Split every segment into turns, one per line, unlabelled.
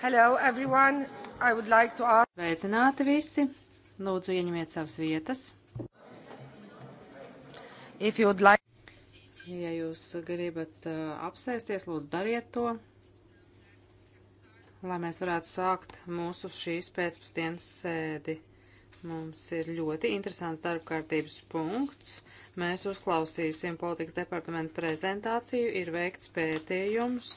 Hello everyone, I would like to ask. Sveicināti visi, lūdzu ieņemiet savas vietas. If you would like. Ja jūs gribat uh, apsēsties, lūdzu dariet to, lai mēs varētu sākt mūsu šīs pēcpusdienas sēdi. Mums ir ļoti interesants darbkārtības punkts. Mēs uzklausīsim politikas departamentu prezentāciju, ir veikts pētījums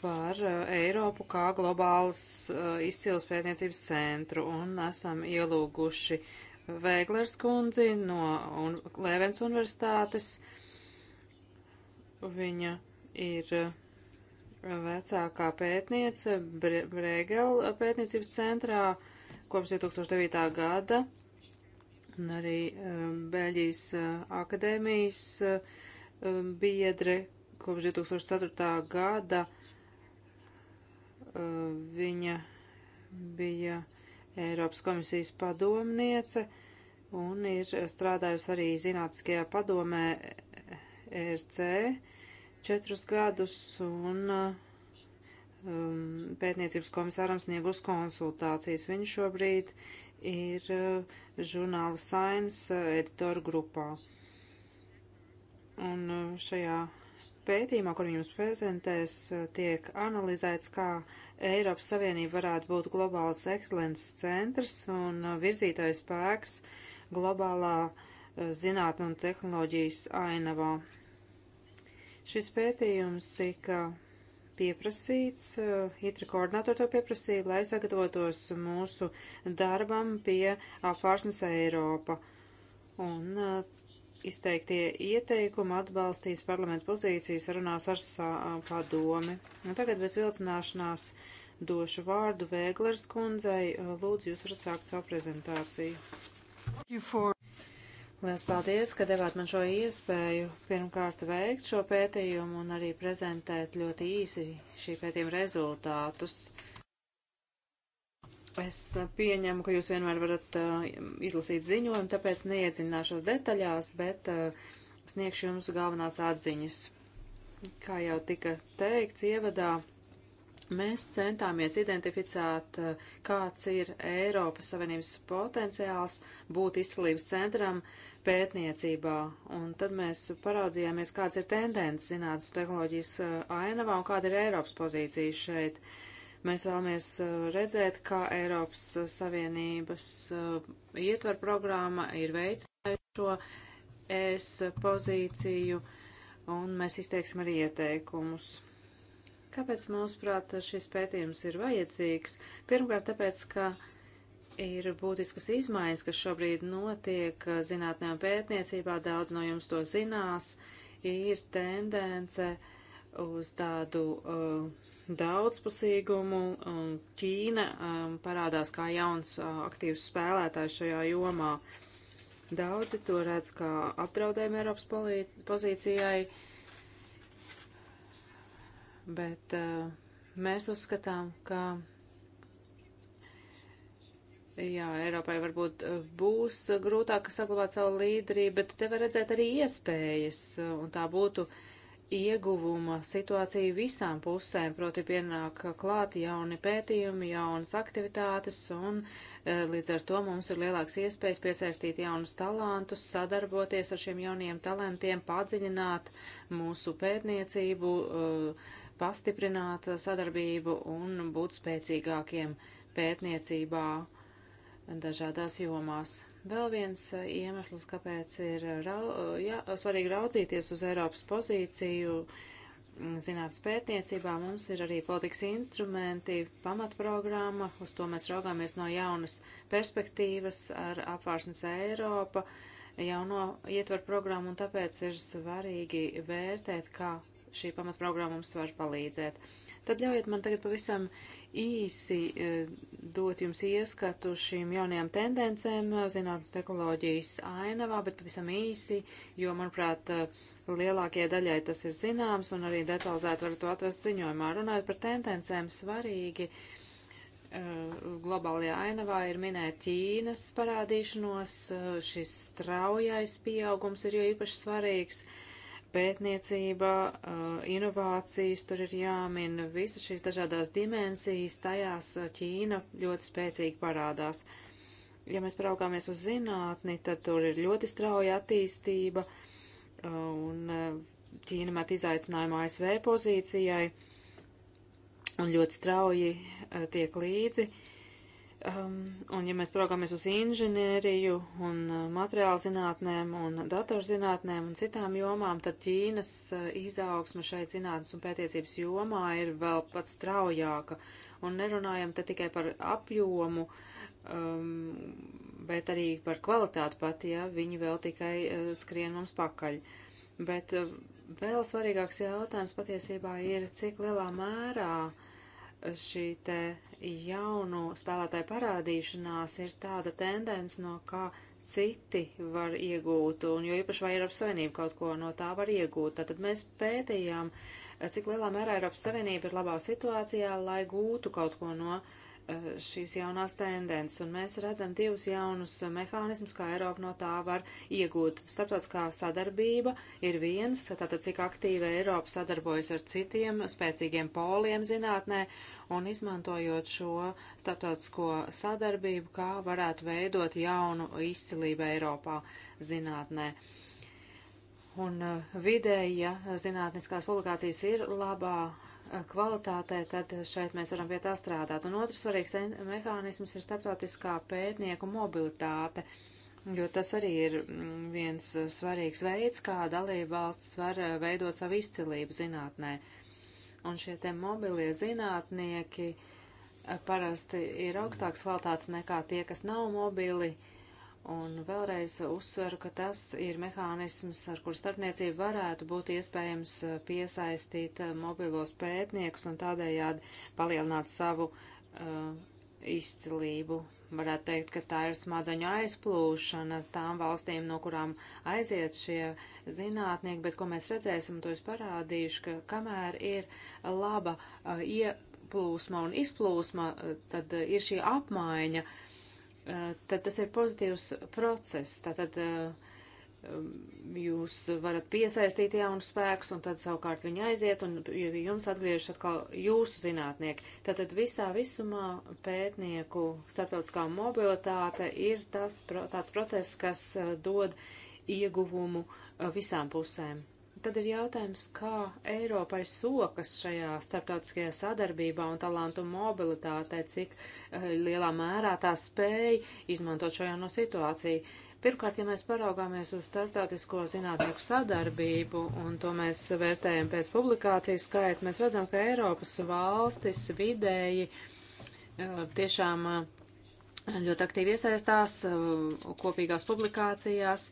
par uh, Eiropu kā globālas uh, izcīles pētniecības centru un esam ielūguši Vēglers kundzi no un, Lēvens universitātes. Viņa ir uh, vecākā pētniece Bre Bregel pētniecības centrā kopš 2009. gada un arī um, Beļģijas akadēmijas um, biedre kopš 2004. gada Uh, viņa bija Eiropas komisijas padomniece un ir strādājusi arī zinātniskajā padomē e RC četrus gadus un uh, um, pētniecības komisāram sniegus konsultācijas. Viņš šobrīd ir uh, žurnāla Science uh, editoru grupā. Un uh, šajā pētījumā, kur jums prezentēs, tiek analizēts, kā Eiropas Savienība varētu būt globāls ekscelences centrs un virzītājs spēks globālā eh, zinātne un tehnoloģijas ainavā. Šis pētījums tika pieprasīts, eh, ITRA koordinātori to pieprasīja, lai sagatavotos mūsu darbam pie apvārsnes Eiropa. Un eh, izteiktie ieteikumi atbalstīs parlamentu pozīcijas runās ar padomi. Un tagad bez vilcināšanās došu vārdu Vēglers kundzei. Lūdzu, jūs varat sākt savu prezentāciju. Lielas paldies, ka devāt man šo iespēju pirmkārt veikt šo pētījumu un arī prezentēt ļoti īsi šī pētījuma rezultātus. Uh, Es eh, pieņemu, ka jūs vienmēr varat uh, izlasīt ziņojumu, tāpēc neiedzināšos detaļās, bet uh, sniegšu jums galvenās atziņas. Kā jau tika teikts ievadā, mēs centāmies identificēt, uh, kāds ir Eiropas Savienības potenciāls būt izcilības centram pētniecībā. Un tad mēs paraudzījāmies, kāds ir tendence zinātnes tehnoloģijas ainavā un kāda ir Eiropas pozīcija šeit. Uh, Mēs vēlamies uh, redzēt, kā Eiropas Savienības uh, ietver programma ir veicinājusi šo es pozīciju, un mēs izteiksim arī ieteikumus. Kāpēc, mūsuprāt, šis pētījums ir vajadzīgs? Pirmkārt, tāpēc, ka ir būtiskas izmaiņas, kas šobrīd notiek uh, zinātnē un pētniecībā, daudz no jums to zinās, ir tendence uz tādu uh, daudzpusīgumu. Ķīna um, parādās kā jauns uh, aktīvs spēlētājs šajā jomā. Daudzi to redz kā apdraudējumu Eiropas pozīcijai, bet uh, mēs uzskatām, ka jā, Eiropai varbūt uh, būs grūtāk saglabāt savu līderību, bet te var redzēt arī iespējas, un tā būtu uh, ieguvuma situāciju visām pusēm, proti pienāk klāt jauni pētījumi, jaunas aktivitātes, un e, līdz ar to mums ir lielāks iespējas piesaistīt jaunus talantus, sadarboties ar šiem jauniem talantiem, padziļināt mūsu pētniecību, e, pastiprināt sadarbību un būt spēcīgākiem pētniecībā dažādās jomās. Vēl viens eh, iemesls, kāpēc ir eh, jā, svarīgi raudzīties uz Eiropas pozīciju mm, zinātnes pētniecībā, mums ir arī politikas instrumenti, pamatprogramma, uz to mēs raugāmies no jaunas perspektīvas ar apvārsnes Eiropa, jauno ietver programmu, un tāpēc ir svarīgi vērtēt, kā šī pamatprogramma mums var palīdzēt. Uh, Tad ļaujiet man tagad pavisam īsi e, dot jums ieskatu šīm jaunajām tendencēm e, zinātnes tehnoloģijas ainavā, bet pavisam īsi, jo, manuprāt, e, lielākajai daļai tas ir zināms un arī detalizēti varat to atrast ziņojumā. Runājot par tendencēm, svarīgi globālajā ainavā ir minēt Ķīnas parādīšanos, šis straujais pieaugums ir jo īpaši svarīgs. Uh, pētniecība, eh, inovācijas, tur ir jāmin visas šīs dažādās dimensijas, tajās eh, Ķīna ļoti spēcīgi parādās. Ja mēs paraugāmies uz zinātni, tad tur ir ļoti strauja attīstība, eh, un Ķīna met izaicinājumu ASV pozīcijai, un ļoti strauji tiek līdzi. Uh, Um, un ja mēs programmies uz inženieriju un uh, materiālu zinātnēm un datorzinātnēm un citām jomām, tad Ķīnas uh, izaugsme šeit zinātnes un pētniecības jomā ir vēl pat straujāka. Un nerunājam te tikai par apjomu, um, bet arī par kvalitāti pat, ja viņi vēl tikai uh, skrien mums pakaļ. Bet uh, vēl svarīgāks jautājums patiesībā ir, cik lielā mērā šī te jauno spēlētāju parādīšanās ir tāda tendence, no kā citi var iegūt, un jo īpaši vai Eiropas Savienība kaut ko no tā var iegūt. Tātad mēs pētījām, cik lielā mērā Eiropas Savienība ir labā situācijā, lai gūtu kaut ko no uh, Eh, šīs jaunās tendences, un mēs redzam divus jaunus mehānismus, kā Eiropa no tā var iegūt. Starptautiskā sadarbība ir viens, tātad cik aktīvi Eiropa sadarbojas ar citiem spēcīgiem poliem zinātnē, un izmantojot šo starptautisko sadarbību, kā varētu veidot jaunu izcilību Eiropā zinātnē. Un eh, vidēji, ja zinātniskās publikācijas ir labā kvalitātei, tad šeit mēs varam pie tā strādāt. Un otrs svarīgs mehānisms ir starptautiskā pētnieku mobilitāte, jo tas arī ir mm, viens svarīgs veids, kā dalība valsts var eh, veidot savu izcilību zinātnē. Un šie te mobilie zinātnieki eh, parasti ir augstāks kvalitātes nekā tie, kas nav mobili. Uh, Un vēlreiz uzsveru, ka tas ir mehānisms, ar kur starpniecība varētu būt iespējams eh, piesaistīt eh, mobilos pētniekus un tādējādi palielināt savu uh, izcilību. Varētu teikt, ka tā ir smadzeņu aizplūšana tām valstīm, no kurām aiziet šie zinātnieki, bet ko mēs redzēsim, to es parādīšu, ka kamēr ir laba uh, ieplūsma un izplūsma, uh, tad ir šī apmaiņa. Uh, Eh, tad tas ir pozitīvs process. Tātad eh, um, jūs varat piesaistīt jaunu spēkus, un tad savukārt viņi aiziet, un jums atgriežas atkal jūsu zinātnieki. Tātad visā visumā pētnieku starptautiskā mobilitāte ir tas, tāds process, kas eh, dod ieguvumu visām pusēm. Tad ir jautājums, kā Eiropai sokas šajā starptautiskajā sadarbībā un talantu mobilitātē, cik uh, lielā mērā tā spēja izmantot šo jauno situāciju. Pirmkārt, ja mēs paraugāmies uz starptautisko zinātnieku sadarbību, un to mēs vērtējam pēc publikāciju skaita, mēs redzam, ka Eiropas valstis vidēji uh, tiešām uh, ļoti aktīvi iesaistās kopīgās publikācijās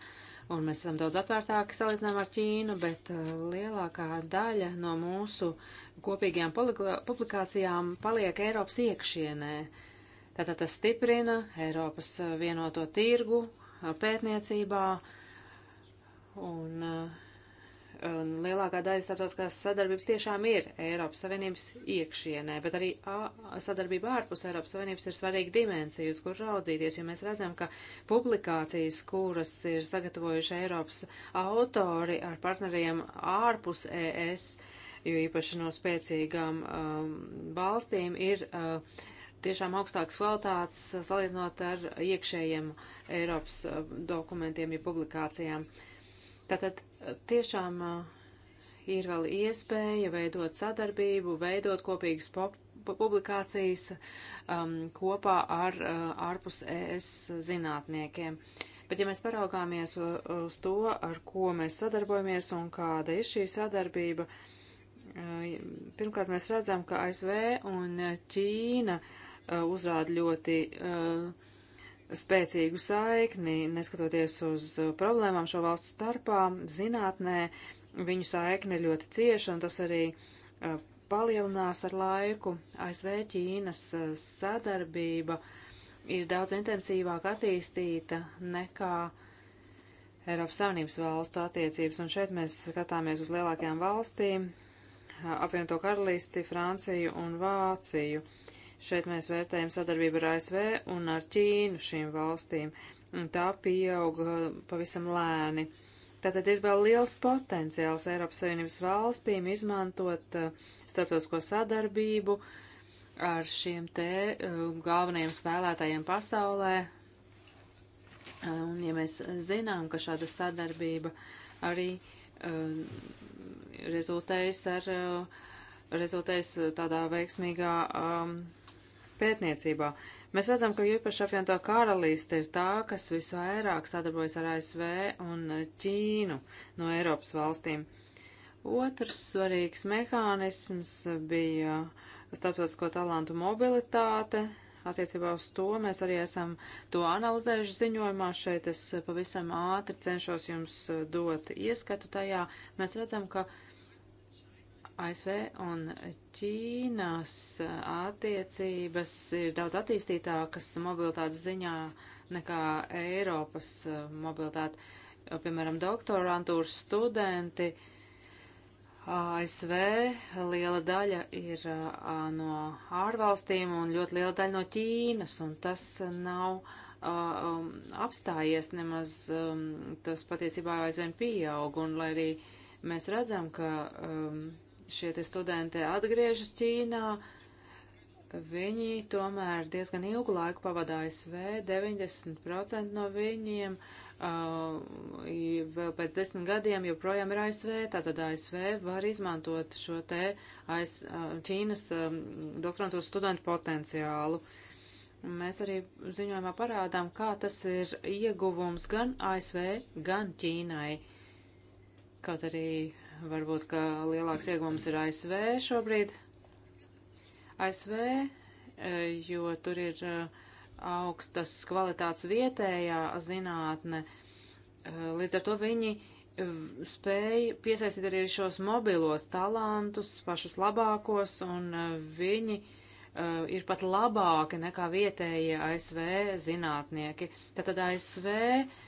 un mēs esam daudz atvērtāki salīdzinām ar Ķīnu, bet eh, lielākā daļa no mūsu kopīgajām publikācijām paliek Eiropas iekšienē. Tātad tas stiprina Eiropas eh, vienoto tirgu eh, pētniecībā un uh, Un lielākā daļa starptautiskās sadarbības tiešām ir Eiropas Savienības iekšienē, bet arī sadarbība ārpus Eiropas Savienības ir svarīga dimensija, uz kur raudzīties, jo mēs redzam, ka publikācijas, kuras ir sagatavojuši Eiropas autori ar partneriem ārpus ES, jo īpaši no spēcīgām um, valstīm, ir uh, tiešām augstākas kvalitātes salīdzinot ar iekšējiem Eiropas uh, dokumentiem, ja publikācijām. Uh, Tātad eh, tiešām eh, ir vēl iespēja veidot sadarbību, veidot kopīgas publikācijas um, kopā ar uh, ārpus ES zinātniekiem. Bet ja mēs paraugāmies uz to, ar ko mēs sadarbojamies un kāda ir šī sadarbība, pirmkārt mēs redzam, ka ASV un Ķīna uzrāda ļoti uh, spēcīgu saikni, neskatoties uz uh, problēmām šo valstu starpā, zinātnē viņu saikni ir ļoti cieša, un tas arī uh, palielinās ar laiku. ASV Ķīnas uh, sadarbība ir daudz intensīvāk attīstīta nekā Eiropas Savienības valstu attiecības, un šeit mēs skatāmies uz lielākajām valstīm uh, - apvienoto karalisti, Franciju un Vāciju. Uh, Šeit mēs vērtējam sadarbību ar ASV un ar Ķīnu šīm valstīm, un tā pieauga pavisam lēni. Tātad ir vēl liels potenciāls Eiropas Savienības valstīm izmantot uh, starptautisko sadarbību ar šiem te uh, galvenajiem spēlētājiem pasaulē. Uh, un ja mēs zinām, ka šāda sadarbība arī rezultējas, ar, rezultējas tādā veiksmīgā um, pētniecībā. Mēs redzam, ka īpaši apvienotā karalīste ir tā, kas visvairāk sadarbojas ar ASV un Ķīnu no Eiropas valstīm. Otrs svarīgs mehānisms bija starptautisko talantu mobilitāte. Attiecībā uz to mēs arī esam to analizējuši ziņojumā. Šeit es pavisam ātri cenšos jums dot ieskatu tajā. Mēs redzam, ka uh, ASV un Ķīnas attiecības ir daudz attīstītākas mobilitātes ziņā nekā Eiropas uh, mobilitāte. Piemēram, doktorantūras studenti ASV liela daļa ir uh, no ārvalstīm un ļoti liela daļa no Ķīnas, un tas nav uh, um, apstājies nemaz, um, tas patiesībā aizvien pieaug, un lai arī mēs redzam, ka um, šie te studenti atgriežas Ķīnā, viņi tomēr diezgan ilgu laiku pavada ASV, 90% no viņiem uh, pēc desmit gadiem joprojām ir ASV, tātad ASV var izmantot šo te AS, uh, Ķīnas um, doktorantūras studentu potenciālu. Mēs arī ziņojumā parādām, kā tas ir ieguvums gan ASV, gan Ķīnai. Kaut arī Varbūt, ka lielāks iegums ir ASV šobrīd. ASV, eh, jo tur ir eh, augstas kvalitātes vietējā zinātne. Eh, līdz ar to viņi spēja piesaistīt arī šos mobilos talantus, pašus labākos, un viņi ir pat labāki nekā vietējie ASV zinātnieki. Tātad ASV uh,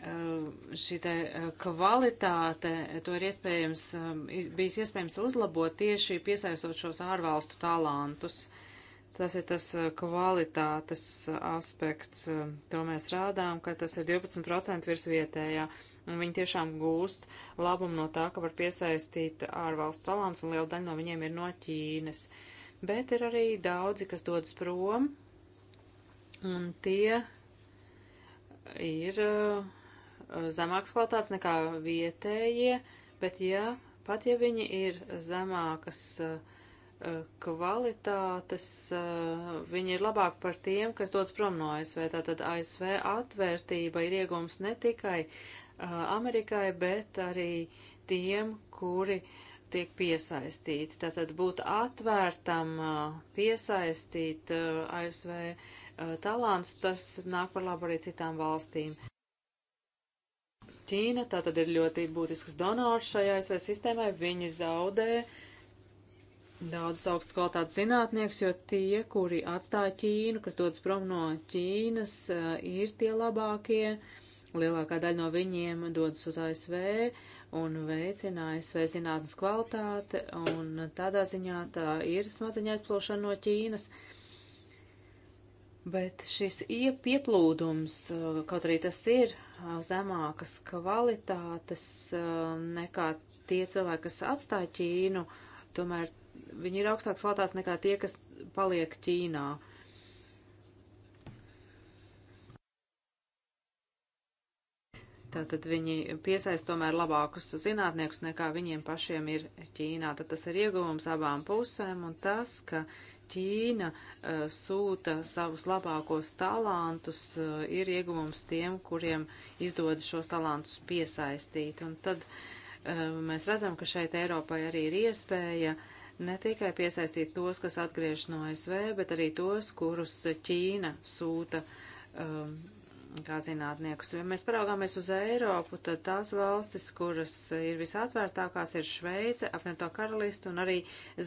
Eh, šī te eh, kvalitāte, to ir iespējams, eh, bijis iespējams uzlabot tieši piesaistot šos ārvalstu talantus. Tas ir tas kvalitātes aspekts, to mēs rādām, ka tas ir 12% virs vietējā, un viņi tiešām gūst labumu no tā, ka var piesaistīt ārvalstu talants, un liela daļa no viņiem ir no Ķīnas. Bet ir arī daudzi, kas dodas prom, un tie ir uh, zemākas kvalitātes nekā vietējie, bet ja pat ja viņi ir zemākas eh, kvalitātes, eh, viņi ir labāk par tiem, kas dodas prom no ASV. Tātad ASV atvērtība ir iegums ne tikai eh, Amerikai, bet arī tiem, kuri tiek piesaistīti. Tātad būt atvērtam, piesaistīt ASV talantus, tas nāk par labu arī citām valstīm. Ķīna, tā tad ir ļoti būtisks donors šajā ASV sistēmai, viņi zaudē daudzus augstu kvalitātes zinātniekus, jo tie, kuri atstāja Ķīnu, kas dodas prom no Ķīnas, eh, ir tie labākie. Lielākā daļa no viņiem dodas uz ASV un veicina ASV zinātnes kvalitāti, un tādā ziņā tā ir smadziņa aizplūšana no Ķīnas. Uh, Bet šis pieplūdums, uh, kaut arī tas ir uh, zemākas kvalitātes uh, nekā tie cilvēki, kas atstāja Ķīnu, tomēr viņi ir augstāks kvalitātes nekā tie, kas paliek Ķīnā. Tātad viņi piesaist tomēr labākus zinātniekus nekā viņiem pašiem ir Ķīnā. Tad tas ir ieguvums abām pusēm un tas, ka Ķīna uh, sūta savus labākos talantus, uh, ir ieguvums tiem, kuriem izdodas šos talantus piesaistīt. Un tad uh, mēs redzam, ka šeit Eiropai arī ir iespēja ne tikai piesaistīt tos, kas atgriežas no ASV, bet arī tos, kurus Ķīna sūta um, kā zinātniekus. Ja mēs paraugāmies uz Eiropu, tad tās valstis, kuras ir visatvērtākās, ir Šveice, apvienoto karalistu un arī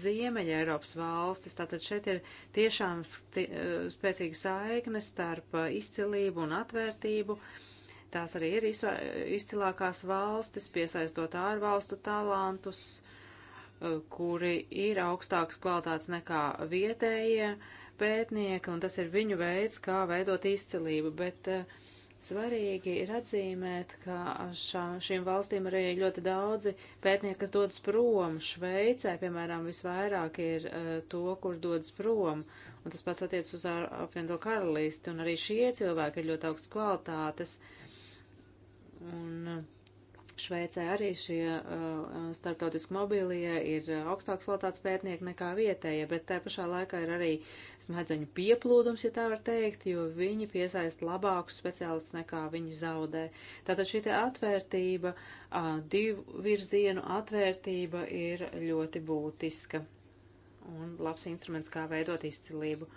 Ziemeļa Eiropas valstis. Tātad šeit ir tiešām eh, spēcīga saikne starp eh, izcilību un atvērtību. Tās arī ir izcilākās valstis, piesaistot ārvalstu talantus, eh, kuri ir augstākas kvalitātes nekā vietējie. Ja pētnieki, un tas ir viņu veids, kā veidot izcelību, bet uh, svarīgi ir atzīmēt, ka šā, šīm valstīm arī ļoti daudzi pētnieki, kas dodas prom. Šveicē, piemēram, visvairāk ir uh, to, kur dodas prom, un tas pats attiec uz apvienoto karalisti, un arī šie cilvēki ir ļoti augsts kvalitātes. Un, uh, Šveicē arī šie uh, uh starptautiski mobilie ir uh, augstāks kvalitātes pētnieki nekā vietējie, bet tā pašā laikā ir arī smadzeņu pieplūdums, ja tā var teikt, jo viņi piesaist labākus speciālistus nekā viņi zaudē. Tātad šī te atvērtība, uh, divu virzienu atvērtība ir ļoti būtiska un labs instruments, kā veidot izcilību.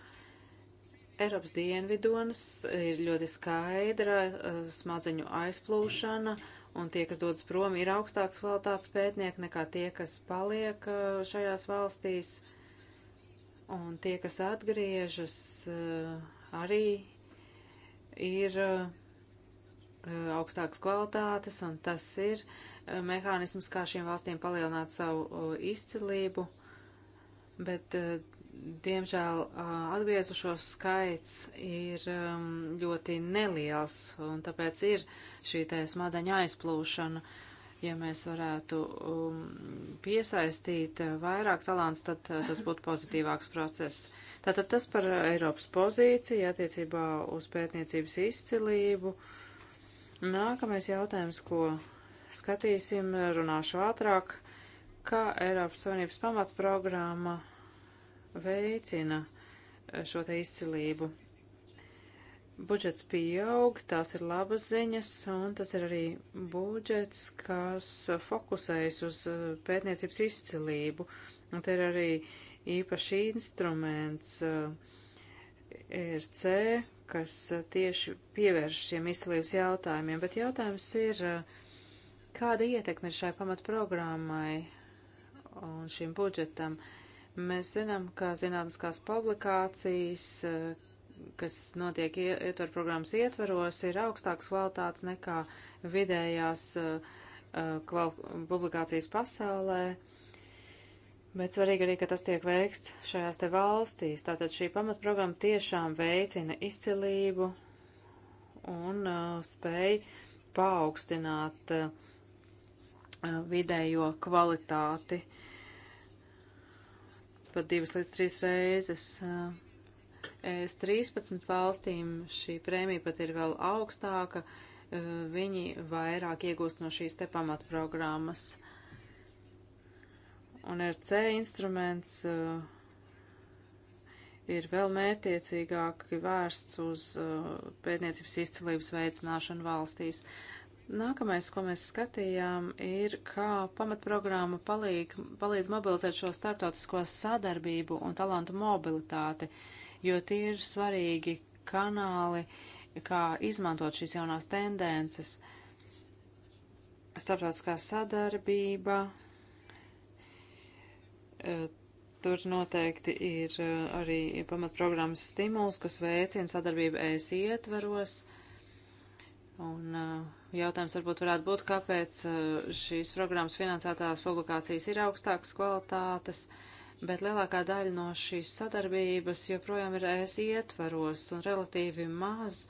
Eiropas dienvidonas ir ļoti skaidra uh, smadzeņu aizplūšana. Uh, un tie, kas dodas prom, ir augstāks kvalitātes pētnieki nekā tie, kas paliek uh, šajās valstīs, un tie, kas atgriežas, uh, arī ir uh, augstākas kvalitātes, un tas ir mehānisms, kā šīm valstīm palielināt savu izcilību, bet Diemžēl atgriezušo skaits ir ļoti neliels, un tāpēc ir šī tā smadzeņa aizplūšana. Ja mēs varētu piesaistīt vairāk talants, tad tas būtu pozitīvāks process. Tātad tas par Eiropas pozīciju attiecībā uz pētniecības izcilību. Nākamais jautājums, ko skatīsim, runāšu ātrāk, kā Eiropas Savienības pamatprogramma veicina eh, šo te izcilību. Budžets pieaug, tās ir labas ziņas, un tas ir arī budžets, kas fokusējas uz eh, pētniecības izcilību. Un te ir arī īpaši instruments ERC, eh, e kas tieši pievērš šiem izcilības jautājumiem, bet jautājums ir, kāda ietekme ir šai pamatprogrammai un šim budžetam? Uh, Mēs zinām, ka zinātniskās publikācijas, eh, kas notiek ietver programmas ietveros, ir augstāks kvalitātes nekā vidējās eh, eh, publikācijas pasaulē. Bet svarīgi arī, ka tas tiek veikts šajās te valstīs. Tātad šī pamatprogramma tiešām veicina izcilību un uh, spēj paaugstināt uh, vidējo kvalitāti. Uh, pat divas līdz trīs reizes. Es 13 valstīm šī prēmija pat ir vēl augstāka, viņi vairāk iegūst no šīs te pamatprogrammas. Un RC instruments uh, ir vēl mērtiecīgāk vērsts uz uh, pētniecības izcilības veicināšanu valstīs. Uh, Nākamais, ko mēs skatījām, ir, kā pamatprogramma palīg, palīdz mobilizēt šo starptautisko sadarbību un talantu mobilitāti, jo tie ir svarīgi kanāli, kā izmantot šīs jaunās tendences. Starptautiskā sadarbība, e, tur noteikti ir e, arī pamatprogrammas stimuls, kas veicina sadarbību ES ietvaros. Un uh, Jautājums varbūt varētu būt, kāpēc eh, šīs programmas finansētās publikācijas ir augstākas kvalitātes, bet lielākā daļa no šīs sadarbības joprojām ir ES ietvaros un relatīvi maz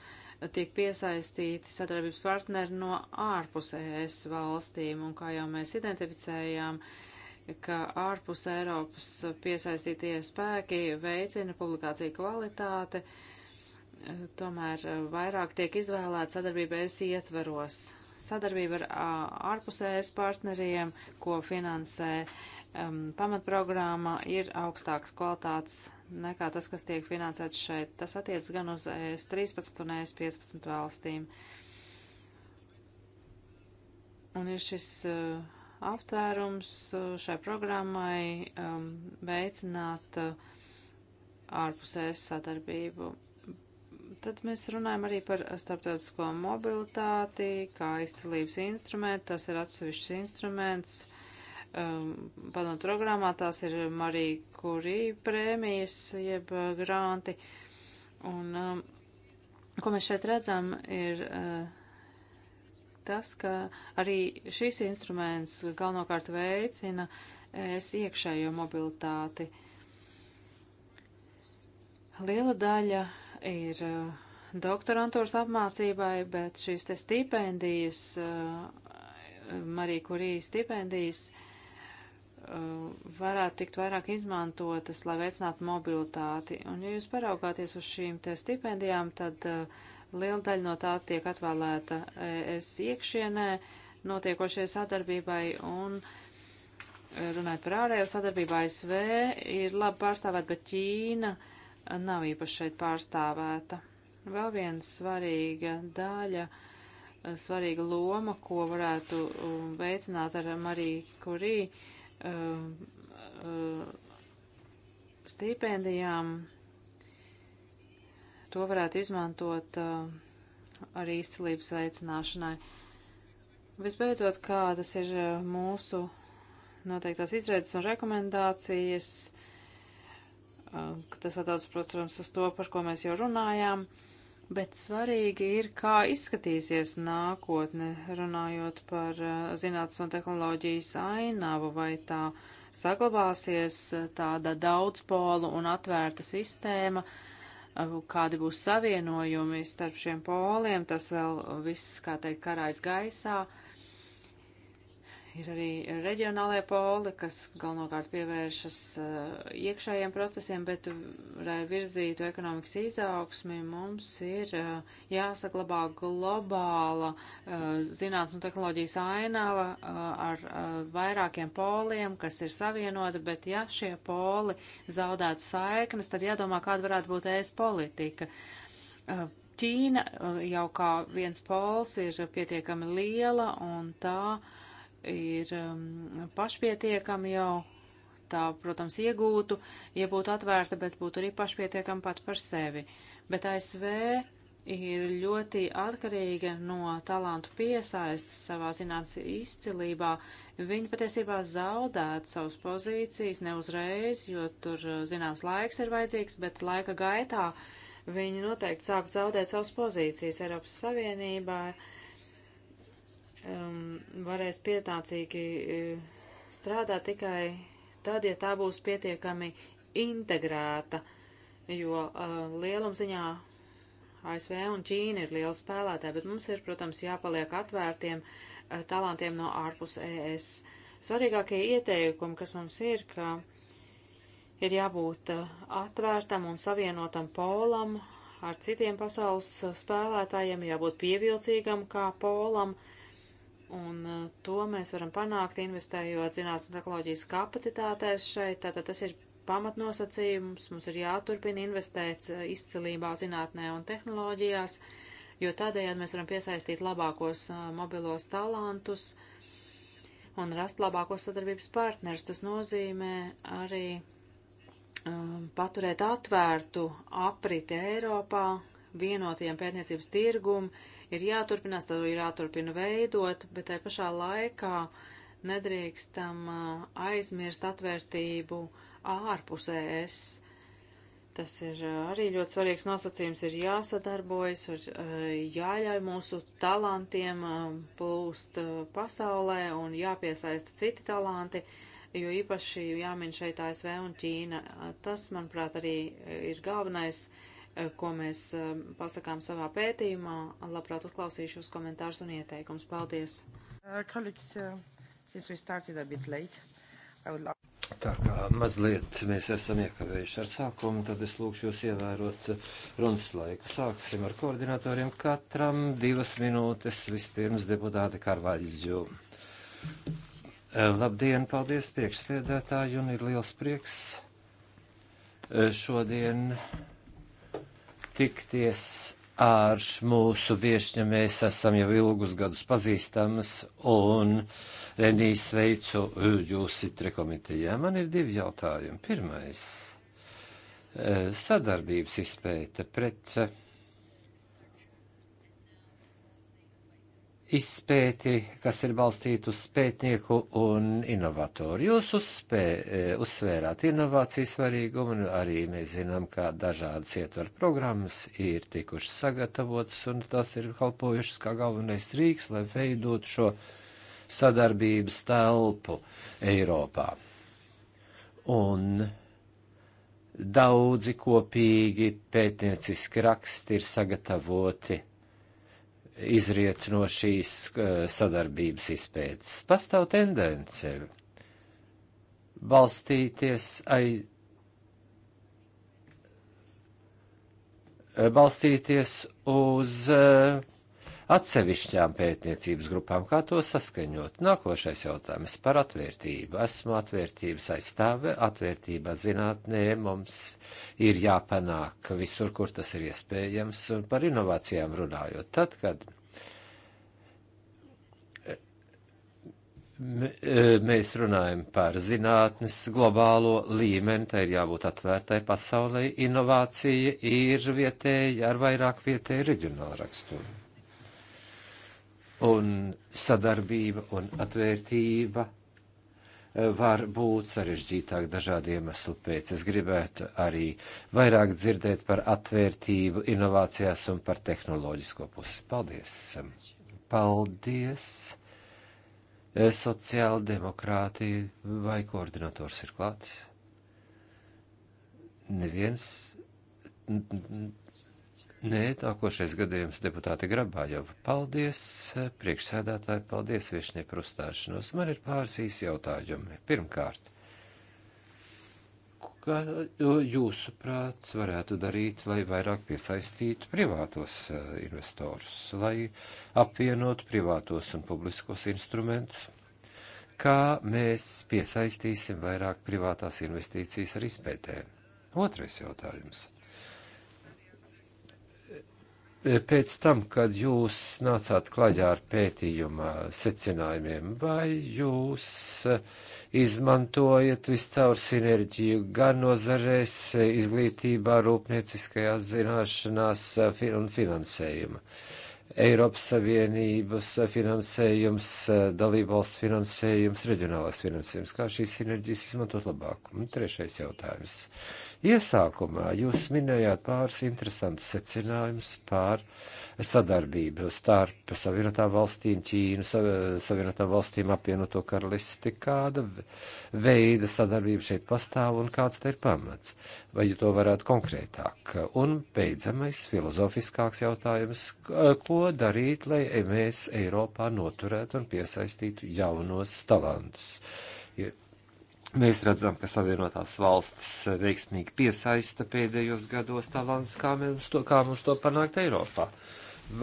tiek piesaistīti sadarbības partneri no ārpus ES valstīm, un kā jau mēs identificējām, ka ārpus Eiropas piesaistītie spēki veicina publikāciju kvalitāti, uh, tomēr eh, vairāk tiek izvēlēta sadarbība ES ietvaros. Sadarbība ar ārpusējas partneriem, ko finansē um, pamatprogramma, ir augstāks kvalitātes nekā tas, kas tiek finansēts šeit. Tas attiecas gan uz ES 13 un ES 15 valstīm. Un ir šis uh, aptvērums uh, šai programmai um, veicināt uh, e, ārpusējas sadarbību Tad mēs runājam arī par starptautisko mobilitāti, kā izcelības instrumentu. Tas ir atsevišķs instruments. Um, Padomu programmā tās ir Marija Kurī prēmijas, jeb uh, granti. Un um, ko mēs šeit redzam, ir uh, tas, ka arī šis instruments galvenokārt veicina uh, es iekšējo mobilitāti. Liela daļa uh, ir eh, doktorantūras apmācībai, bet šīs te stipendijas, eh, Marija Kurija stipendijas, eh, varētu tikt vairāk izmantotas, lai veicinātu mobilitāti. Un, ja jūs paraugāties uz šīm te stipendijām, tad liela daļa no tā tiek atvēlēta es iekšienē notiekošie sadarbībai un runājot par ārējo sadarbību ASV ir labi pārstāvēt, bet Ķīna uh, nav īpaši šeit pārstāvēta. Vēl viena svarīga daļa, svarīga loma, ko varētu um, veicināt ar Mariju Kurī um, uh, stipendijām, to varētu izmantot uh, arī izcilības veicināšanai. Visbeidzot, kā tas ir uh, mūsu noteiktās izredzes un rekomendācijas, uh, Tas attiecas, protams, uz to, par ko mēs jau runājām, bet svarīgi ir, kā izskatīsies nākotne, runājot par zinātnes un tehnoloģijas ainavu, vai tā saglabāsies tāda daudzpolu un atvērta sistēma, kādi būs savienojumi starp šiem poliem, tas vēl viss, kā teikt, karājas gaisā. Uh, Ir arī reģionālie poli, kas galvenokārt pievēršas eh, iekšējiem procesiem, bet, lai virzītu ekonomikas izaugsmi, mums ir eh, jāsaglabā globāla eh, zinātnes un tehnoloģijas ainava ar vairākiem poliem, kas ir savienota, bet ja šie poli zaudētu saiknes, tad jādomā, kāda varētu būt ēs politika. Ķīna jau kā viens pols ir pietiekami liela un tā ir um, pašpietiekama jau, tā, protams, iegūtu, ja būtu atvērta, bet būtu arī pašpietiekama pat par sevi. Bet ASV ir ļoti atkarīga no talantu piesaistes savā zinātnes izcilībā. Viņi patiesībā zaudētu savas pozīcijas ne uzreiz, jo tur uh, zināms laiks ir vajadzīgs, bet laika gaitā viņi noteikti sāk zaudēt savas pozīcijas Eiropas Savienībā. Uh, um, varēs pietācīgi uh, strādāt tikai tad, ja tā būs pietiekami integrēta, jo uh, lielumziņā ASV un Ķīna ir liela spēlētāja, bet mums ir, protams, jāpaliek atvērtiem uh, talantiem no ārpus ES. Svarīgākie ieteikumi, kas mums ir, ka ir jābūt uh, atvērtam un savienotam polam ar citiem pasaules uh, spēlētājiem, jābūt pievilcīgam kā polam, uh, Un uh, to mēs varam panākt, investējot zinātnes un tehnoloģijas kapacitātēs šeit. Tātad tas ir pamatnosacījums, mums ir jāturpina investēt uh, izcilībā, zinātnē un tehnoloģijās, jo tādējādi mēs varam piesaistīt labākos uh, mobilos talantus un rast labākos sadarbības partners. Tas nozīmē arī um, paturēt atvērtu apriti Eiropā, vienotiem pētniecības tirgumu ir jāturpinās, tad ir jāturpina veidot, bet tai pašā laikā nedrīkstam aizmirst atvērtību ārpus ES. Tas ir arī ļoti svarīgs nosacījums, ir jāsadarbojas, ir jāļauj mūsu talantiem plūst pasaulē un jāpiesaista citi talanti, jo īpaši jāmin šeit ASV un Ķīna. Tas, manuprāt, arī ir galvenais ko mēs eh, pasakām savā pētījumā. Labprāt uzklausīšu uz komentārus un ieteikums. Paldies! Uh, colleagues, uh, since we started a bit late, I would like...
Tā kā mazliet mēs esam iekavējuši ar sākumu, tad es lūkšu jūs ievērot uh, runas laiku. Sāksim ar koordinatoriem katram divas minūtes. Vispirms deputāte Karvaļģu. Labdien, paldies priekšsēdētāji un ir liels prieks šodien tikties ar mūsu viešņu. Mēs esam jau ilgus gadus pazīstamas, un Renīs sveicu jūs itre komitejā. Man ir divi jautājumi. Pirmais eh, - sadarbības izpēta pret izpēti, kas ir balstīti uz pētnieku un inovatoru. Jūs uzspē, e, uzsvērāt inovāciju svarīgumu, un arī mēs zinām, kā dažādas ietver programmas ir tikušas sagatavotas, un tas ir kalpojušas kā galvenais rīks, lai veidot šo sadarbības telpu Eiropā. Un daudzi kopīgi pētnieciski raksti ir sagatavoti izriet no šīs eh, sadarbības izpētes. Pastāv tendence balstīties aiz. balstīties uz uh, atsevišķām pētniecības grupām, kā to saskaņot. Nākošais jautājums par atvērtību. Esmu atvērtības aizstāve, atvērtībā zinātnē mums ir jāpanāk visur, kur tas ir iespējams, un par inovācijām runājot. Tad, kad e, mēs runājam par zinātnes globālo līmeni, tai ir jābūt atvērtai pasaulē. Inovācija ir vietēja ar vairāk vietēju reģionālu raksturu un sadarbība un atvērtība eh, var būt sarežģītāk dažādu iemeslu pēc. Es gribētu arī vairāk dzirdēt par atvērtību inovācijās un par tehnoloģisko pusi. Paldies! Paldies! Eh, Sociāla demokrāti vai koordinators ir klāts? Neviens Nē, nākošais gadījums deputāte Grabājova. Paldies, priekšsēdētāji, paldies viešņie par uzstāšanos. Man ir pāris īsi jautājumi. Pirmkārt, kā jūsu prāts varētu darīt, lai vairāk piesaistītu privātos eh, investorus, lai apvienotu privātos un publiskos instrumentus? Kā mēs piesaistīsim vairāk privātās investīcijas ar izpētēm? Otrais jautājums pēc tam, kad jūs nācāt klajā ar pētījuma secinājumiem, vai jūs eh, izmantojat viscaur sinerģiju gan nozarēs, izglītībā, rūpnieciskajās zināšanās un finansējuma? Eiropas Savienības finansējums, dalībvalsts finansējums, reģionālās finansējums. Kā šīs sinerģijas izmantot labāk? Un trešais jautājums. Uh, Iesākumā jūs minējāt pāris interesantus secinājumus par sadarbību starp Savienotām valstīm, Ķīnu, Savienotām valstīm apvienoto karalisti, kāda veida sadarbība šeit pastāv un kāds te ir pamats. Vai jūs to varētu konkrētāk? Un beidzamais, filozofiskāks jautājums, ko darīt, lai mēs Eiropā noturētu un piesaistītu jaunos talantus? Mēs redzam, ka Savienotās valstis veiksmīgi piesaista pēdējos gados talants, kā mums to, kā mums to panākt Eiropā.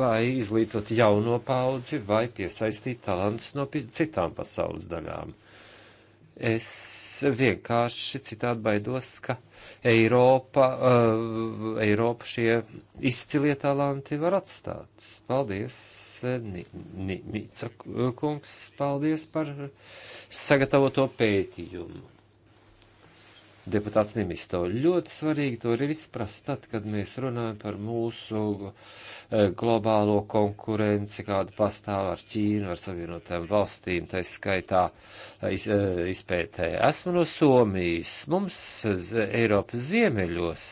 Vai izglītot jauno paudzi, vai piesaistīt talants no citām pasaules daļām. Es vienkārši citādi baidos, ka Eiropa, uh, Eiropa šie izcilie talanti var atstāt. Paldies, Ni, Ni, Mica kungs, paldies par sagatavoto pētījumu deputāts Nemisto. Ļoti svarīgi to ir izprast tad, kad mēs runājam par mūsu e, globālo konkurenci, kāda pastāv ar Ķīnu, ar savienotēm valstīm, tā skaitā e, iz, e, izpētē. Esmu no Somijas. Mums Eiropas ziemeļos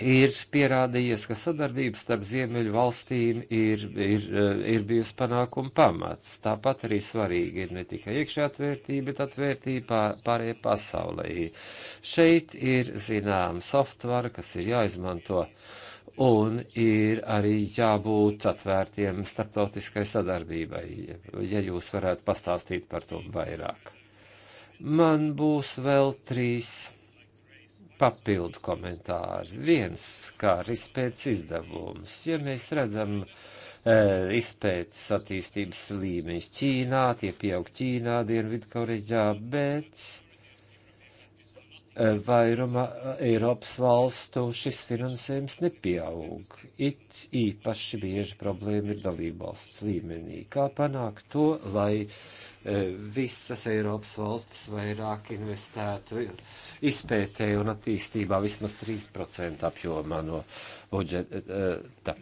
ir pierādījies, ka sadarbības starp Ziemeļu valstīm ir, ir, ir bijusi panākuma pamats. Tāpat arī svarīgi ir ne tikai iekšā atvērtība, bet atvērtība pārējai pasaulē. Šeit ir zināma softvara, kas ir jāizmanto. Un ir arī jābūt atvērtiem starptautiskai sadarbībai, ja jūs varētu pastāstīt par to vairāk. Man būs vēl trīs papildu komentāri. Viens, kā ar izpētes izdevumus. Ja mēs redzam e, izpētes attīstības līmeņus Ķīnā, tie pieaug Ķīnā, Dienvidkoreģā, bet e, vairuma e, Eiropas valstu šis finansējums nepieaug. It īpaši bieži problēma ir dalībvalsts līmenī. Kā panākt to, lai e, visas Eiropas valstis vairāk investētu izpētē un attīstībā vismaz 3% apjomā no budžeta. Eh,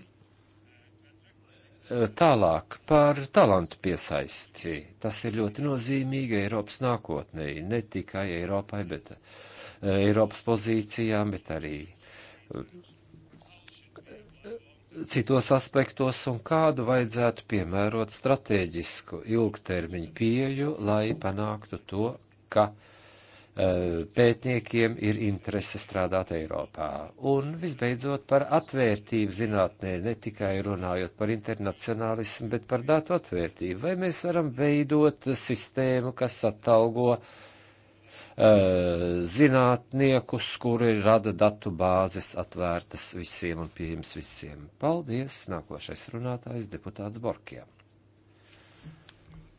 eh, tālāk par talantu piesaisti. Tas ir ļoti nozīmīgi Eiropas nākotnē, ne tikai Eiropai, bet eh, Eiropas pozīcijām, bet arī citos aspektos un kādu vajadzētu piemērot strateģisku ilgtermiņu pieju, lai panāktu to, ka uh, Eh, pētniekiem ir interese strādāt Eiropā. Un visbeidzot par atvērtību zinātnē, ne tikai runājot par internacionālismu, bet par datu atvērtību. Vai mēs varam veidot sistēmu, kas atalgo uh, zinātniekus, kuri rada datu bāzes atvērtas visiem un pieejams visiem. Paldies! Nākošais runātājs deputāts Borkiem.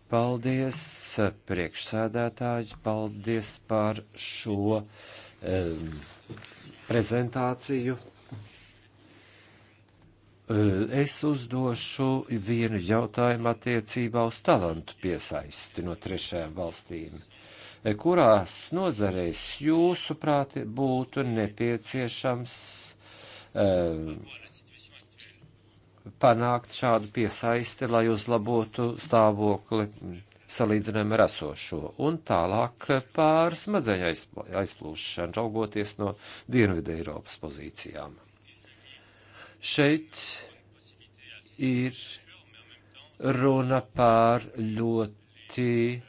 Paldies, eh, priekšsēdētāji, paldies par šo um, prezentāciju. Eh, es uzdošu vienu jautājumu attiecībā uz talantu piesaisti no trešajām valstīm. Eh, kurās nozareis jūsuprāt būtu nepieciešams um, panākt šādu piesaisti, lai uzlabotu stāvokli salīdzinājumu ar esošo, un tālāk pār smadzeņu aizplūšanu, raugoties no Dienvidē Eiropas pozīcijām. Šeit ir runa pār ļoti eh,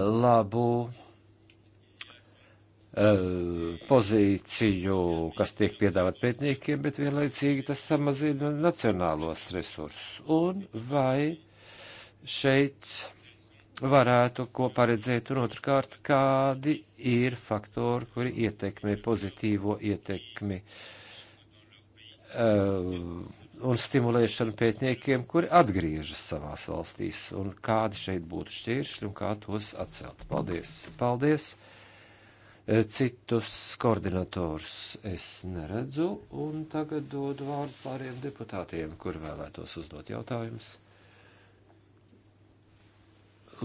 labu pozīciju, kas tiek piedāvāt pētniekiem, bet vienlaicīgi tas samazina nacionālos resursus. Un vai šeit varētu ko paredzēt, un otrkārt, kādi ir faktori, kuri ietekmē pozitīvo ietekmi um, un stimulēšanu pētniekiem, kuri atgriežas savās valstīs, un kādi šeit būtu šķiršļi un kā tos atcelt. Paldies! Paldies! Eh, citus koordinatorus es neredzu, un tagad dodu vārdu pāriem deputātiem, kur vēlētos uzdot jautājumus.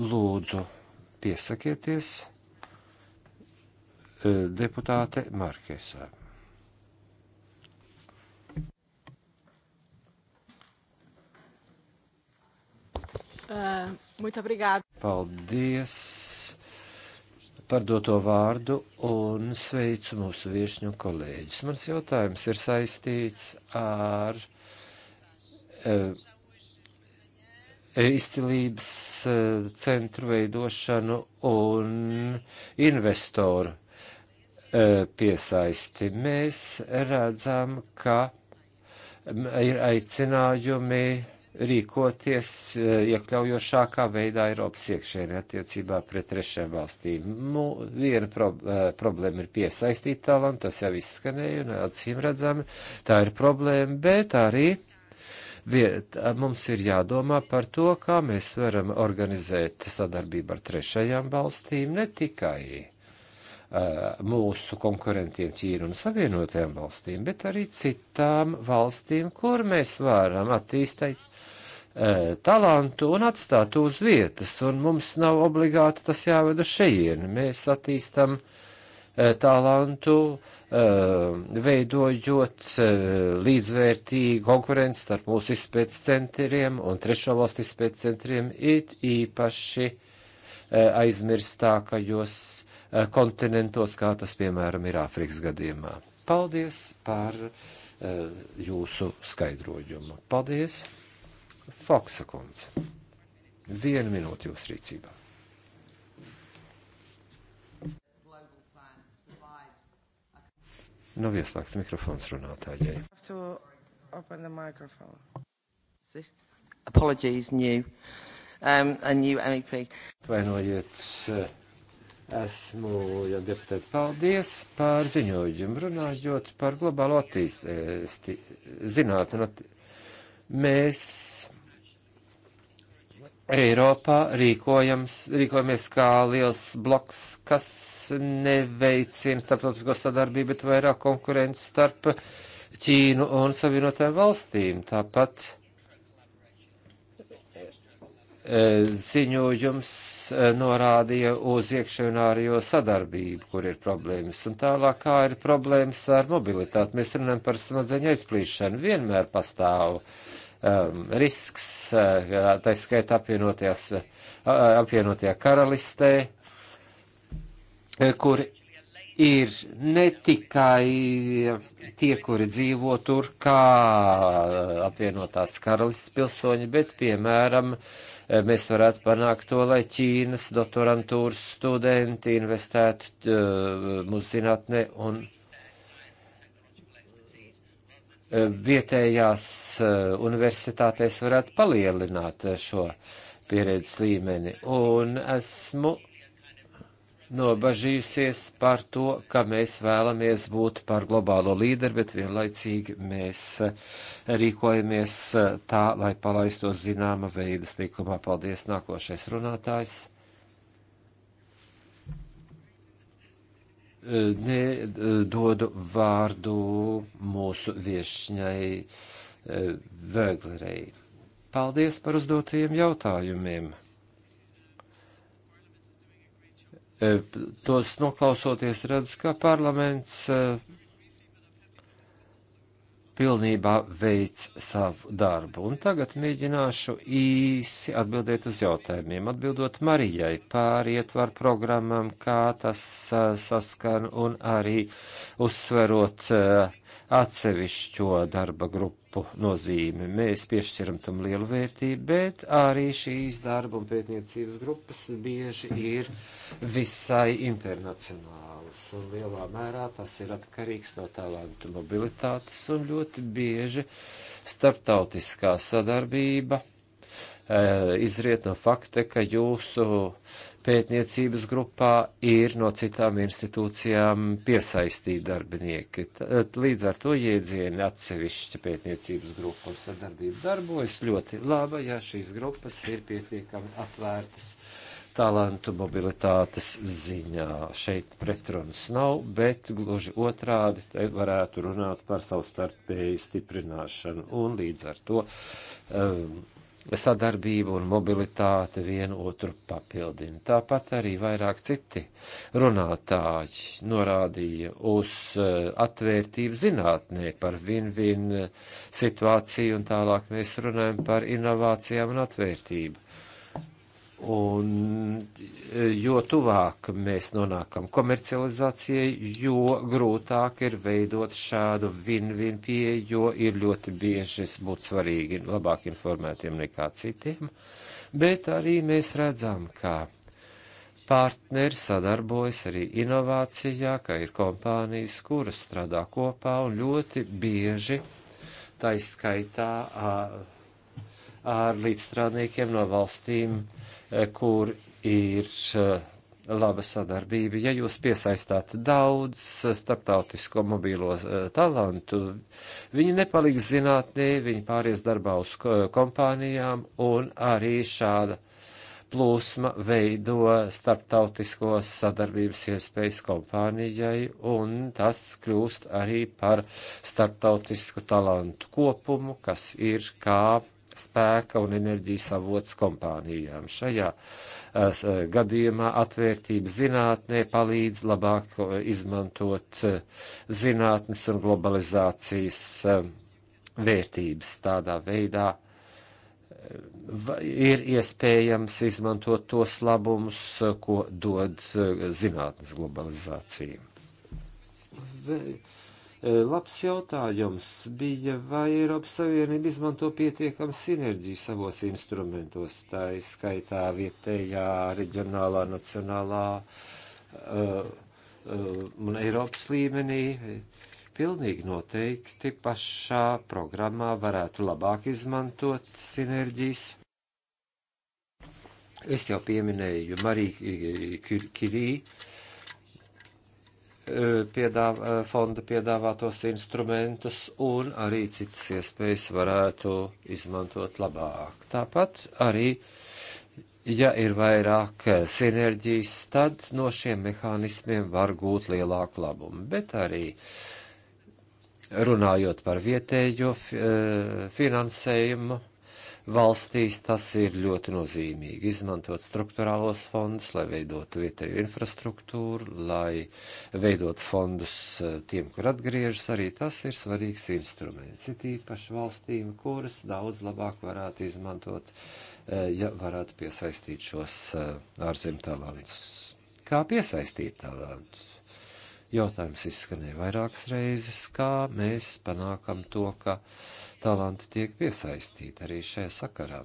Lūdzu, piesakieties eh, deputāte Markesā.
Uh, eh, muito obrigada.
Paldies par doto vārdu un sveicu mūsu viešņu kolēģis. Mans jautājums ir saistīts ar uh, izcilības uh, centru veidošanu un investoru uh, piesaisti. Mēs redzam, ka mm, ir aicinājumi rīkoties eh, iekļaujošākā veidā Eiropas iekšēnē attiecībā pret trešajām valstīm. Nu, viena pro, eh, problēma ir piesaistīt talantu, tas jau izskanēja un acīm redzami, tā ir problēma, bet arī viet, mums ir jādomā par to, kā mēs varam organizēt sadarbību ar trešajām valstīm, ne tikai uh, mūsu konkurentiem Ķīnu un Savienotajām valstīm, bet arī citām valstīm, kur mēs varam attīstīt E, talantu un atstāt uz vietas, un mums nav obligāti tas jāvada šeit. Mēs attīstam e, talantu, e, veidojot līdzvērtīgu konkurenci starp mūsu izpētes centriem un trešo valstu izpētes centriem, it īpaši aizmirstākajos kontinentos, kā tas, piemēram, ir Āfrikas gadījumā. Paldies par jūsu skaidrojumu. Paldies! Foksa kundze, vienu minūti jūsu rīcībā. Nav nu, ieslēgts mikrofons runātājai. Apologies, new. Um, a new MEP. Atvainojiet, esmu jau deputēta. Paldies par ziņojumu. Runājot par globālo attīstību, zinātni, mēs Eiropā rīkojamies kā liels bloks, kas neveicina starptautisko sadarbību, bet vairāk konkurences starp Ķīnu un Savienotajām valstīm. Tāpat e, ziņojums e, norādīja uz iekšienārio sadarbību, kur ir problēmas, un tālāk kā ir problēmas ar mobilitāti. Mēs runājam par smadzeņu aizplīšanu, vienmēr pastāv uh, um, risks, uh, tā skaitā apvienotajās, uh, apvienotajā karalistē, uh, kur ir ne tikai tie, kuri dzīvo tur kā uh, apvienotās karalistas pilsoņi, bet, piemēram, uh, mēs varētu panākt to, lai Ķīnas doktorantūras studenti investētu uh, mūsu zinātnē un vietējās eh, universitātēs varētu palielināt eh, šo pieredzes līmeni. Un esmu nobažījusies par to, ka mēs vēlamies būt par globālo līderi, bet vienlaicīgi mēs eh, rīkojamies tā, lai palaistos zināma veida stīkumā. Paldies, nākošais runātājs. nedodu vārdu mūsu viešņai e, Vēglerei. Paldies par uzdotajiem jautājumiem. E, tos noklausoties redz, ka parlaments e, pilnībā veic savu darbu. Un tagad mēģināšu īsi atbildēt uz jautājumiem. Atbildot Marijai pār ietvaru programmam, kā tas saskan un arī uzsverot atsevišķo darba grupu nozīmi. Mēs piešķiram tam lielu vērtību, bet arī šīs darba un pētniecības grupas bieži ir visai internacionāli modelis, un lielā mērā tas ir atkarīgs no talantu mobilitātes, un ļoti bieži starptautiskā sadarbība e, izriet no fakta, ka jūsu pētniecības grupā ir no citām institūcijām piesaistīti darbinieki. E, līdz ar to jēdzieni atsevišķa pētniecības grupa un sadarbība darbojas ļoti labi, ja šīs grupas ir pietiekami atvērtas talantu mobilitātes ziņā. Šeit pretrunas nav, bet gluži otrādi varētu runāt par savstarpēju stiprināšanu un līdz ar to um, sadarbība un mobilitāte vienu otru papildina. Tāpat arī vairāk citi runātāji norādīja uz uh, atvērtību zinātnē par win-win situāciju, un tālāk mēs runājam par inovācijām un atvērtību. Un e, jo tuvāk mēs nonākam komercializācijai, jo grūtāk ir veidot šādu win-win pieeju, jo ir ļoti bieži būt svarīgi labāk informētiem nekā citiem. Bet arī mēs redzam, ka partneri sadarbojas arī inovācijā, ka ir kompānijas, kuras strādā kopā un ļoti bieži taiskaitā. Uh, ar līdzstrādniekiem no valstīm, eh, kur ir eh, laba sadarbība. Ja jūs piesaistāt daudz eh, starptautisko mobīlo talantu, viņi nepaliks zinātnē, viņi pāries darbā uz kompānijām un arī šāda plūsma veido starptautiskos sadarbības iespējas kompānijai, un tas kļūst arī par starptautisku talantu kopumu, kas ir kā spēka un enerģijas avots kompānijām. Šajā uh, gadījumā atvērtība zinātnē palīdz labāk eh, izmantot uh, zinātnes un globalizācijas uh, vērtības tādā veidā. Ir iespējams izmantot tos labumus, ko dod zinātnes globalizācija. Vai E, labs jautājums bija, vai Eiropas Savienība izmanto pietiekam sinerģiju savos instrumentos, tā izskaitā vietējā, reģionālā, nacionālā uh, uh, un Eiropas līmenī. Pilnīgi noteikti pašā programmā varētu labāk izmantot sinerģijas. Es jau pieminēju Mariju Kirī, E, piedāvā, e, fonda piedāvātos instrumentus un arī citas iespējas varētu izmantot labāk. Tāpat arī, ja ir vairāk sinerģijas, tad no šiem mehānismiem var gūt lielāku labumu. Bet arī runājot par vietējo e, finansējumu, valstīs tas ir ļoti nozīmīgi. Izmantot struktūrālos fondus, lai veidotu vietēju infrastruktūru, lai veidot fondus eh, tiem, kur atgriežas, arī tas ir svarīgs instruments. Ir īpaši valstīm, kuras daudz labāk varētu izmantot, eh, ja varētu piesaistīt šos eh, ārzem talantus. Kā piesaistīt talantus? Jautājums izskanēja vairākas reizes, kā mēs panākam to, ka uh, talanti tiek piesaistīti arī šajā sakarā.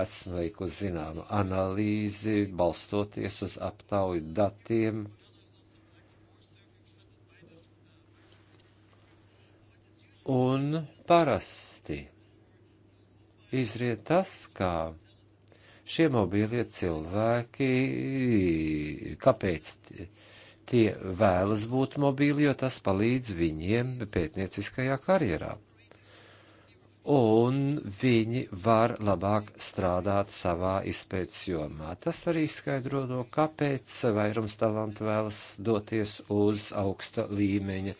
Esmu veikusi zināmu analīzi, balstoties uz aptauju datiem. Un parasti izriet tas, kā šie mobīlie cilvēki, kāpēc tie vēlas būt mobīli, jo tas palīdz viņiem pētnieciskajā karjerā. Un viņi var labāk strādāt savā izpētes jomā. Tas arī skaidro to, kāpēc vairums talantu vēlas doties uz augsta līmeņa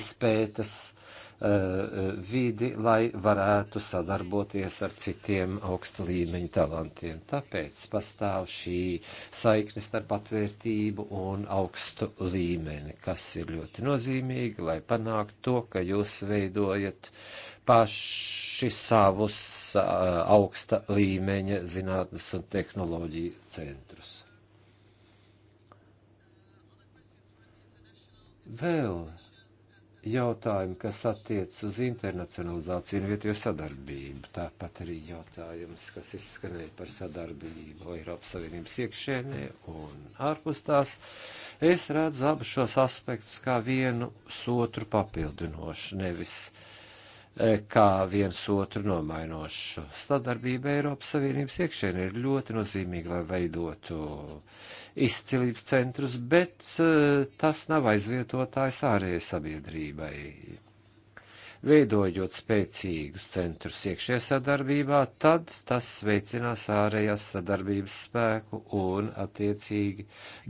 izpētes uh, Eh, vidi, lai varētu sadarboties ar citiem augsta līmeņa talantiem. Tāpēc pastāv šī saikne starp atvērtību un augstu līmeni, kas ir ļoti nozīmīgi, lai panāktu to, ka jūs veidojat paši savus eh, augsta līmeņa zinātnes un tehnoloģiju centrus. Vēl jautājumi, kas attiec uz internacionalizāciju un vietējo sadarbību. Tāpat arī jautājums, kas izskanēja par sadarbību Eiropas Savienības iekšēnē un ārpus tās. Es redzu abus šos aspektus kā vienu otru papildinošu, nevis e, kā viens otru nomainošu. Sadarbība Eiropas Savienības iekšēnē ir ļoti nozīmīga, lai veidotu uh, izcilības centrus, bet eh, tas nav aizvietotājs ārējai sabiedrībai veidojot spēcīgus centrus iekšējā sadarbībā, tad tas veicinās ārējās sadarbības spēku un, attiecīgi,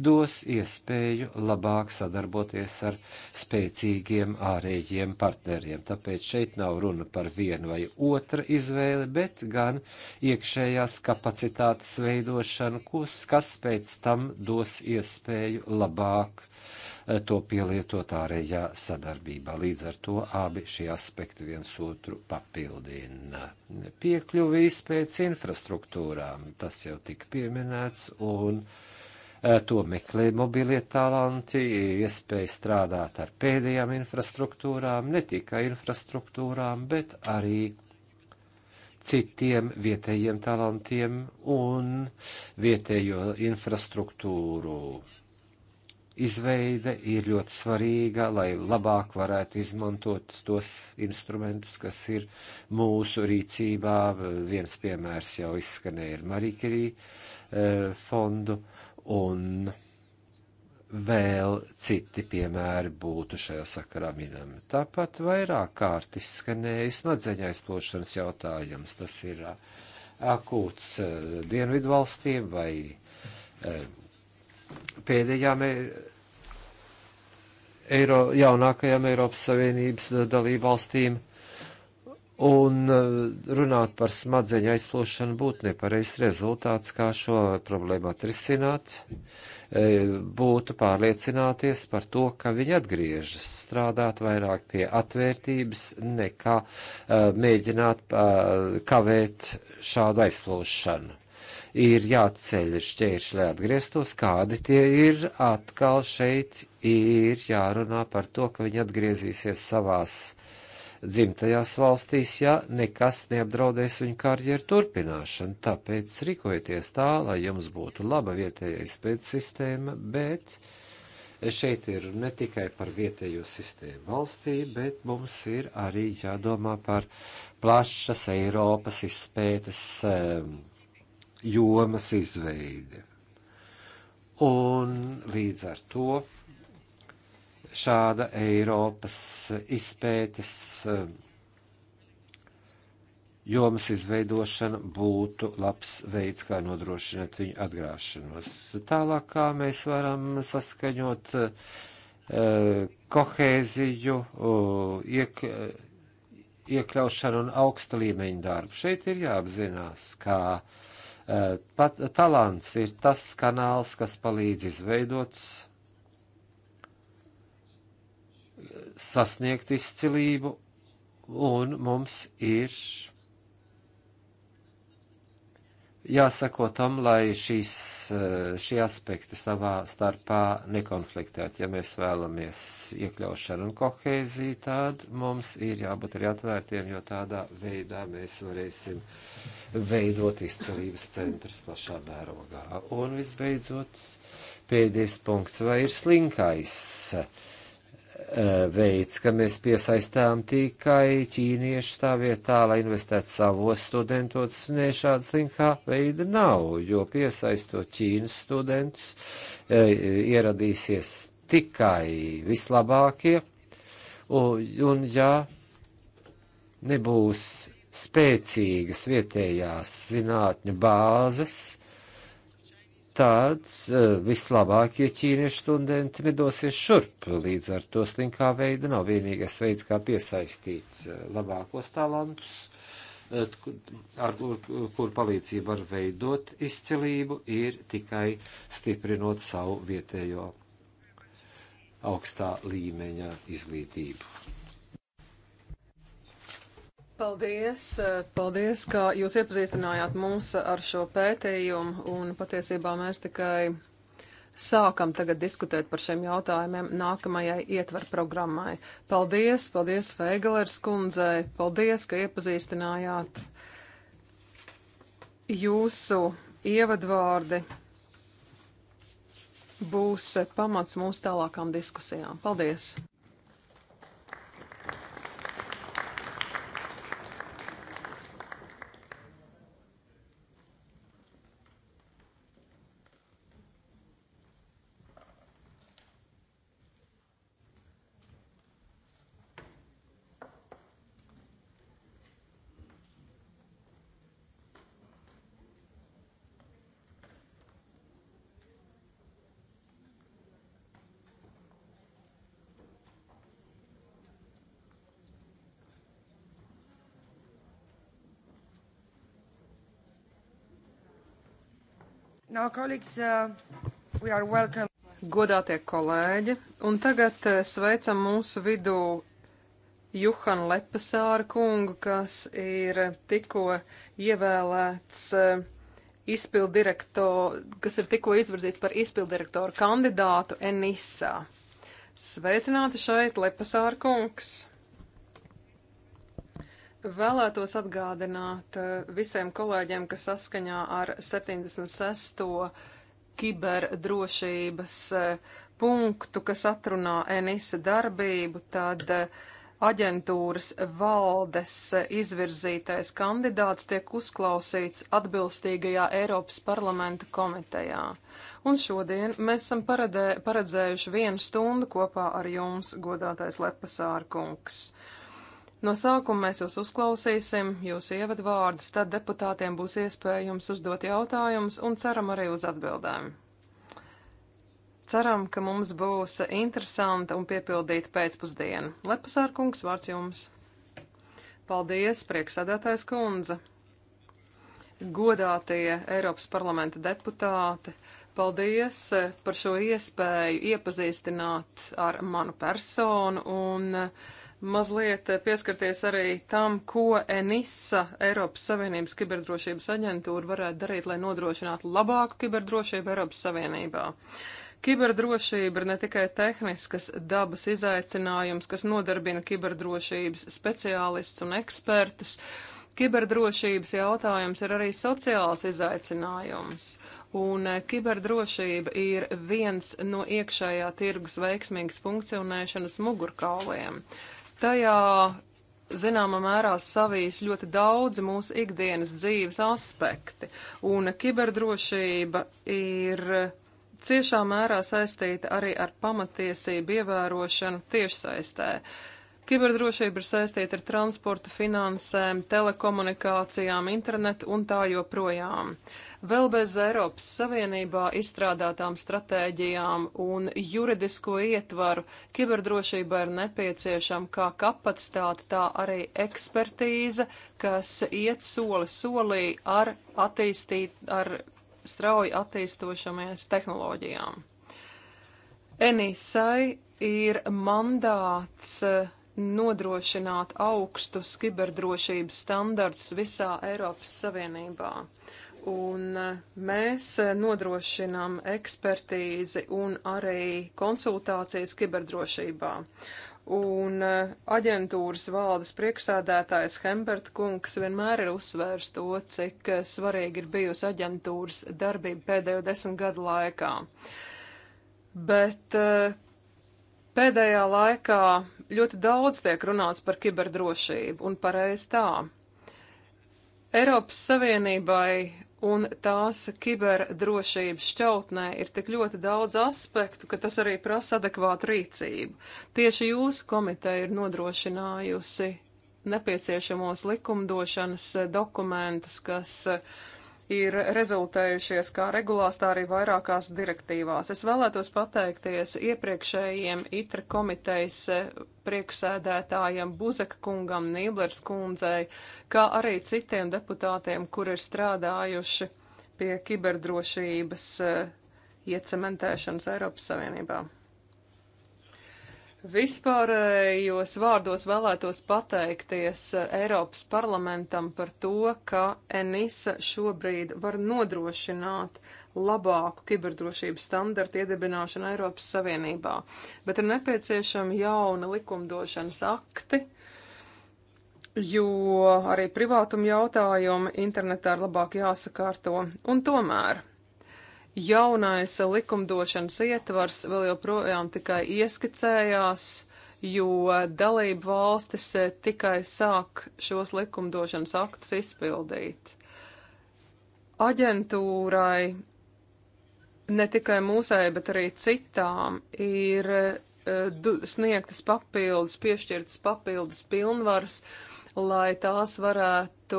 dos iespēju labāk sadarboties ar spēcīgiem ārējiem partneriem. Tāpēc šeit nav runa par vienu vai otru izvēli, bet gan iekšējās kapacitātes veidošanu, kas pēc tam dos iespēju labāk Eh, to pielietot ārējā sadarbībā. Līdz ar to abi šie aspekti viens otru papildina. Piekļuvīs pēc infrastruktūrām, tas jau tika pieminēts, un eh, to meklē mobilie talanti, iespēja strādāt ar pēdējām infrastruktūrām, ne tikai infrastruktūrām, bet arī citiem vietējiem talantiem un vietējo infrastruktūru izveide ir ļoti svarīga, lai labāk varētu izmantot tos instrumentus, kas ir mūsu rīcībā. Viens piemērs jau izskanēja ar Marīkerī eh, fondu, un vēl citi piemēri būtu šajā sakarā minami. Tāpat vairāk kārt izskanēja smadzeņaizplošanas jautājums. Tas ir eh, akūts eh, dienvidu valstīm vai pēdējā Eiro, jaunākajām Eiropas Savienības eh, dalībvalstīm. Un eh, runāt par smadzeņu aizplošanu būtu nepareizs rezultāts, kā šo problēmu atrisināt, eh, būtu pārliecināties par to, ka viņi atgriežas strādāt vairāk pie atvērtības, nekā mēģināt kavēt šādu aizplošanu ir jāceļ šķēršļi, lai atgrieztos, kādi tie ir. Atkal šeit ir jārunā par to, ka viņi atgriezīsies savās dzimtajās valstīs, ja nekas neapdraudēs viņu karjeru turpināšanu. Tāpēc rīkojieties tā, lai jums būtu laba vietējais pēc sistēma, bet šeit ir ne tikai par vietējo sistēmu valstī, bet mums ir arī jādomā par plašas Eiropas izpētes. Um, jomas izveidi. Un līdz ar to šāda Eiropas izpētes eh, jomas izveidošana būtu labs veids, kā nodrošināt viņu atgrāšanos. Tālāk, kā mēs varam saskaņot uh, kohēziju, uh, iek, iekļaušanu un augsta līmeņa darbu. Šeit ir jāapzinās, kā uh, Eh, pat talants ir tas kanāls, kas palīdz izveidot, eh, sasniegt izcilību, un mums ir jāsako tam, lai šīs, eh, šie aspekti savā starpā nekonfliktētu. Ja mēs vēlamies iekļaušanu un kohēziju, tad mums ir jābūt arī atvērtiem, jo tādā veidā mēs varēsim veidot izcelības centrus plašā mērogā. Un visbeidzot, pēdējais punkts vai ir slinkais? Uh, Eh, veids, ka mēs piesaistām tikai ķīniešu tā vietā, lai investētu savos studentos, ne šāds linkā veida nav, jo piesaistot Ķīnas studentus e, ieradīsies tikai vislabākie, un, un ja nebūs spēcīgas vietējās zinātņu bāzes, tad eh, vislabākie ķīniešu studenti nedosies šurp. Līdz ar to slinkā veida nav vienīgais veids, kā piesaistīt eh, labākos talantus, eh, ar kur, kur palīdzību var veidot izcilību, ir tikai stiprinot savu vietējo augstā līmeņa izglītību.
Paldies, eh, paldies, ka jūs iepazīstinājāt mūs ar šo pētījumu, un patiesībā mēs tikai sākam tagad diskutēt par šiem jautājumiem nākamajai ietver programmai. Paldies, paldies Feigalers kundzei, paldies, ka iepazīstinājāt jūsu ievadvārdi. Būs eh, pamats mūsu tālākām diskusijām. Paldies!
Uh,
Godātie kolēģi, un tagad uh, sveicam mūsu vidū Juhanu Lepasāru kungu, kas ir tikko ievēlēts uh, izpildirektoru, kas ir tikko izvirzīts par izpildirektoru kandidātu Enisā. Sveicināti šeit, Lepasāra kungs! Vēlētos atgādināt eh, visiem kolēģiem, ka saskaņā ar 76. kiberdrošības eh, punktu, kas atrunā Enisa darbību, tad eh, aģentūras valdes izvirzītais kandidāts tiek uzklausīts atbilstīgajā Eiropas parlamenta komitejā. Un šodien mēs esam paredē, paredzējuši vienu stundu kopā ar jums, godātais Lepasārkungs. kungs. No sākuma mēs jūs uzklausīsim, jūs ievadvārdus, tad deputātiem būs iespējams uzdot jautājumus un ceram arī uz atbildēm. Ceram, ka mums būs interesanta un piepildīta pēcpusdiena. Lepasārkungs, vārds jums! Paldies, priekšsēdētājs kundze! Godātie Eiropas parlamenta deputāti! Paldies par šo iespēju iepazīstināt ar manu personu un uh, mazliet pieskarties arī tam, ko ENISA, Eiropas Savienības kiberdrošības aģentūra, varētu darīt, lai nodrošinātu labāku kiberdrošību Eiropas Savienībā. Kiberdrošība ir ne tikai tehniskas dabas izaicinājums, kas nodarbina kiberdrošības speciālistus un ekspertus. Kiberdrošības jautājums ir arī sociāls izaicinājums, un eh, kiberdrošība ir viens no iekšējā tirgus veiksmīgas funkcionēšanas mugurkauliem. Tajā zināmā mērā savijas ļoti daudzi mūsu ikdienas dzīves aspekti, un kiberdrošība ir ciešā mērā saistīta arī ar pamatiesību ievērošanu tiešsaistē. Uh, Kiberdrošība ir saistīta ar transportu, finansēm, telekomunikācijām, internetu un tā joprojām. Vēl bez Eiropas Savienībā izstrādātām stratēģijām un juridisko ietvaru kiberdrošība ir nepieciešama kā kapacitāte, tā arī ekspertīze, kas iet soli solī ar, attīstīt, ar strauji attīstošamies tehnoloģijām. Enisai ir mandāts nodrošināt augstus kiberdrošības standartus visā Eiropas Savienībā. Un e, mēs e, nodrošinām ekspertīzi un arī konsultācijas kiberdrošībā. Un e, aģentūras valdes priekšsēdētājs Hembert Kungs vienmēr ir uzsvērs to, cik svarīgi ir bijusi aģentūras darbība pēdējo desmit gadu laikā. Bet Pēdējā laikā ļoti daudz tiek runāts par kiberdrošību un pareiz tā. Eiropas Savienībai un tās kiberdrošības šķautnē ir tik ļoti daudz aspektu, ka tas arī prasa adekvātu rīcību. Tieši jūsu komiteja ir nodrošinājusi nepieciešamos likumdošanas dokumentus, kas uh, ir rezultējušies kā regulās, tā arī vairākās direktīvās. Es vēlētos pateikties iepriekšējiem ITRA komitejas priekšsēdētājiem Buzeka kungam, Nīblers kundzei, kā arī citiem deputātiem, kur ir strādājuši pie kiberdrošības eh, iecementēšanas Eiropas Savienībā. Vispārējos vārdos vēlētos pateikties eh, Eiropas parlamentam par to, ka ENISA šobrīd var nodrošināt labāku kiberdrošības standartu iedibināšanu Eiropas Savienībā, bet ir nepieciešama jauna likumdošanas akti, jo arī privātuma jautājumi internetā ir labāk jāsakārto. Un tomēr jaunais likumdošanas ietvars vēl joprojām tikai ieskicējās, jo dalību valstis eh, tikai sāk šos likumdošanas aktus izpildīt. Aģentūrai, ne tikai mūsai, bet arī citām, ir eh, sniegtas papildus, piešķirtas papildus pilnvaras, uh, lai tās varētu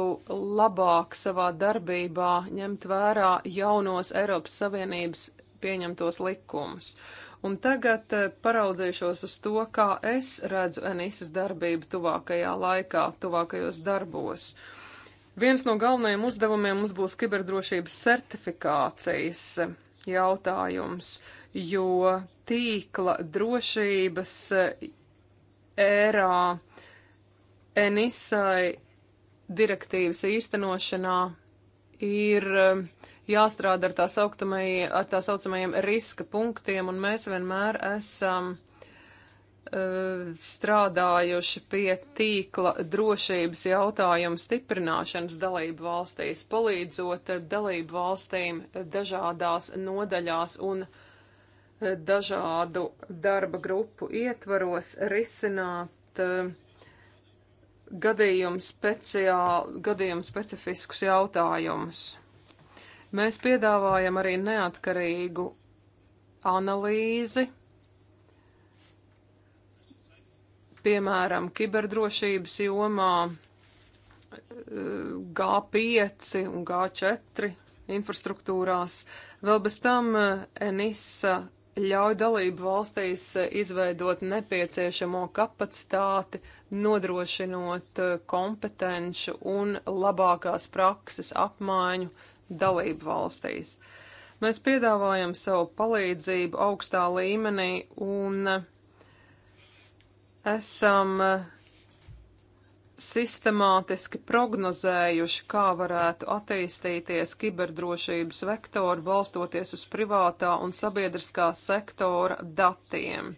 labāk savā darbībā ņemt vērā jaunos Eiropas Savienības pieņemtos likumus. Un tagad eh, paraudzīšos uz to, kā es redzu Enisas darbību tuvākajā laikā, tuvākajos darbos. Viens no galvenajiem uzdevumiem mums būs kiberdrošības certifikācijas jautājums, jo tīkla drošības eh, ērā Enisai direktīvas īstenošanā ir um, jāstrādā ar tā, ar tā saucamajiem riska punktiem, un mēs vienmēr esam uh, strādājuši pie tīkla drošības jautājumu stiprināšanas dalību valstīs, palīdzot dalību valstīm dažādās nodaļās un uh, dažādu darba grupu ietvaros risināt uh, gadījumu, speciāli, gadījumu specifiskus jautājumus. Mēs piedāvājam arī neatkarīgu analīzi, piemēram, kiberdrošības jomā eh, G5 un G4 infrastruktūrās. Vēl bez tam eh, Enisa ļauj dalību valstīs eh, izveidot nepieciešamo kapacitāti, nodrošinot eh, kompetenci un labākās prakses apmaiņu dalību valstīs. Mēs piedāvājam savu palīdzību augstā līmenī un eh, esam uh, sistemātiski prognozējuši, kā varētu attīstīties kiberdrošības vektori, balstoties uz privātā un sabiedriskā sektora datiem.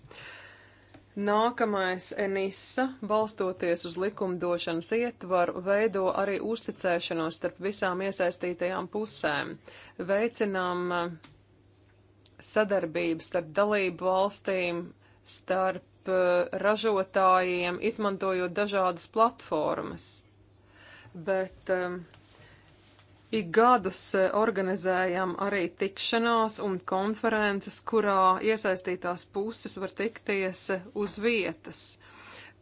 Nākamais ENISA, balstoties uz likumdošanas ietvaru, veido arī uzticēšanos starp visām iesaistītajām pusēm. Veicinām eh, sadarbību starp dalību valstīm, starp starp eh, ražotājiem, izmantojot dažādas platformas. Bet um, ik gadus eh, organizējam arī tikšanās un konferences, kurā iesaistītās puses var tikties uz vietas.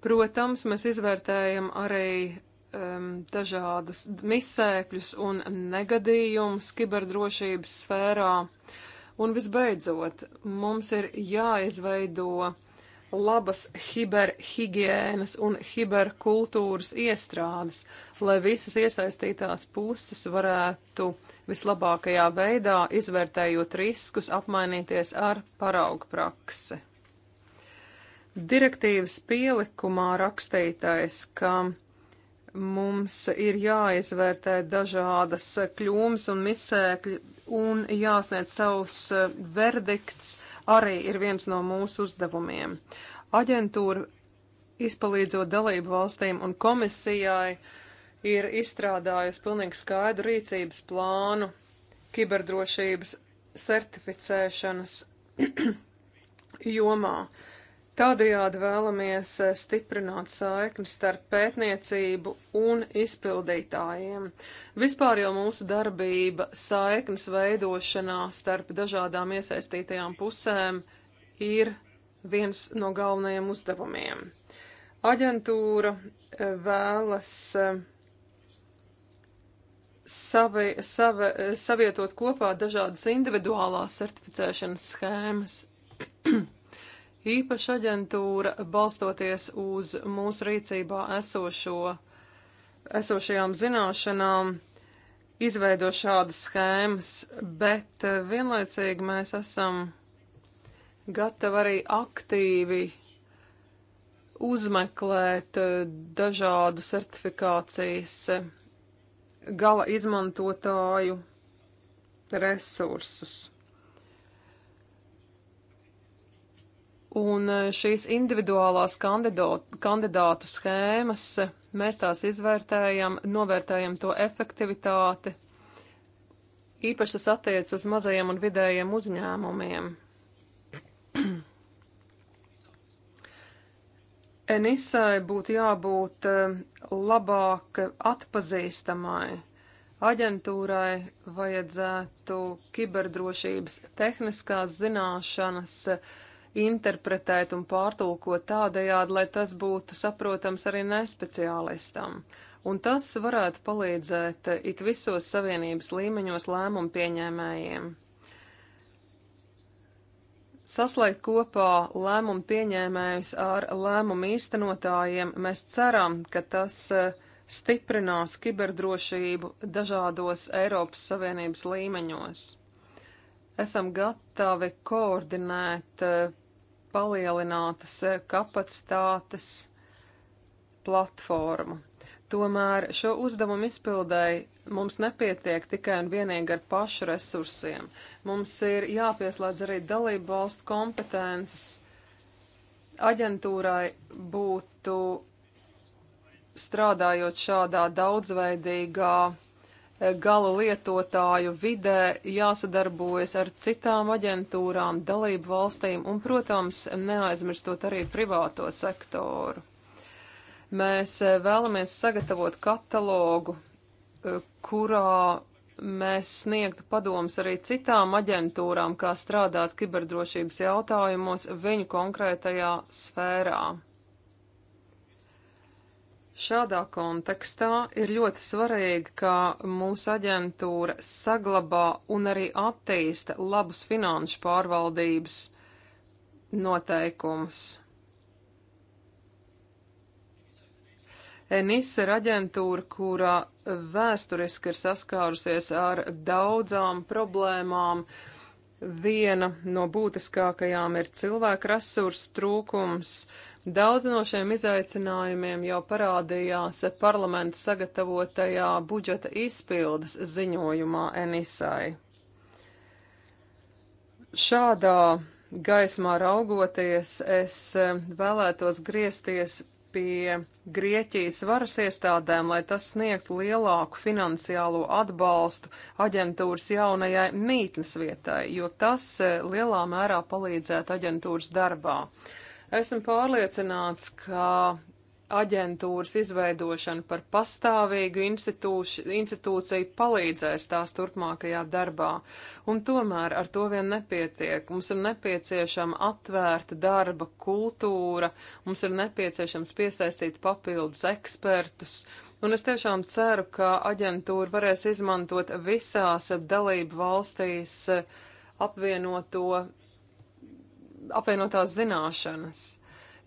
Protams, mēs izvērtējam arī um, dažādus misēkļus un negadījumus kiberdrošības sfērā. Un visbeidzot, mums ir jāizveido labas hiberhigienas un hiberkultūras iestrādes, lai visas iesaistītās puses varētu vislabākajā veidā, izvērtējot riskus, apmainīties ar paraugu praksi. Direktīvas pielikumā rakstītais, ka mums ir jāizvērtē dažādas kļūmes un misēkļi un jāsniedz savs eh, verdikts, uh, arī ir viens no mūsu uzdevumiem. Aģentūra izpalīdzot dalību valstīm un komisijai ir izstrādājusi pilnīgi skaidru rīcības plānu kiberdrošības certificēšanas jomā. Tādējādi vēlamies eh, stiprināt saikni starp pētniecību un izpildītājiem. Vispār jau mūsu darbība saiknes veidošanā starp dažādām iesaistītajām pusēm ir viens no galvenajiem uzdevumiem. Aģentūra eh, vēlas eh, savi, savi, savietot kopā dažādas individuālās certificēšanas schēmas. īpaša aģentūra, balstoties uz mūsu rīcībā esošo, esošajām zināšanām, izveido šādas schēmas, bet eh, vienlaicīgi mēs esam gatavi arī aktīvi uzmeklēt eh, dažādu certifikācijas eh, gala izmantotāju resursus. Un eh, šīs individuālās kandidātu schēmas, eh, mēs tās izvērtējam, novērtējam to efektivitāti. Īpaši tas attiec uz mazajiem un vidējiem uzņēmumiem. Enisai būtu jābūt eh, labāk atpazīstamai. Aģentūrai vajadzētu kiberdrošības tehniskās zināšanas, uh, interpretēt un pārtulkot tādējādi, lai tas būtu saprotams arī nespeciālistam. Un tas varētu palīdzēt it visos savienības līmeņos lēmumu pieņēmējiem. Saslēgt kopā lēmumu pieņēmējus ar lēmumu īstenotājiem, mēs ceram, ka tas e, stiprinās kiberdrošību dažādos Eiropas Savienības līmeņos esam gatavi koordinēt e, palielinātas eh, kapacitātes platformu. Tomēr šo uzdevumu izpildēji mums nepietiek tikai un vienīgi ar pašu resursiem. Mums ir jāpieslēdz arī dalību valstu kompetences. Aģentūrai būtu strādājot šādā daudzveidīgā gala lietotāju vidē jāsadarbojas ar citām aģentūrām, dalību valstīm un, protams, neaizmirstot arī privāto sektoru. Mēs eh, vēlamies sagatavot katalogu, eh, kurā mēs sniegtu padomus arī citām aģentūrām, kā strādāt kiberdrošības jautājumos viņu konkrētajā sfērā. Šādā kontekstā ir ļoti svarīgi, ka mūsu aģentūra saglabā un arī attīsta labus finanšu pārvaldības noteikumus. ENIS ir aģentūra, kura vēsturiski ir saskārusies ar daudzām problēmām. Viena no būtiskākajām ir cilvēku resursu trūkums. Uh, Daudz no šiem izaicinājumiem jau parādījās parlamenta sagatavotajā budžeta izpildes ziņojumā Enisai. Šādā gaismā raugoties, es eh, vēlētos griezties pie Grieķijas varas iestādēm, lai tas sniegtu lielāku finansiālo atbalstu aģentūras jaunajai mītnes vietai, jo tas eh, lielā mērā palīdzētu aģentūras darbā. Esmu pārliecināts, ka aģentūras izveidošana par pastāvīgu institūciju palīdzēs tās turpmākajā darbā. Un tomēr ar to vien nepietiek. Mums ir nepieciešama atvērta darba kultūra, mums ir nepieciešams piesaistīt papildus ekspertus. Un es tiešām ceru, ka aģentūra varēs izmantot visās dalību valstīs apvienoto apvienotās zināšanas.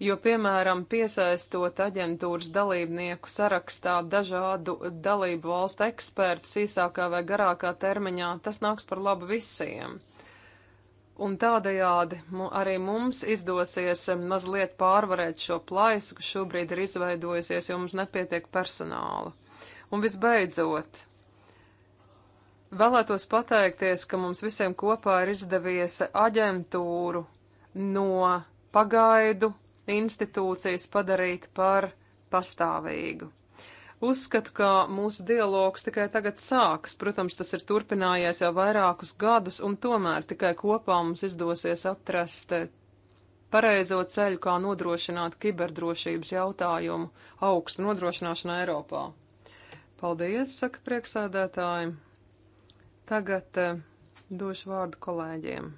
Jo, piemēram, piesaistot aģentūras dalībnieku sarakstā dažādu dalību valstu ekspertus īsākā vai garākā termiņā, tas nāks par labu visiem. Un tādējādi arī mums izdosies mazliet pārvarēt šo plaisu, kas šobrīd ir izveidojusies, jo mums nepietiek personāla. Un visbeidzot, vēlētos pateikties, ka mums visiem kopā ir izdevies aģentūru no pagaidu institūcijas padarīt par pastāvīgu. Uzskatu, ka mūsu dialogs tikai tagad sāks. Protams, tas ir turpinājies jau vairākus gadus, un tomēr tikai kopā mums izdosies atrast pareizo ceļu, kā nodrošināt kiberdrošības jautājumu augstu nodrošināšanu Eiropā. Paldies, saka prieksēdētāji. Tagad eh, došu vārdu kolēģiem.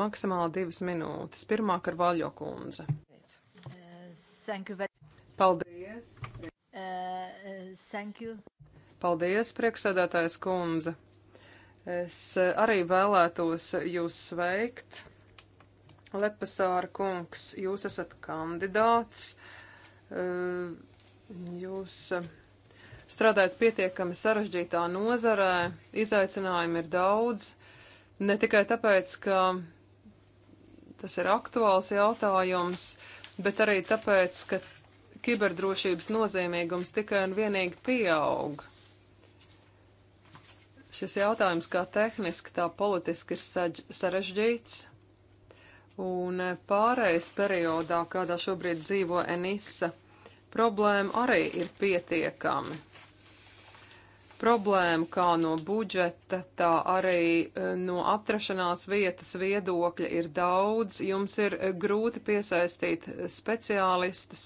Maksimāli divas minūtes. Pirmā ar Vaļo kundze. Paldies.
Uh,
Paldies, priekšsēdētājs kundze. Es eh, arī vēlētos jūs sveikt. Lepasāra kungs, jūs esat kandidāts. Eh, jūs eh, strādājat pietiekami sarežģītā nozarē, izaicinājumi ir daudz. Ne tikai tāpēc, ka Tas ir aktuāls jautājums, bet arī tāpēc, ka kiberdrošības nozīmīgums tikai un vienīgi pieaug. Šis jautājums kā tehniski, tā politiski ir sarežģīts. Un pārējais periodā, kādā šobrīd dzīvo Enisa, problēma arī ir pietiekami problēmu kā no budžeta, tā arī e, no atrašanās vietas viedokļa ir daudz. Jums ir e, grūti piesaistīt e, speciālistus,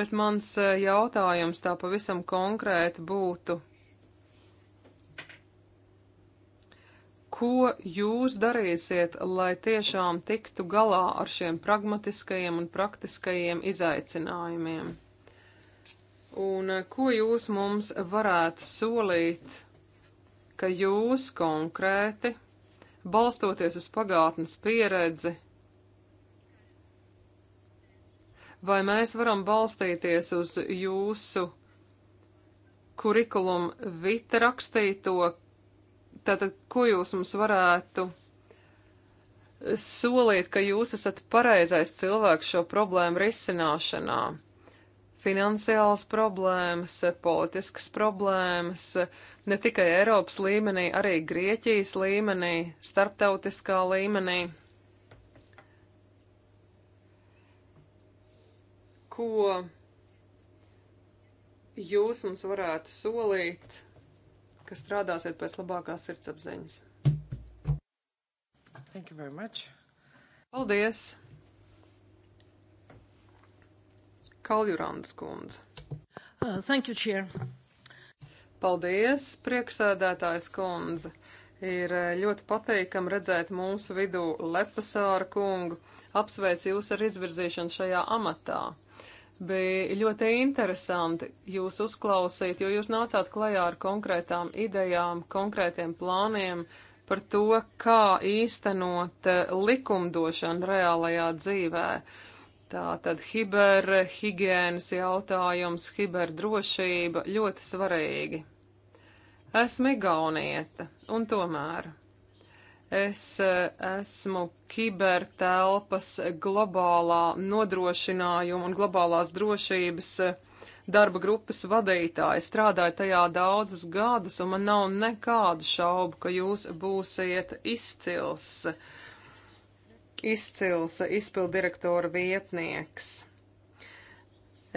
bet mans jautājums tā pavisam konkrēti būtu. Ko jūs darīsiet, lai tiešām tiktu galā ar šiem pragmatiskajiem un praktiskajiem izaicinājumiem? Un eh, ko jūs mums varētu solīt, ka jūs konkrēti, balstoties uz pagātnes pieredzi, vai mēs varam balstīties uz jūsu kurikulumu vita rakstīto, tātad ko jūs mums varētu solīt, ka jūs esat pareizais cilvēks šo problēmu risināšanā? finansiālas problēmas, politiskas problēmas, ne tikai Eiropas līmenī, arī Grieķijas līmenī, starptautiskā līmenī. Ko jūs mums varētu solīt, ka strādāsiet pēc labākās sirdsapziņas? Thank you very much. Paldies! Kaljurandas kundze. Uh, thank you, Chair. Paldies, prieksēdētājs kundze. Ir eh, ļoti pateikam redzēt mūsu vidū Lepasāra kungu. Apsveic jūs ar izvirzīšanu šajā amatā. Bija ļoti interesanti jūs uzklausīt, jo jūs nācāt klajā ar konkrētām idejām, konkrētiem plāniem par to, kā īstenot eh, likumdošanu reālajā dzīvē. Uh, Tā tad hiberhigienas jautājums, hiberdrošība ļoti svarīgi. Esmu igaunieta, un tomēr es eh, esmu kibertelpas globālā nodrošinājuma un globālās drošības eh, darba grupas vadītāja. Strādāju tajā daudzus gadus, un man nav nekādu šaubu, ka jūs būsiet izcils uh, izcils izpildirektora vietnieks.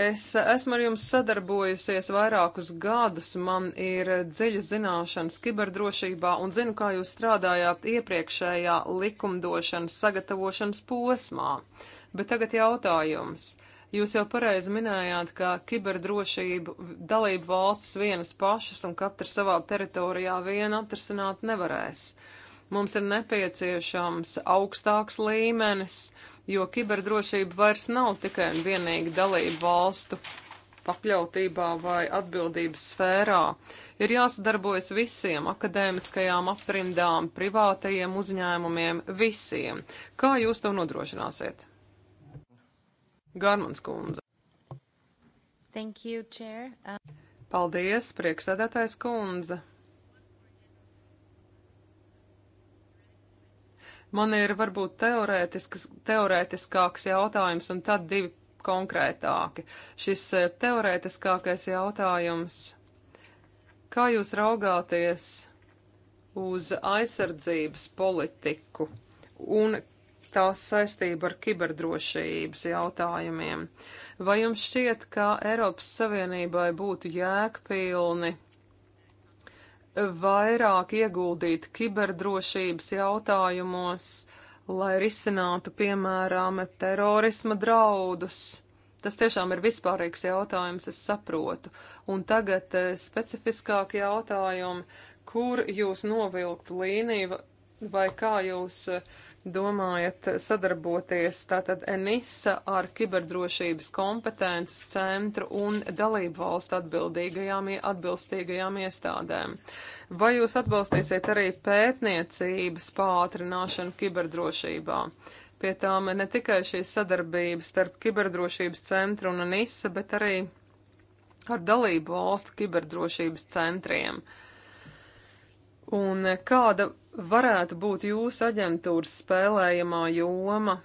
Es esmu ar jums sadarbojusies vairākus gadus, man ir dziļas zināšanas kiberdrošībā un zinu, kā jūs strādājāt iepriekšējā likumdošanas sagatavošanas posmā. Bet tagad jautājums. Jūs jau pareizi minējāt, ka kiberdrošību dalību valsts vienas pašas un katra savā teritorijā viena atrasināt nevarēs. Uh, Mums ir nepieciešams augstāks līmenis, jo kiberdrošība vairs nav tikai un vienīgi dalību valstu pakļautībā vai atbildības sfērā. Ir jāsadarbojas visiem akadēmiskajām aprindām, privātajiem uzņēmumiem, visiem. Kā jūs to nodrošināsiet? Garmans kundze.
Thank you, Chair. Um...
Paldies, priekšsēdētājs kundze. Man ir varbūt teorētiskāks jautājums un tad divi konkrētāki. Šis eh, teorētiskākais jautājums. Kā jūs raugāties uz aizsardzības politiku un tās saistību ar kiberdrošības jautājumiem? Vai jums šķiet, ka Eiropas Savienībai būtu jēgpilni vairāk ieguldīt kiberdrošības jautājumos, lai risinātu, piemēram, terorisma draudus. Tas tiešām ir vispārīgs jautājums, es saprotu. Un tagad eh, specifiskāki jautājumi, kur jūs novilktu līniju vai kā jūs uh, domājat sadarboties tātad ENISA ar kiberdrošības kompetences centru un dalību valstu atbildīgajām, atbilstīgajām iestādēm? Vai jūs atbalstīsiet arī pētniecības pātrināšanu kiberdrošībā? Pie tām ne tikai šīs sadarbības starp kiberdrošības centru un ENISA, bet arī ar dalību valstu kiberdrošības centriem. Uh, Un eh, kāda varētu būt jūsu aģentūras spēlējamā joma,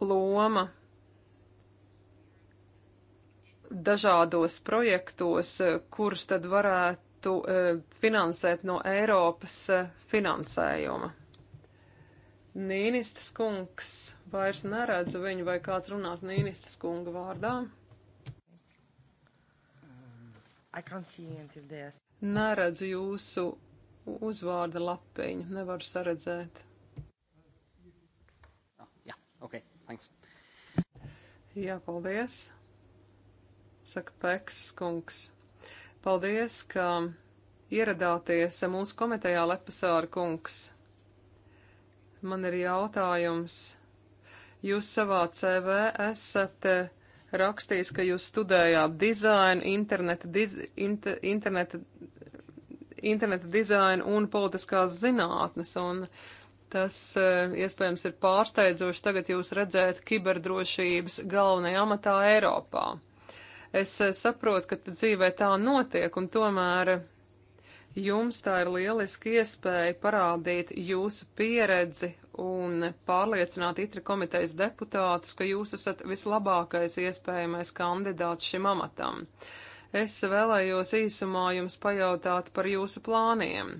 loma dažādos projektos, eh, kurus tad varētu eh, finansēt no Eiropas finansējuma? Nīnistas kungs, vairs neredzu viņu, vai kāds runās Nīnistas kunga vārdā.
Um,
neredzu jūsu uzvārda lapiņu, nevaru saredzēt. Jā, oh, yeah, ok, thanks. Jā, paldies, saka Peks kungs. Paldies, ka ieradāties mūsu komitejā Lepasāra kungs. Man ir jautājums. Jūs savā CV esat eh, rakstījis, ka jūs studējāt dizainu, interneta, diz, inter, interneta interneta dizaina un politiskās zinātnes. Un tas e, iespējams ir pārsteidzoši tagad jūs redzēt kiberdrošības galvenajā amatā Eiropā. Es e, saprotu, ka dzīvē tā notiek, un tomēr jums tā ir lieliski iespēja parādīt jūsu pieredzi un pārliecināt itra komitejas deputātus, ka jūs esat vislabākais iespējamais kandidāts šim amatam. Uh, Es vēlējos īsumā jums pajautāt par jūsu plāniem.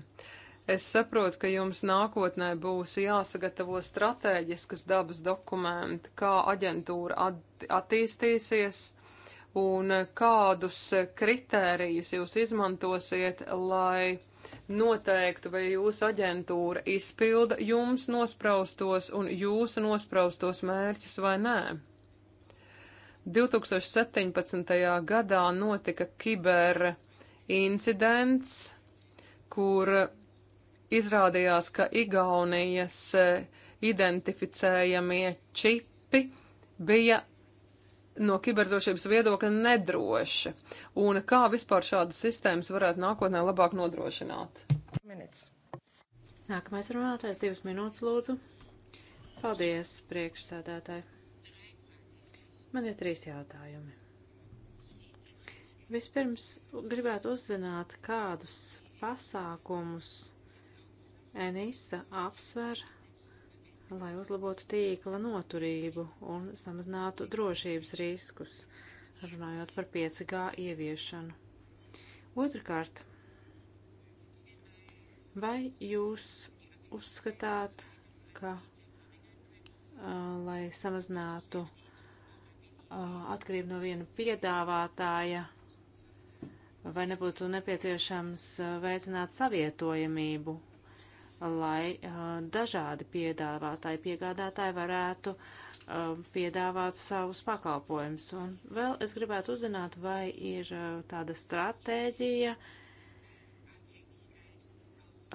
Es saprotu, ka jums nākotnē būs jāsagatavo strateģiskas dabas dokumenti, kā aģentūra at attīstīsies un kādus kritērijus jūs izmantosiet, lai noteiktu, vai jūsu aģentūra izpilda jums nospraustos un jūsu nospraustos mērķus vai nē. 2017. gadā notika kiber incidents, kur izrādījās, ka Igaunijas e, identificējamie čipi bija no kiberdrošības viedokļa nedroši. Un kā vispār šādas sistēmas varētu nākotnē labāk nodrošināt?
Minutes. Nākamais runātājs divas minūtes lūdzu. Paldies, priekšsēdētāji. Man ir trīs jautājumi. Vispirms gribētu uzzināt, kādus pasākumus Enisa apsver, lai uzlabotu tīkla noturību un samazinātu drošības riskus, runājot par 5G ieviešanu. Otrakārt, vai jūs uzskatāt, ka, uh, lai samazinātu uh, atkarību no viena piedāvātāja, vai nebūtu nepieciešams veicināt savietojamību, lai dažādi piedāvātāji, piegādātāji varētu piedāvāt savus pakalpojumus. Un vēl es gribētu uzzināt, vai ir tāda stratēģija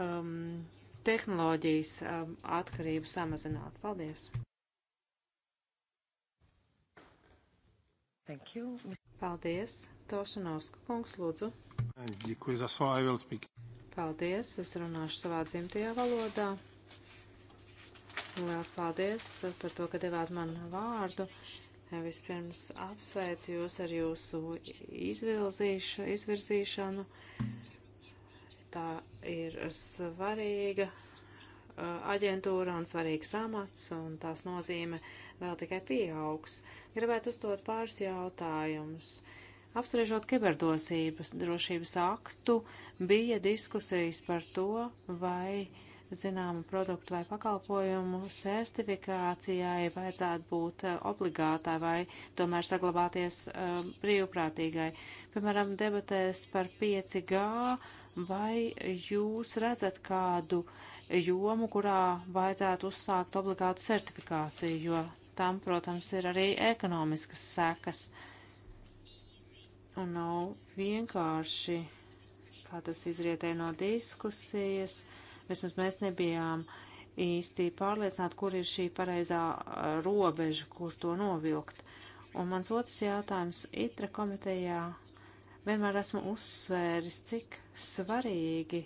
um, tehnoloģijas um, atkarību samazināt. Paldies! Thank you. Paldies. Tošanovska kungs, lūdzu.
Děkuji za slovo, I will speak.
Paldies, es runāšu savā dzimtajā valodā. Liels paldies par to, ka devāt man vārdu. Vispirms apsveicu jūs ar jūsu izvirzīšanu. Tā ir svarīga uh, aģentūra un svarīgs amats, un tās nozīme uh, vēl tikai pieaugs. Gribētu uzdot pāris jautājumus. Apspriežot kiberdosības drošības aktu, bija diskusijas par to, vai zināmu produktu vai pakalpojumu sertifikācijai vajadzētu būt eh, obligātā vai tomēr saglabāties um, brīvprātīgai. Piemēram, debatēs par 5G, vai jūs redzat kādu jomu, kurā vajadzētu uzsākt obligātu sertifikāciju, jo tam, protams, ir arī ekonomiskas sekas. Un nav vienkārši, kā tas izrietēja no diskusijas, vismaz mēs nebijām īsti pārliecināti, kur ir šī pareizā robeža, kur to novilkt. Un mans otrs jautājums ITRA komitejā vienmēr esmu uzsvēris, cik svarīgi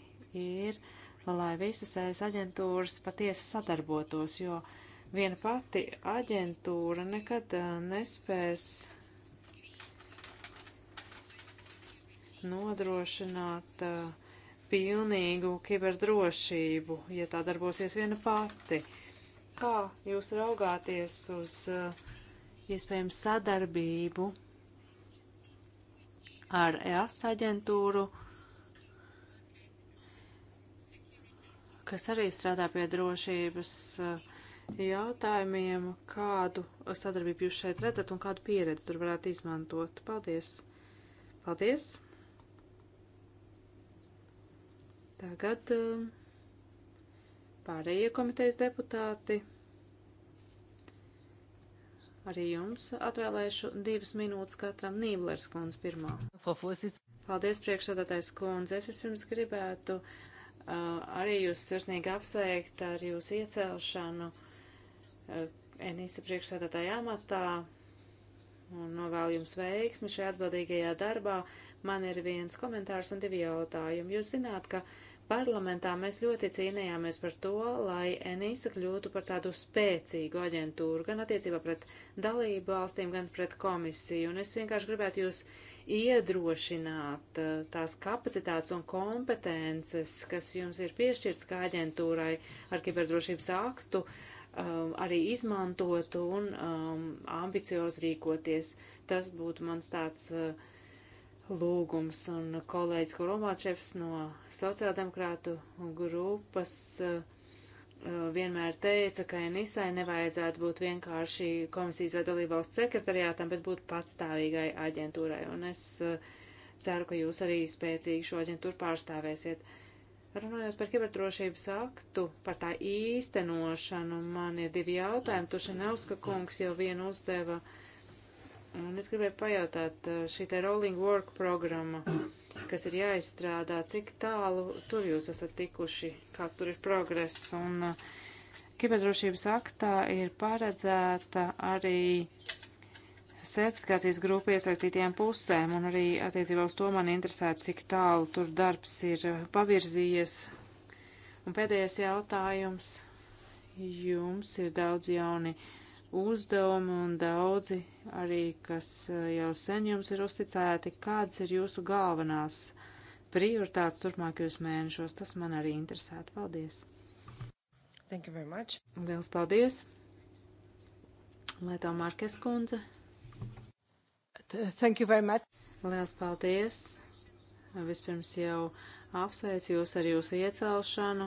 ir, lai visas ES aģentūras patiesi sadarbotos, jo uh, Viena pati aģentūra nekad eh, nespēs nodrošināt eh, pilnīgu kiberdrošību, ja tā darbosies viena pati. Kā jūs raugāties uz eh, iespējams sadarbību ar EAS aģentūru, kas arī strādā pie drošības uh, jautājumiem, kādu sadarbību jūs šeit redzat un kādu pieredzi tur varētu izmantot. Paldies! Paldies! Tagad um, pārējie komitejas deputāti. Arī jums atvēlēšu divas minūtes katram Nīblers kundz pirmā. Paldies, priekšsādātais kundze. Es vispirms gribētu uh, arī jūs sirsnīgi apsveikt ar jūsu iecelšanu. Uh, Eh, Enisa priekšsēdētāja amatā un novēlu jums veiksmi šajā atbildīgajā darbā. Man ir viens komentārs un divi jautājumi. Jūs zināt, ka parlamentā mēs ļoti cīnījāmies par to, lai Enisa kļūtu par tādu spēcīgu aģentūru, gan attiecībā pret dalību valstīm, gan pret komisiju. Un es vienkārši gribētu jūs iedrošināt eh, tās kapacitātes un kompetences, kas jums ir piešķirts kā aģentūrai ar kiberdrošības aktu. Uh, um, arī izmantotu un um, ambiciozi rīkoties. Tas būtu mans tāds uh, lūgums. Un kolēģis Koromāčevs no sociāldemokrātu grupas uh, uh, vienmēr teica, ka Enisai nevajadzētu būt vienkārši komisijas vai dalībvalsts sekretariātam, bet būt patstāvīgai aģentūrai. Un es uh, ceru, ka jūs arī spēcīgi šo aģentūru pārstāvēsiet. Uh, Runājot par kiberdrošības aktu, par tā īstenošanu, man ir divi jautājumi. Tušanauska kungs jau vienu uzdeva. Un es gribēju pajautāt, eh, šī te Rolling Work programma, kas ir jāizstrādā, cik tālu tur jūs esat tikuši, kāds tur ir progress. Un eh, kiberdrošības aktā ir paredzēta arī sertifikācijas grupu iesaistītajām pusēm, un arī attiecībā uz to man interesē, cik tālu tur darbs ir pavirzījies. Un pēdējais jautājums. Jums ir daudz jauni uzdevumi un daudzi arī, kas jau sen jums ir uzticēti. Kādas ir jūsu galvenās prioritātes turpmākajos mēnešos? Tas man arī interesētu. Paldies! Thank you very much! Liels paldies! Lai to Markes kundze! Thank you very much. Lielas paldies. Vispirms jau apsveicu jūs ar jūsu iecelšanu.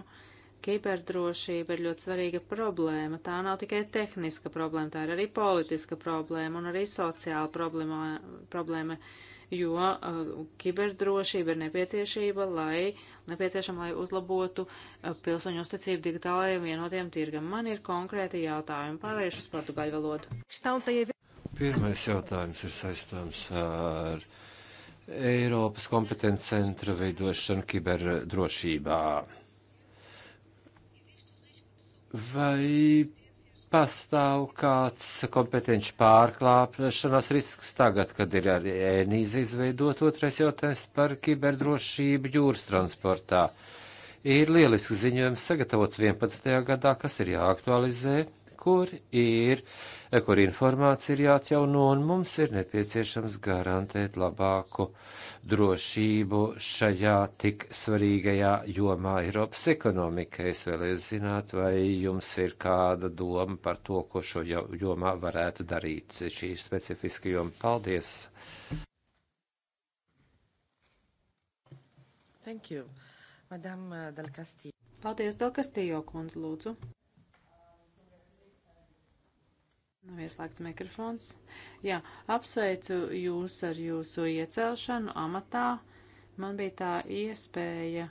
Kiberdrošība ir ļoti svarīga problēma. Tā nav tikai tehniska problēma, tā ir arī politiska problēma un arī sociāla problēma, problēma jo uh, kiberdrošība ir nepieciešība, lai, nepieciešama, lai uzlabotu uh, pilsoņu uzticību digitālajiem vienotiem tirgam. Man ir konkrēti jautājumi pārējuši uz portugaļu valodu.
Pirmais jautājums ir saistāms ar Eiropas kompetences centra veidošanu kiberdrošībā. Vai pastāv kāds kompetenci pārklāpšanās risks tagad, kad ir arī ēnīze izveidot otrais jautājums par kiberdrošību jūras transportā? Ir lielisks ziņojums sagatavots 11. gadā, kas ir jāaktualizē kur ir, kur informācija ir jāatjauno, un mums ir nepieciešams garantēt labāku drošību šajā tik svarīgajā jomā Eiropas ekonomikai. Es vēlēju zināt, vai jums ir kāda doma par to, ko šo jomā varētu darīt šī specifiska joma. Paldies!
Thank you. Madame uh, Del Castillo. Paldies, Del Castillo, kundze, lūdzu. Nav ieslēgts mikrofons. Jā, apsveicu jūs ar jūsu iecelšanu amatā. Man bija tā iespēja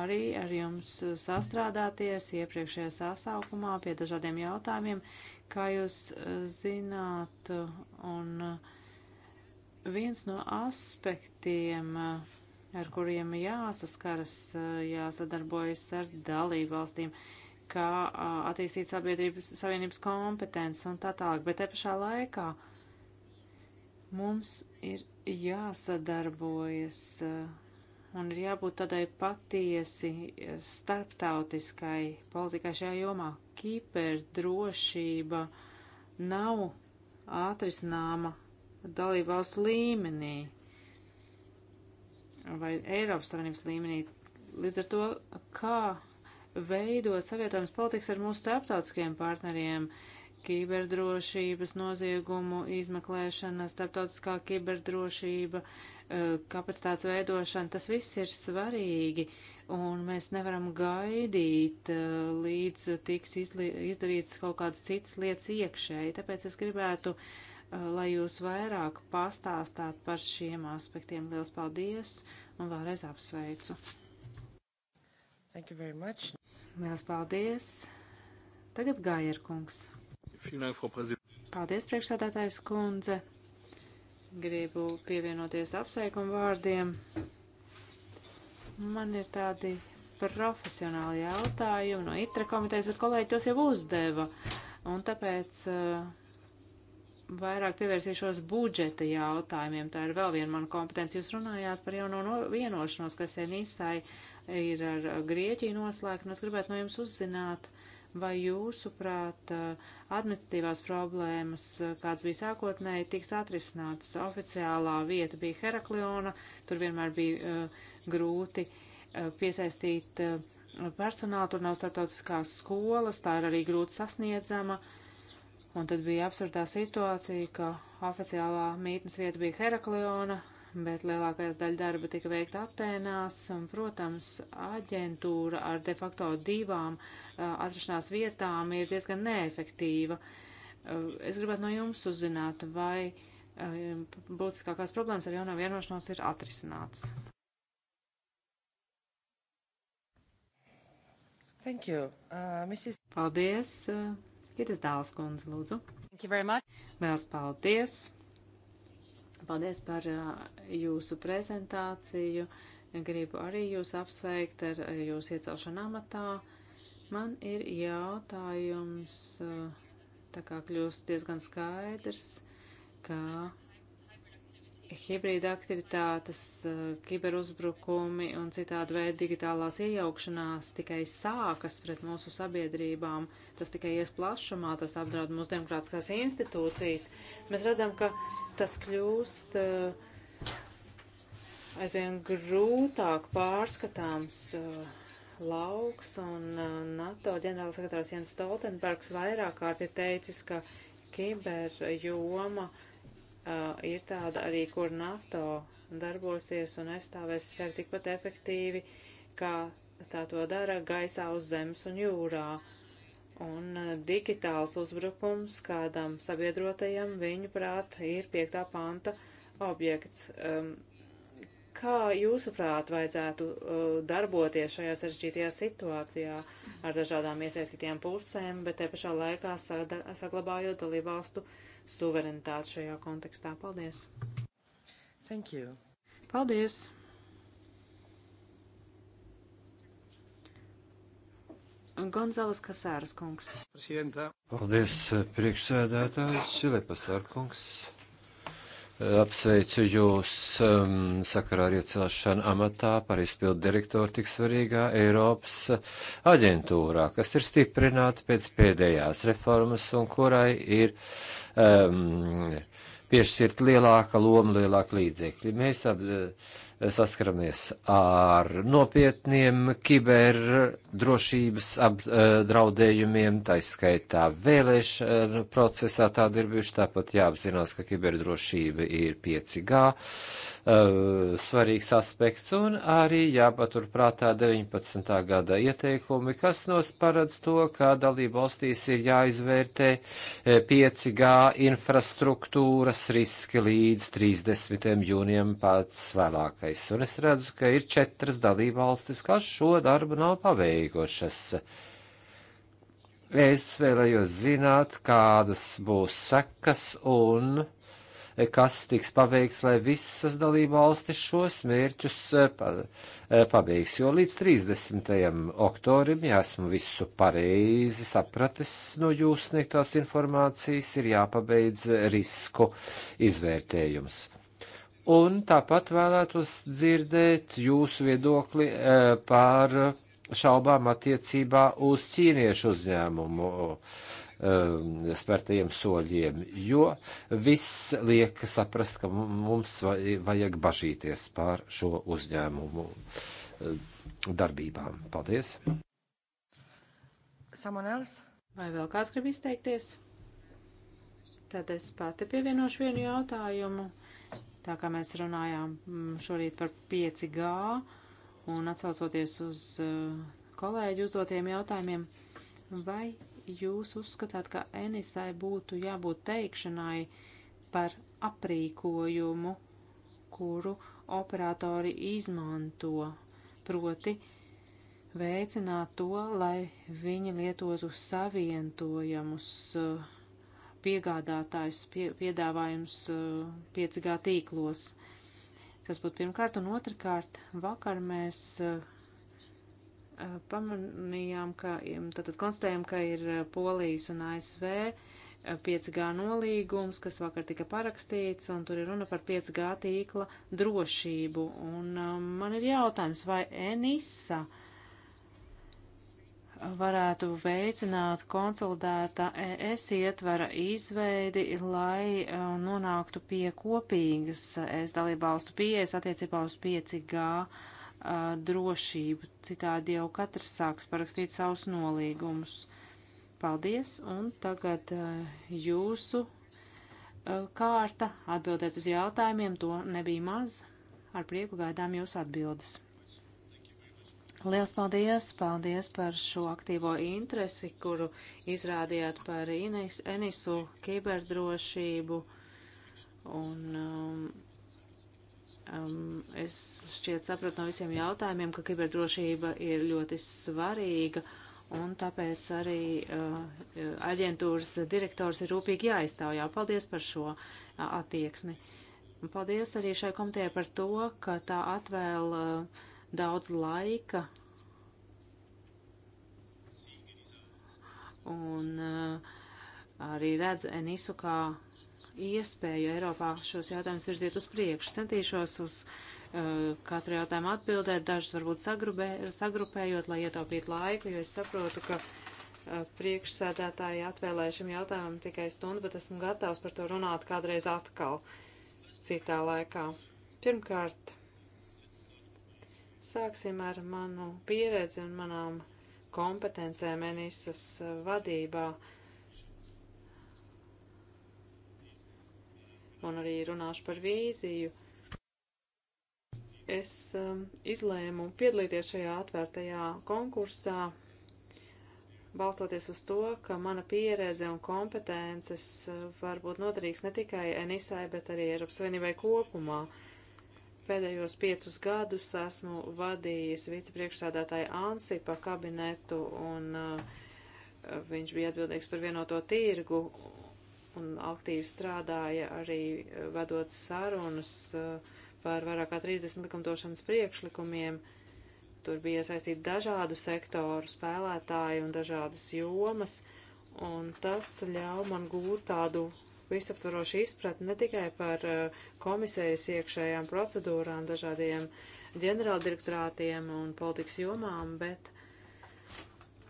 arī ar jums sastrādāties iepriekšējā sasaukumā pie dažādiem jautājumiem, kā jūs eh, zināt, un eh, viens no aspektiem, eh, ar kuriem jāsaskaras, jāsadarbojas ar dalību valstīm, ir kā attīstīt sabiedrības savienības kompetences un tā tālāk. Bet te pašā laikā mums ir jāsadarbojas un ir jābūt tādai patiesi starptautiskai politikai šajā jomā. Kiberdrošība nav atrisināma dalībvalstu līmenī vai Eiropas Savienības līmenī. Līdz ar to, kā veidot savietojums politikas ar mūsu starptautiskajiem partneriem, kiberdrošības noziegumu izmeklēšana, starptautiskā kiberdrošība, eh, kapacitātes veidošana, tas viss ir svarīgi, un mēs nevaram gaidīt, eh, līdz tiks izdarīts kaut kādas citas lietas iekšēji. Tāpēc es gribētu, eh, lai jūs vairāk pastāstāt par šiem aspektiem. Liels paldies un vēlreiz apsveicu! Thank you very much. Lielas paldies. Tagad Gājer kungs. Paldies, priekšsādātājs kundze. Gribu pievienoties apsveikumu vārdiem. Man ir tādi profesionāli jautājumi no itra komitejas, bet kolēģi tos jau uzdeva. Un tāpēc uh, vairāk pievērsīšos budžeta jautājumiem. Tā ir vēl viena mana kompetence. Jūs runājāt par jauno no vienošanos, kas Enisai ir ar Grieķiju noslēgta, un es gribētu no jums uzzināt, vai jūsuprāt eh, administratīvās problēmas, eh, kāds bija sākotnēji, tiks atrisināts. Oficiālā vieta bija Herakliona, tur vienmēr bija uh, grūti uh, piesaistīt uh, personālu, tur nav starptautiskās skolas, tā ir arī grūti sasniedzama. Uh, Un tad bija absurdā situācija, ka oficiālā mītnes vieta bija Herakleona, bet lielākais daļa darba tika veikta Atēnās, un, protams, aģentūra ar de facto divām uh, atrašanās vietām ir diezgan neefektīva. Uh, es gribētu no jums uzzināt, vai uh, būtiskākās problēmas ar jaunā vienošanos ir atrisināts. Thank you. Uh, Mrs. Paldies. Uh, Kitas dāls kundze, lūdzu. Lielas paldies! Paldies par uh, jūsu prezentāciju. Gribu arī jūs apsveikt ar uh, jūsu iecelšanu amatā. Man ir jautājums, uh, tā kā kļūst diezgan skaidrs, ka hibrīda aktivitātes, eh, kiberuzbrukumi un citādi veidi digitālās iejaukšanās tikai sākas pret mūsu sabiedrībām, tas tikai ies plašumā, tas apdraud mūsu demokrātiskās institūcijas. Mēs redzam, ka tas kļūst eh, aizvien grūtāk pārskatāms eh, lauks, un NATO ģenerālsekretārs Jens Stoltenbergs vairāk kārt ir teicis, ka kiberjoma joma uh, ir tāda arī, kur NATO darbosies un aizstāvēs sevi tikpat efektīvi, kā tā to dara gaisā uz zemes un jūrā. Un digitāls uzbrukums kādam sabiedrotajam, viņu prāt, ir piektā panta objekts. Um, Kā jūsuprāt vajadzētu uh, darboties šajā sarežģītajā situācijā ar dažādām iesaistītajām pusēm, bet te pašā laikā saglabājot dalībvalstu suverenitāti šajā kontekstā? Paldies! Thank you! Paldies! Gonzales Kasāras kungs. Presidenta.
Paldies, priekšsēdētājs Šilepas Arkungs. Apsveicu jūs um, sakarā ar iecelšanu amatā par izpildu direktoru tik svarīgā Eiropas aģentūrā, kas ir stiprināta pēc pēdējās reformas un kurai ir um, piešķirt lielāka loma, lielāka līdzekļa. Mēs ap, uh, saskaramies ar nopietniem kiberdrošības apdraudējumiem, taiskaitā vēlēšana procesā tāda ir bijuši, tāpat jāapzinās, ka kiberdrošība ir 5G uh, svarīgs aspekts, un arī jāpaturprātā 19. gada ieteikumi, kas nos paredz to, ka dalību valstīs ir jāizvērtē 5G eh, infrastruktūras riski līdz 30. jūnijam pats vēlākais. Un es redzu, ka ir četras dalību valstis, kas šo darbu nav paveikušas. Es vēlējos zināt, kādas būs sekas un Eh, kas tiks paveikts, lai visas dalība valstis šos mērķus eh, pa, eh, pabeigs. Jo līdz 30. oktobrim, ja esmu visu pareizi sapratis no jūsu sniegtās informācijas, ir jāpabeidz risku izvērtējums. Un tāpat vēlētos dzirdēt jūsu viedokli e, par šaubām attiecībā uz ķīniešu uzņēmumu. E, Um, spērtajiem soļiem, jo viss liek saprast, ka mums vajag bažīties pār šo uzņēmumu um, darbībām. Paldies!
Vai vēl kāds grib izteikties? Tad es pati pievienošu vienu jautājumu. Tā kā mēs runājām mm, šorīt par 5G un atsaucoties uz uh, kolēģi uzdotiem jautājumiem, vai jūs uzskatāt, ka Enisai būtu jābūt teikšanai par aprīkojumu, kuru operatori izmanto, proti veicināt to, lai viņi lietotu savientojamus piegādātājus pie, piedāvājums 5G tīklos. Tas būtu pirmkārt, un otrkārt, vakar mēs uh, Eh, pamanījām, ka, tātad konstatējām, ka ir eh, Polijas un ASV 5G eh, nolīgums, kas vakar tika parakstīts, un tur ir runa par 5G tīkla drošību. Un man ir jautājums, vai ENISA varētu veicināt konsolidēta ES ietvara izveidi, lai nonāktu pie kopīgas ES dalībvalstu pieejas attiecībā uz 5G uh, drošību. Citādi jau katrs sāks parakstīt savus nolīgumus. Paldies, un tagad uh, jūsu uh, kārta atbildēt uz jautājumiem. To nebija maz. Ar prieku gaidām jūsu atbildes. Liels paldies! Paldies par šo aktīvo interesi, kuru izrādījāt par Enisu, kiberdrošību un um, Um, es šķiet sapratu no visiem jautājumiem, ka kiberdrošība ir ļoti svarīga, un tāpēc arī uh, aģentūras direktors ir rūpīgi jāizstāvjā. Paldies par šo uh, attieksmi. Paldies arī šai komitē par to, ka tā atvēl uh, daudz laika. Un uh, arī redz Enisu kā iespēju Eiropā šos jautājumus virzīt uz priekšu. Centīšos uz uh, katru jautājumu atbildēt, dažus varbūt sagrubē, sagrupējot, lai ietaupītu laiku, jo es saprotu, ka uh, priekšsēdētāji atvēlēja šim jautājumam tikai stundu, bet esmu gatavs par to runāt kādreiz atkal citā laikā. Pirmkārt, sāksim ar manu pieredzi un manām kompetencēm Enisas eh, vadībā. Uh, un arī runāšu par vīziju. Es um, izlēmu piedalīties šajā atvērtajā konkursā, balstoties uz to, ka mana pieredze un kompetences uh, var būt noderīgs ne tikai NISAI, bet arī Eiropas Savienībai kopumā. Pēdējos piecus gadus esmu vadījis vicepriekšsādātāja Ansipa kabinetu un uh, viņš bija atbildīgs par vienoto tirgu un aktīvi strādāja arī eh, vedot sarunas eh, par vairāk kā 30 likumdošanas priekšlikumiem. Tur bija iesaistīti dažādu sektoru spēlētāji un dažādas jomas, un tas ļauj man gūt tādu visaptvarošu izpratni ne tikai par eh, komisijas iekšējām procedūrām, dažādiem ģenerāldirektorātiem un politikas jomām, bet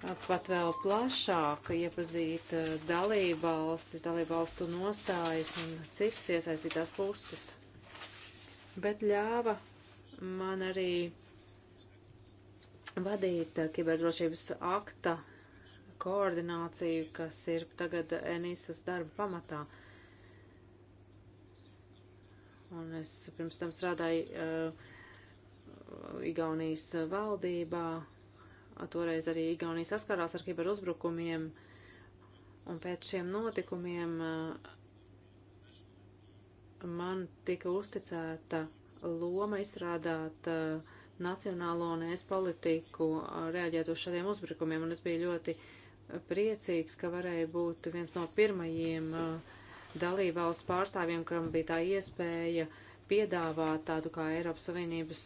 pat vēl plašāk iepazīt eh, dalību valstis, dalību valstu nostājas un citas iesaistītās puses. Bet ļāva man arī vadīt eh, kiberdrošības akta koordināciju, kas ir tagad Enīsas darba pamatā. Un es pirms tam strādāju uh, Igaunijas valdībā, Toreiz arī Igaunija saskārās ar kiberuzbrukumiem, un pēc šiem notikumiem eh, man tika uzticēta loma izstrādāt eh, nacionālo un es politiku, eh, reaģēt uz šādiem uzbrukumiem, un es biju ļoti priecīgs, ka varēja būt viens no pirmajiem dalībvalstu pārstāvjiem, kam bija tā iespēja piedāvāt tādu kā Eiropas Savienības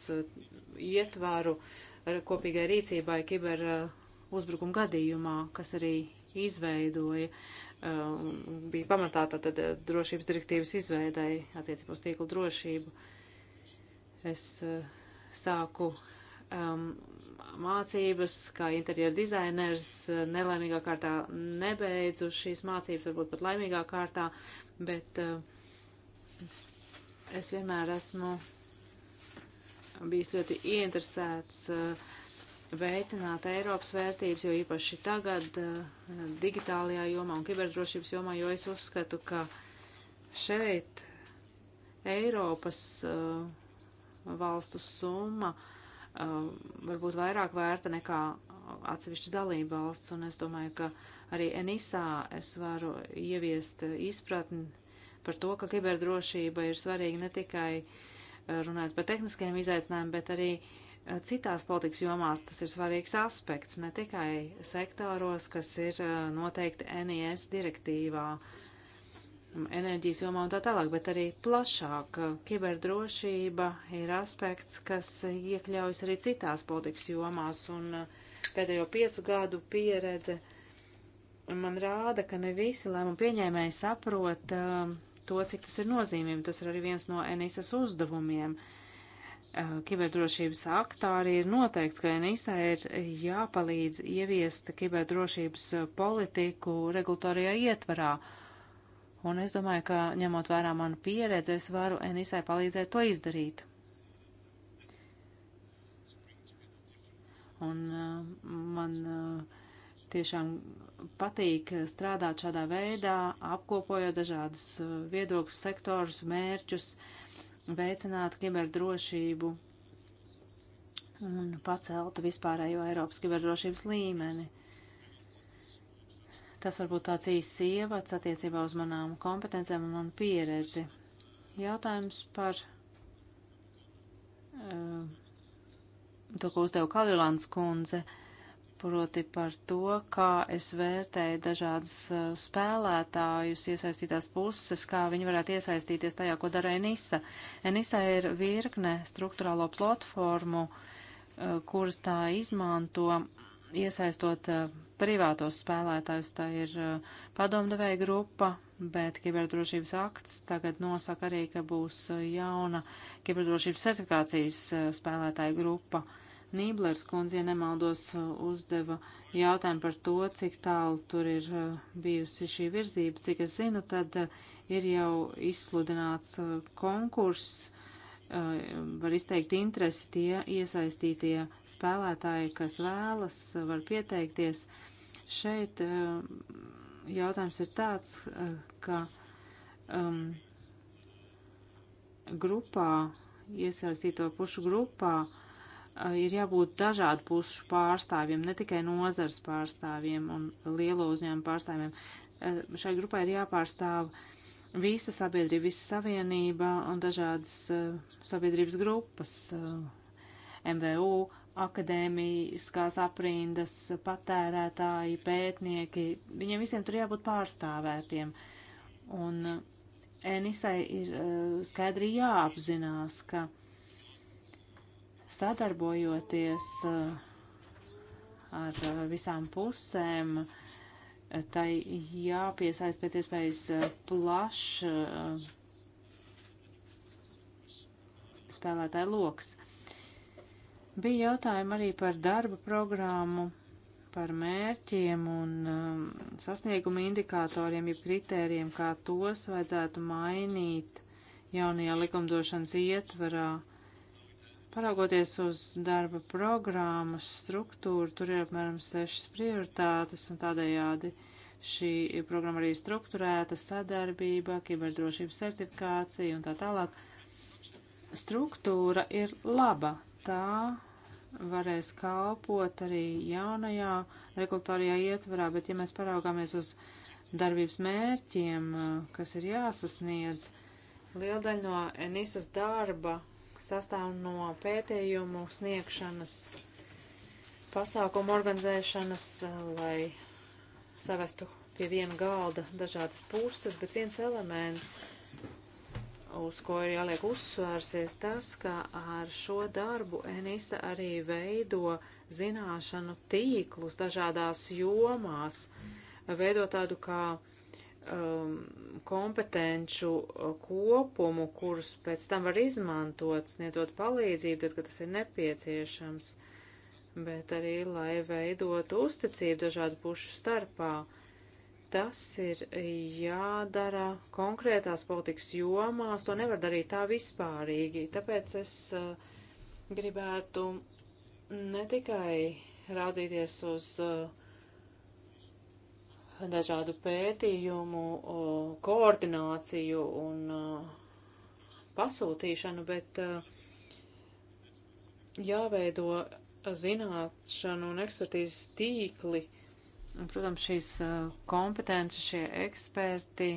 ietvaru uh, kopīgai rīcībai kiber uh, uzbrukuma gadījumā, kas arī izveidoja, uh, bija pamatā tātad uh, drošības direktīvas izveidai attiecībā uz tīklu drošību. Es sāku um, mācības, kā interjera dizainers, nelaimīgā kārtā nebeidzu šīs mācības, varbūt pat laimīgā kārtā, bet uh, es vienmēr esmu bijis ļoti ieinteresēts eh, veicināt Eiropas vērtības, jo īpaši tagad eh, digitālajā jomā un kiberdrošības jomā, jo es uzskatu, ka šeit Eiropas eh, valstu summa varbūt vairāk vērta nekā atsevišķas dalība valsts, un es domāju, ka arī Enisā es varu ieviest izpratni par to, ka kiberdrošība ir svarīga ne tikai uh, runājot par tehniskajiem izaicinājumiem, bet arī eh, citās politikas jomās tas ir svarīgs aspekts, ne tikai sektoros, kas ir eh, noteikti NIS direktīvā, enerģijas jomā un tā tālāk, bet arī plašāk. Kiberdrošība ir aspekts, kas iekļaujas arī citās politikas jomās, un eh, pēdējo piecu gadu pieredze man rāda, ka ne visi lēmumu pieņēmēji saprot uh, to, cik tas ir nozīmīgi. Tas ir arī viens no NISAS uzdevumiem. Eh, kiberdrošības aktā arī ir noteikts, ka NISA ir jāpalīdz ieviest kiberdrošības eh, politiku regulatorijā ietvarā. Un es domāju, ka ņemot vērā manu pieredzi, es varu NISA palīdzēt to izdarīt. Un eh, man tiešām patīk strādāt šādā veidā, apkopojot dažādus uh, viedokļus, sektorus, mērķus, veicināt kiberdrošību un pacelt vispārējo Eiropas kiberdrošības līmeni. Tas varbūt tāds īsts ievads attiecībā uz manām kompetencēm un manu pieredzi. Jautājums par uh, to, ko uzdeva Kalilāns kundze. Uh, proti par to, kā es vērtēju dažādas eh, spēlētājus, iesaistītās puses, kā viņi varētu iesaistīties tajā, ko dara Enisa. Enisa ir virkne struktūrālo platformu, eh, kuras tā izmanto, iesaistot eh, privātos spēlētājus. Tā ir padomdevēja grupa, bet kiberdrošības akts tagad nosaka arī, ka būs jauna kiberdrošības certifikācijas spēlētāja grupa. Uh, Nīblers kundze, ja nemaldos, uzdeva jautājumu par to, cik tālu tur ir uh, bijusi šī virzība. Cik es zinu, tad uh, ir jau izsludināts uh, konkurss, var izteikt interesi tie iesaistītie spēlētāji, kas vēlas, var pieteikties. Šeit jautājums ir tāds, ka um, grupā, iesaistīto pušu grupā, uh, Eh, ir jābūt dažādu pušu pārstāvjiem, ne tikai nozars pārstāvjiem un lielo uzņēmumu pārstāvjiem. Eh, šai grupai ir jāpārstāv visa sabiedrība, visa savienība un dažādas eh, sabiedrības grupas, MVU, akadēmiskās aprindas, patērētāji, pētnieki. Viņiem visiem tur jābūt pārstāvētiem. Un Enisai ir skaidri jāapzinās, ka sadarbojoties eh, ar eh, visām pusēm, eh, tai jāpiesaist pēc iespējas plašs spēlētāju loks. Bija jautājumi arī par darba programmu, par mērķiem un um, sasnieguma indikatoriem, jeb kritērijiem, kā tos vajadzētu mainīt jaunajā likumdošanas ietvarā. Uh, Paraugoties uz darba programmas struktūru, tur ir apmēram sešas prioritātes, un tādējādi šī programma arī struktūrēta sadarbība, kiberdrošības certifikācija un tā tālāk. Struktūra ir laba. Tā varēs kalpot arī jaunajā regulatorijā ietvarā, bet ja mēs paraugāmies uz darbības mērķiem, kas ir jāsasniedz, liela daļa no Enisas darba sastāv no pētījumu sniegšanas, pasākumu organizēšanas, lai savestu pie viena galda dažādas puses, bet viens elements, uz ko ir jāliek uzsvars, ir tas, ka ar šo darbu Enisa arī veido zināšanu tīklus dažādās jomās, veido tādu kā uh, um, kompetenču uh, kopumu, kurus pēc tam var izmantot, sniedzot palīdzību, tad, kad tas ir nepieciešams, bet arī, lai veidotu uzticību dažādu pušu starpā. Tas ir jādara konkrētās politikas jomās, to nevar darīt tā vispārīgi. Tāpēc es uh, gribētu ne tikai raudzīties uz uh, dažādu pētījumu, koordināciju un pasūtīšanu, bet jāveido zināšanu un ekspertīzes tīkli. Un, protams, šīs kompetences, šie eksperti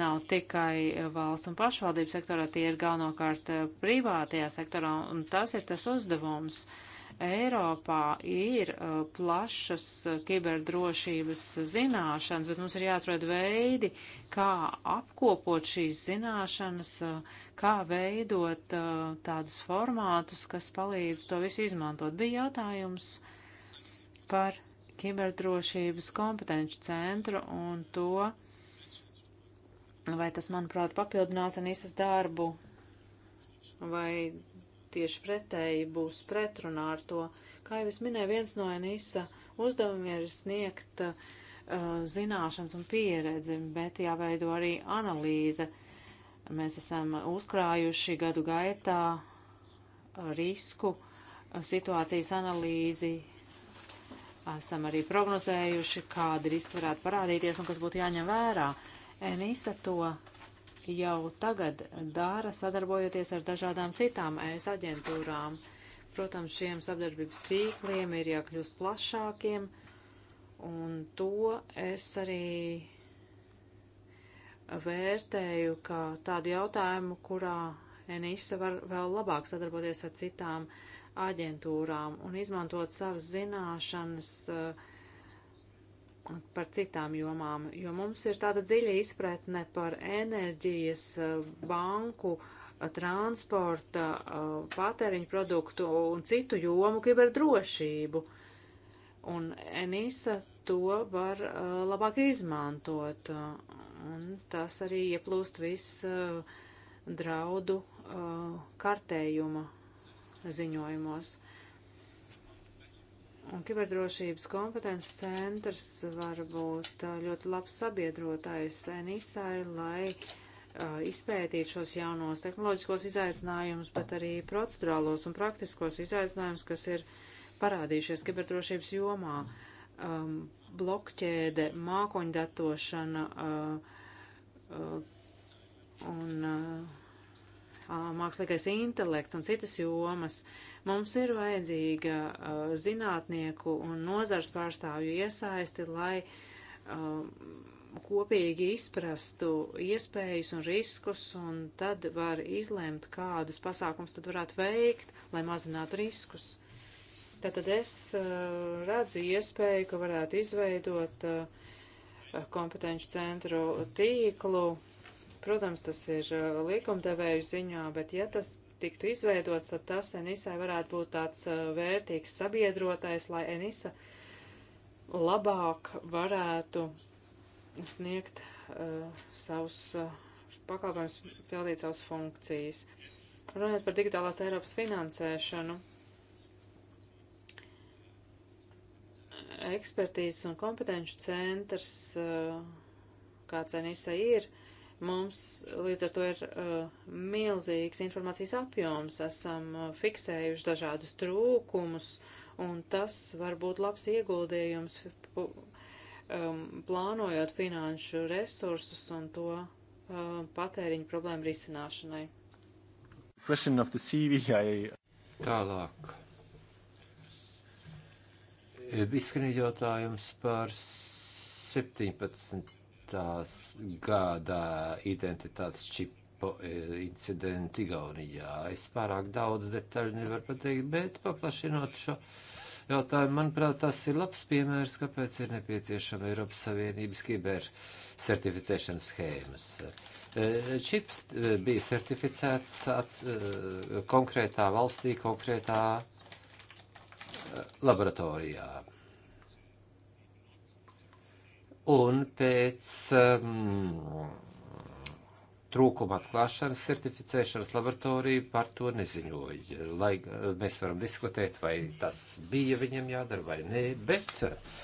nav tikai valsts un pašvaldības sektorā, tie ir galvenokārt privātajā sektorā, un tas ir tas uzdevums. Uh, Eiropā ir uh, plašas uh, kiberdrošības zināšanas, bet mums ir jāatrod veidi, kā apkopot šīs zināšanas, uh, kā veidot uh, tādus formātus, kas palīdz to visu izmantot. Bija jautājums par kiberdrošības kompetenci centru un to, vai tas, manuprāt, papildinās Anisas darbu, vai Tieši pretēji būs pretrunā ar to. Kā jau es minēju, viens no NISA uzdevumiem ir sniegt uh, zināšanas un pieredzi, bet jāveido arī analīze. Mēs esam uzkrājuši gadu gaitā uh, risku uh, situācijas analīzi, esam arī prognozējuši, kādi riski varētu parādīties un kas būtu jāņem vērā. Enisa to jau tagad dara, sadarbojoties ar dažādām citām ES aģentūrām. Protams, šiem sadarbības tīkliem ir jākļūst plašākiem, un to es arī vērtēju kā tādu jautājumu, kurā NISA var vēl labāk sadarboties ar citām aģentūrām un izmantot savas zināšanas uh, par citām jomām, jo mums ir tāda dziļa izpratne par enerģijas eh, banku, eh, transporta, eh, patēriņu produktu un citu jomu kiberdrošību. Un Enisa to var labāk izmantot. Un tas arī ieplūst viss draudu kartējuma ziņojumos. Uh, Un kiberdrošības kompetences centrs var būt ļoti labs sabiedrotais NISAI, lai uh, izpētītu šos jaunos tehnoloģiskos izaicinājumus, bet arī procedurālos un praktiskos izaicinājumus, kas ir parādījušies kiberdrošības jomā. Um, blokķēde, mākoņdatošana uh, uh, un. Uh, mākslīgais intelekts un citas jomas. Mums ir vajadzīga zinātnieku un nozars pārstāvju iesaisti, lai kopīgi izprastu iespējas un riskus, un tad var izlemt, kādus pasākums tad varētu veikt, lai mazinātu riskus. Tātad es redzu iespēju, ka varētu izveidot kompetenci centru tīklu, Protams, tas ir uh, likumdevēju ziņā, bet ja tas tiktu izveidots, tad tas Enisai varētu būt tāds uh, vērtīgs sabiedrotais, lai Enisa labāk varētu sniegt uh, savus uh, pakalpojums, pildīt savas funkcijas. Runājot par digitālās Eiropas finansēšanu, ekspertīzes un kompetenču centrs, uh, kāds NISA ir, Mums līdz ar to ir uh, milzīgs informācijas apjoms, esam uh, fiksējuši dažādus trūkumus, un tas var būt labs ieguldījums um, plānojot finanšu resursus un to uh, patēriņu problēmu risināšanai.
CVI... Tālāk. Izskanīja jautājums par 17 gada identitātes čipu e, incidentu Igaunijā. Es pārāk daudz detaļu nevaru pateikt, bet paplašinot šo jautājumu, manuprāt, tas ir labs piemērs, kāpēc ir nepieciešama Eiropas Savienības kiber certificēšanas schēmas. E, čips e, bija certificēts ats, konkrētā valstī, konkrētā laboratorijā un pēc um, trūkuma atklāšanas certificēšanas laboratorija par to neziņoja. Lai uh, mēs varam diskutēt, vai tas bija viņam jādara vai nē, bet uh,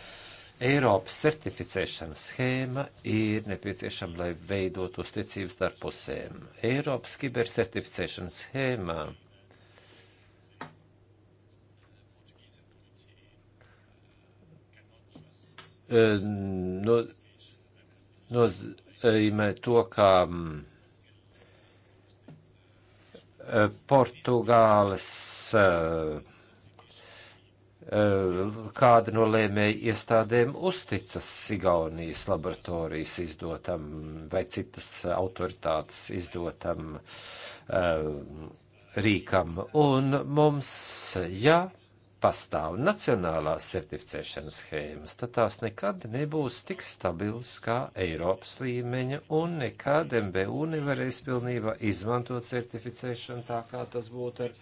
Eiropas certificēšanas schēma ir nepieciešama, lai veidot uzticības starp pusēm. Eiropas kibercertificēšanas schēmā no, nozīmē to, ka mm, eh, Portugāles eh, eh, kāda no lēmēju iestādēm uzticas Sigaunijas laboratorijas izdotam vai citas autoritātes izdotam rīkam. Un mums, ja pastāv nacionālās certificēšanas schēmas, tad tās nekad nebūs tik stabilas kā Eiropas līmeņa, un nekad MBU nevarēs pilnībā izmantot certificēšanu tā, kā tas būtu ar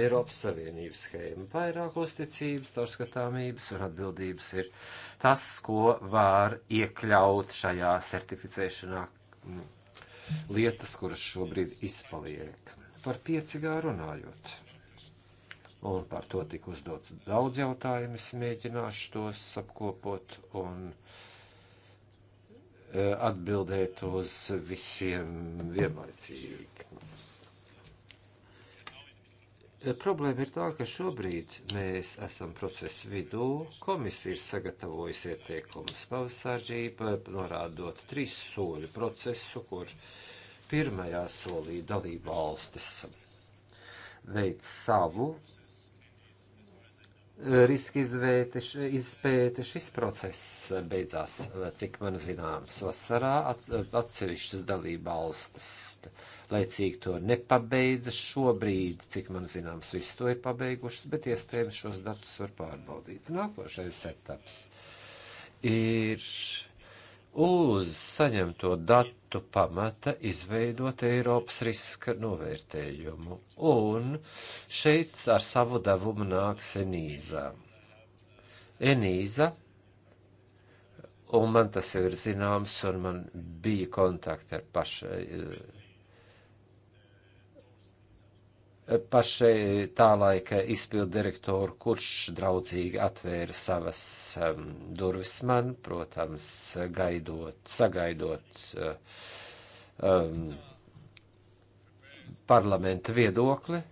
Eiropas Savienības schēmu. Vairāk uzticības, caurskatāmības un atbildības ir tas, ko var iekļaut šajā certificēšanā mm, lietas, kuras šobrīd izpaliek. Par 5G runājot un par to tika uzdots daudz jautājumu. Es mēģināšu tos apkopot un e, atbildēt uz visiem vienlaicīgi. E, problēma ir tā, ka šobrīd mēs esam procesa vidū. Komisija ir sagatavojusi ieteikumus pavasarī, norādot trīs soļu procesu, kur pirmajā solī dalība valstis veic savu riska izvēte, izpēte, šis process beidzās, cik man zināms, vasarā atsevišķas dalībvalstis, laicīgi to nepabeidza šobrīd, cik man zināms, viss to ir pabeigušas, bet iespējams šos datus var pārbaudīt. Nākošais etaps ir uz saņemto datu pamata izveidot Eiropas riska novērtējumu. Un šeit ar savu devumu nāks Enīza. Enīza, un man tas jau ir zināms, un man bija kontakti ar pašu pašai tā laika izpildu direktoru, kurš draudzīgi atvēra savas um, durvis man, protams, gaidot, sagaidot uh, um, parlamenta viedokli.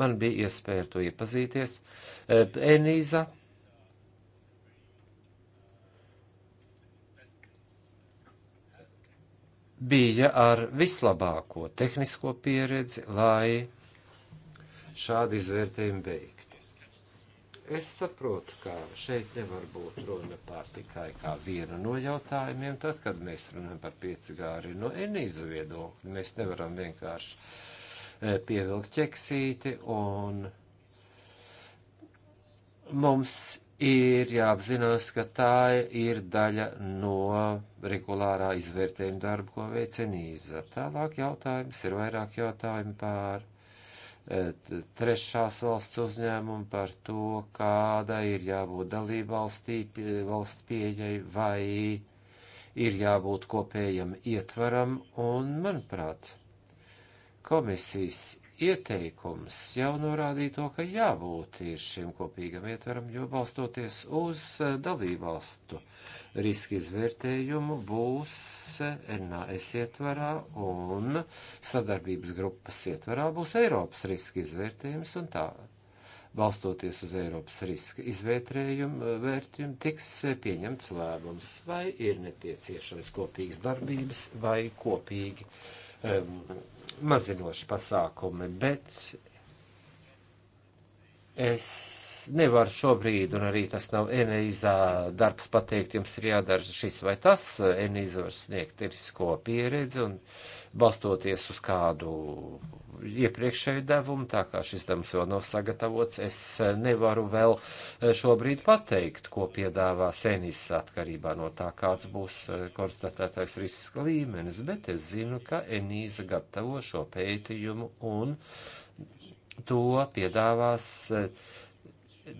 Man bija iespēja ar to iepazīties. Uh, Enīza. Bija ar vislabāko tehnisko pieredzi, lai šādu izvērtējumu beigt. Es saprotu, ka šeit nevar būt runa par tikai kā vienu no jautājumiem. Tad, kad mēs runājam par 5G arī no enīza viedokļa, mēs nevaram vienkārši eh, pievilkt ķeksīti un mums ir jāapzinās, ka tā ir daļa no regulārā izvērtējuma darba, ko veic Enīza. Tālāk jautājums ir vairāk jautājumi pār trešās valsts uzņēmumu par to, kāda ir jābūt dalībvalstī valsts pieejai vai ir jābūt kopējam ietvaram un, manuprāt, komisijas ieteikums jau norādīja to, ka jābūt ir šim kopīgam ietveram, jo balstoties uz eh, dalībvalstu riska izvērtējumu būs eh, NAS ietvarā un sadarbības grupas ietvarā būs Eiropas riska izvērtējums un tā. Balstoties uz Eiropas riska izvērtējumu eh, vērtījumu tiks pieņemts lēmums, vai ir nepieciešams kopīgas darbības vai kopīgi. Um, mazinoši pasākumi, bet es nevaru šobrīd, un arī tas nav Enīzā darbs pateikt, jums ir jādara šis vai tas. Enīza var sniegt irisko pieredzi un balstoties uz kādu iepriekšēju devumu, tā kā šis devums vēl nav sagatavots, es nevaru vēl šobrīd pateikt, ko piedāvā Enīza atkarībā no tā, kāds būs konstatētais riska līmenis, bet es zinu, ka Enīza gatavo šo pētījumu un to piedāvās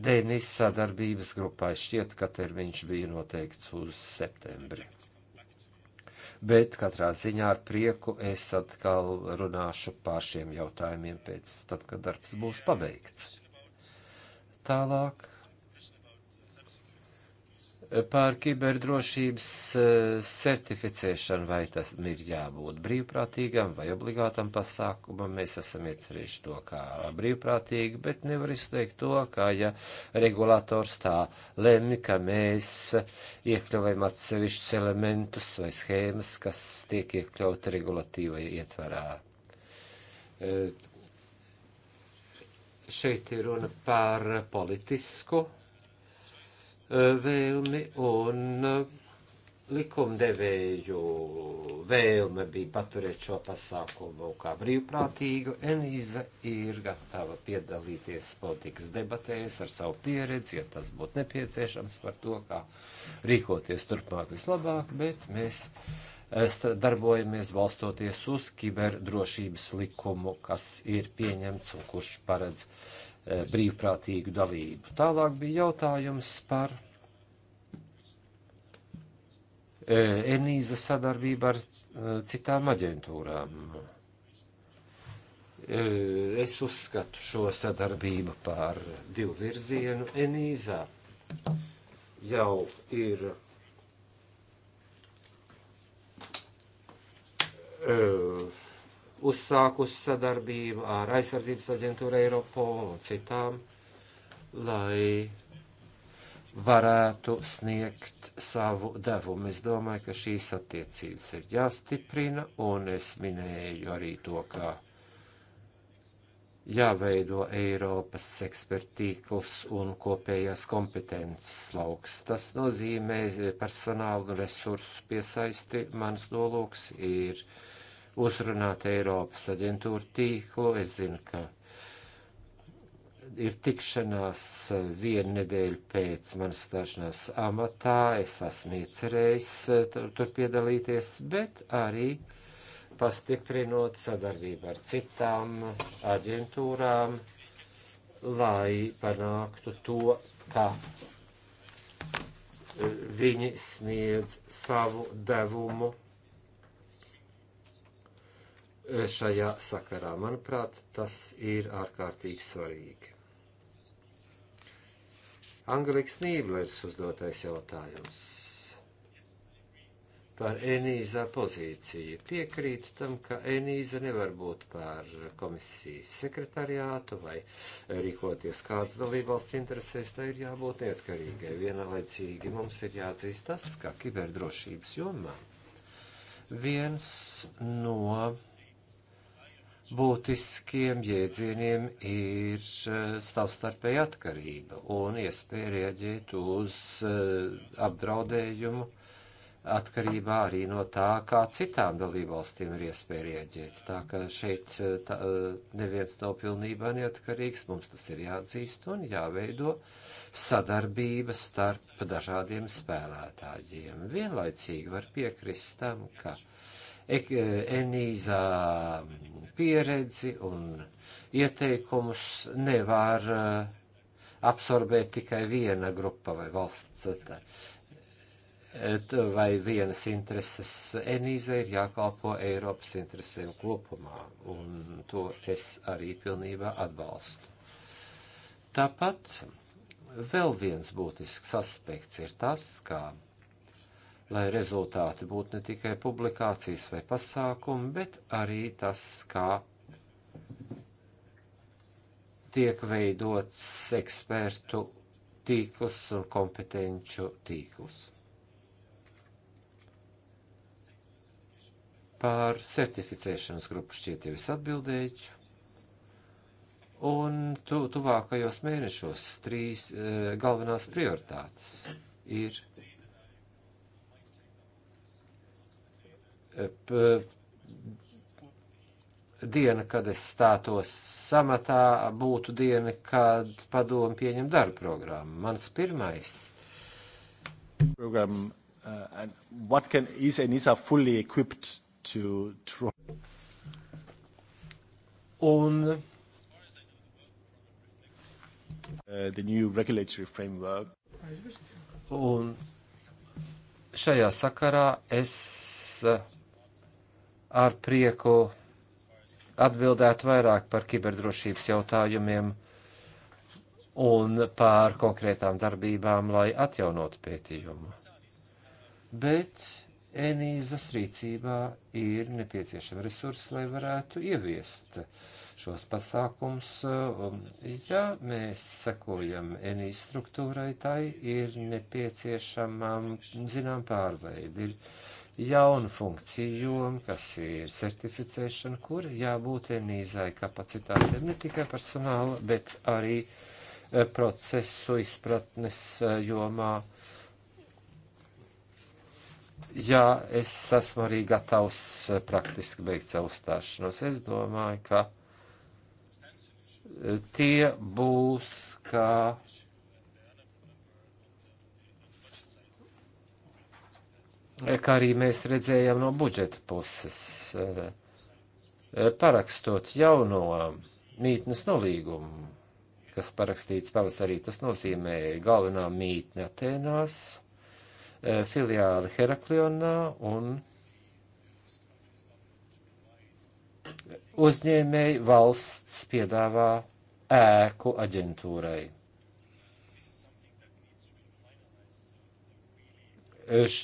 DNS sadarbības grupā šķiet, ka termiņš bija noteikts uz septembri. Bet katrā ziņā ar prieku es atkal runāšu pār šiem jautājumiem pēc tam, kad darbs būs pabeigts. Tālāk Pār kiberdrošības eh, certificēšanu, vai tas ir jābūt brīvprātīgam vai obligātam pasākumam, mēs esam iecerējuši to kā brīvprātīgi, bet nevar izteikt to, ka ja regulators tā lemj, ka mēs iekļaujam atsevišķus elementus vai schēmas, kas tiek iekļauti regulatīvai ietvarā eh, šeit ir runa par politisku vēlmi un uh, likumdevēju vēlme bija paturēt šo pasākumu kā brīvprātīgu. Enīza ir gatava piedalīties politikas debatēs ar savu pieredzi, ja tas būtu nepieciešams par to, kā rīkoties turpmāk vislabāk, bet mēs eh, darbojamies balstoties uz kiberdrošības likumu, kas ir pieņemts un kurš paredz Eh, brīvprātīgu dalību. Tālāk bija jautājums par eh, Enīza sadarbību ar eh, citām aģentūrām. Es uzskatu šo sadarbību par divu virzienu. Enīzā jau ir uh, uzsākusi sadarbību ar aizsardzības aģentūru Eiropolu un citām, lai varētu sniegt savu devumu. Es domāju, ka šīs attiecības ir jāstiprina, un es minēju arī to, ka jāveido Eiropas ekspertīkls un kopējās kompetences lauks. Tas nozīmē personālu resursu piesaisti. Mans nolūks ir uh, uzrunāt Eiropas aģentūru tīklu. Es zinu, ka ir tikšanās vienu nedēļu pēc manas stāšanās amatā. Es esmu iecerējis eh, tur, tur piedalīties, bet arī pastiprinot sadarbību ar citām aģentūrām, lai panāktu to, ka eh, viņi sniedz savu devumu šajā sakarā. Manuprāt, tas ir ārkārtīgi svarīgi. Angeliks Nīblers uzdotais jautājums par Enīza pozīciju. Piekrītu tam, ka Enīza nevar būt pār komisijas sekretariātu vai rīkoties kāds dalībvalsts interesēs, tā ir jābūt neatkarīgai. Vienlaicīgi mums ir jāatzīst tas, ka kiberdrošības jomā viens no būtiskiem jēdzieniem ir eh, savstarpēja atkarība un iespēja rieģēt uz eh, apdraudējumu atkarībā arī no tā, kā citām dalībvalstīm ir iespēja rieģēt. Tā ka šeit eh, tā, neviens nav pilnībā neatkarīgs, mums tas ir jāatzīst un jāveido sadarbība starp dažādiem spēlētājiem. Vienlaicīgi var piekrist tam, ka Enīzā pieredzi un ieteikumus nevar eh, absorbēt tikai viena grupa vai valsts eh, vai vienas intereses. Enīze ir jākalpo Eiropas interesēm kopumā, un to es arī pilnībā atbalstu. Tāpat vēl viens būtisks aspekts ir tas, ka lai rezultāti būtu ne tikai publikācijas vai pasākumi, bet arī tas, kā tiek veidots ekspertu tīkls un kompetenču tīkls. Par certificēšanas grupu šķiet jau es atbildēju. Un tu, tuvākajos mēnešos trīs e, galvenās prioritātes ir Eh, diena, kad es stātos samatā, būtu diena, kad padomu pieņem darba programmu. Mans pirmais. Program, uh, can, is ENISA fully equipped to, to... Un uh, the new regulatory framework. Un šajā sakarā es uh, ar prieku atbildētu vairāk par kiberdrošības jautājumiem un par konkrētām darbībām, lai atjaunotu pētījumu. Bet Enīzas rīcībā ir nepieciešama resursa, lai varētu ieviest šos pasākums. Ja mēs sekojam Enīzas struktūrai, tai ir nepieciešama, zinām, pārveidi. Ir jaunu funkciju jomu, kas ir certificēšana, kur jābūt enīzai kapacitātēm ne tikai personāla, bet arī eh, procesu izpratnes eh, jomā. Jā, es esmu arī gatavs eh, praktiski beigt savu stāšanos. Es domāju, ka tie būs kā E, kā arī mēs redzējām no budžeta puses, e, e, parakstot jauno mītnes nolīgumu, kas parakstīts pavasarī, tas nozīmē galvenā mītne Atēnās, filiāli Heraklionā un uzņēmēji valsts piedāvā ēku aģentūrai.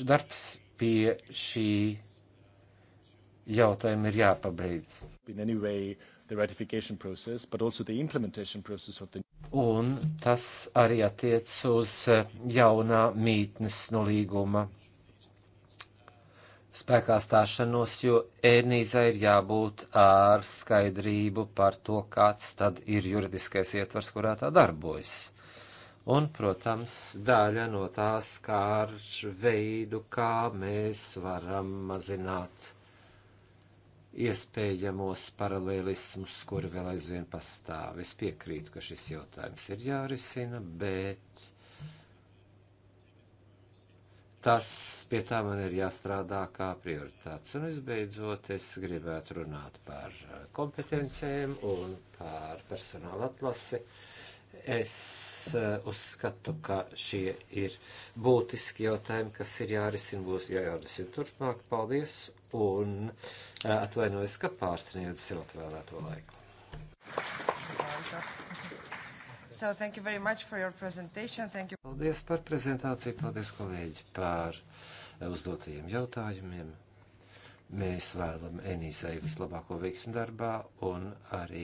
Darbs pie šī jautājuma ir jāpabeidz. Way, process, the... Un tas arī attiec uz eh, jaunā mītnes nolīguma spēkā stāšanos, jo ērnīzai ir jābūt ar skaidrību par to, kāds tad ir juridiskais ietvars, kurā tā darbojas. Un, protams, daļa no tās kār veidu, kā mēs varam mazināt iespējamos paralēlismus, kuri vēl aizvien pastāv. Es piekrītu, ka šis jautājums ir jārisina, bet tas pie tā man ir jāstrādā kā prioritāts. Un visbeidzot, es gribētu runāt par kompetencēm un par personāla atlasi. Es Eh, uzskatu, ka šie ir būtiski jautājumi, kas ir jārisina, būs jārisina turpmāk. Paldies un eh, atvainojos, ka pārsniedz sev atvēlēto laiku. So thank you very
much for your presentation. Thank you. Paldies
par prezentāciju, paldies kolēģi par eh, uzdotajiem jautājumiem. Mēs vēlam Enīsai vislabāko veiksmu darbā un arī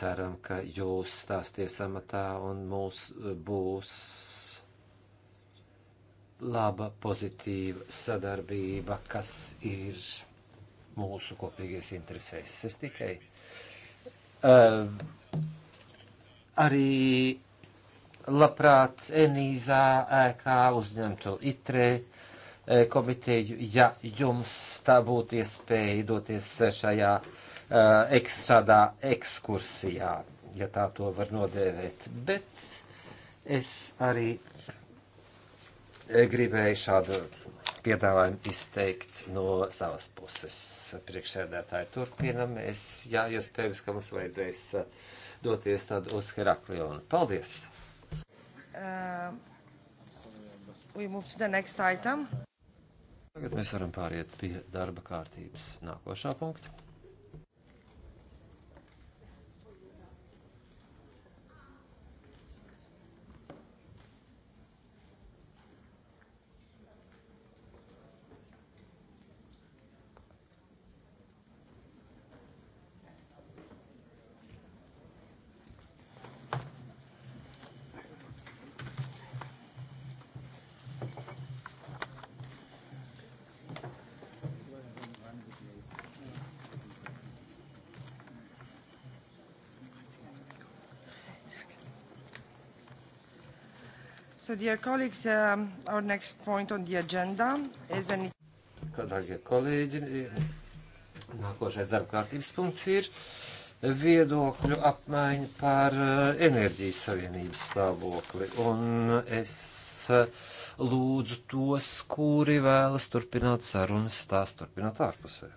ceram, ka jūs stāsties amatā un mūs eh, būs laba, pozitīva sadarbība, kas ir mūsu kopīgais interesēs. Es tikai uh, arī labprāt Enīzā ēkā uzņemtu itrē. Uh, E, komiteju, ja jums tā būtu iespēja doties šajā e, eks, šādā ekskursijā, ja tā to var nodēvēt. Bet es arī e, gribēju šādu piedāvājumu izteikt no savas puses. Priekšsēdētāji turpinam. Es, jā, iespējams, ka mums vajadzēs doties tad uz Heraklionu. Paldies!
Uh, we move to the next item.
Tagad mēs varam pāriet pie darba kārtības nākošā punkta.
So, dear colleagues, um, our next point on the agenda
is an... Darbie kolēģi, nākošais darba kārtības punkts ir viedokļu apmaiņa par uh, enerģijas savienības stāvokli. Un es uh, lūdzu tos, kuri vēlas turpināt sarunas, tās turpināt ārpusē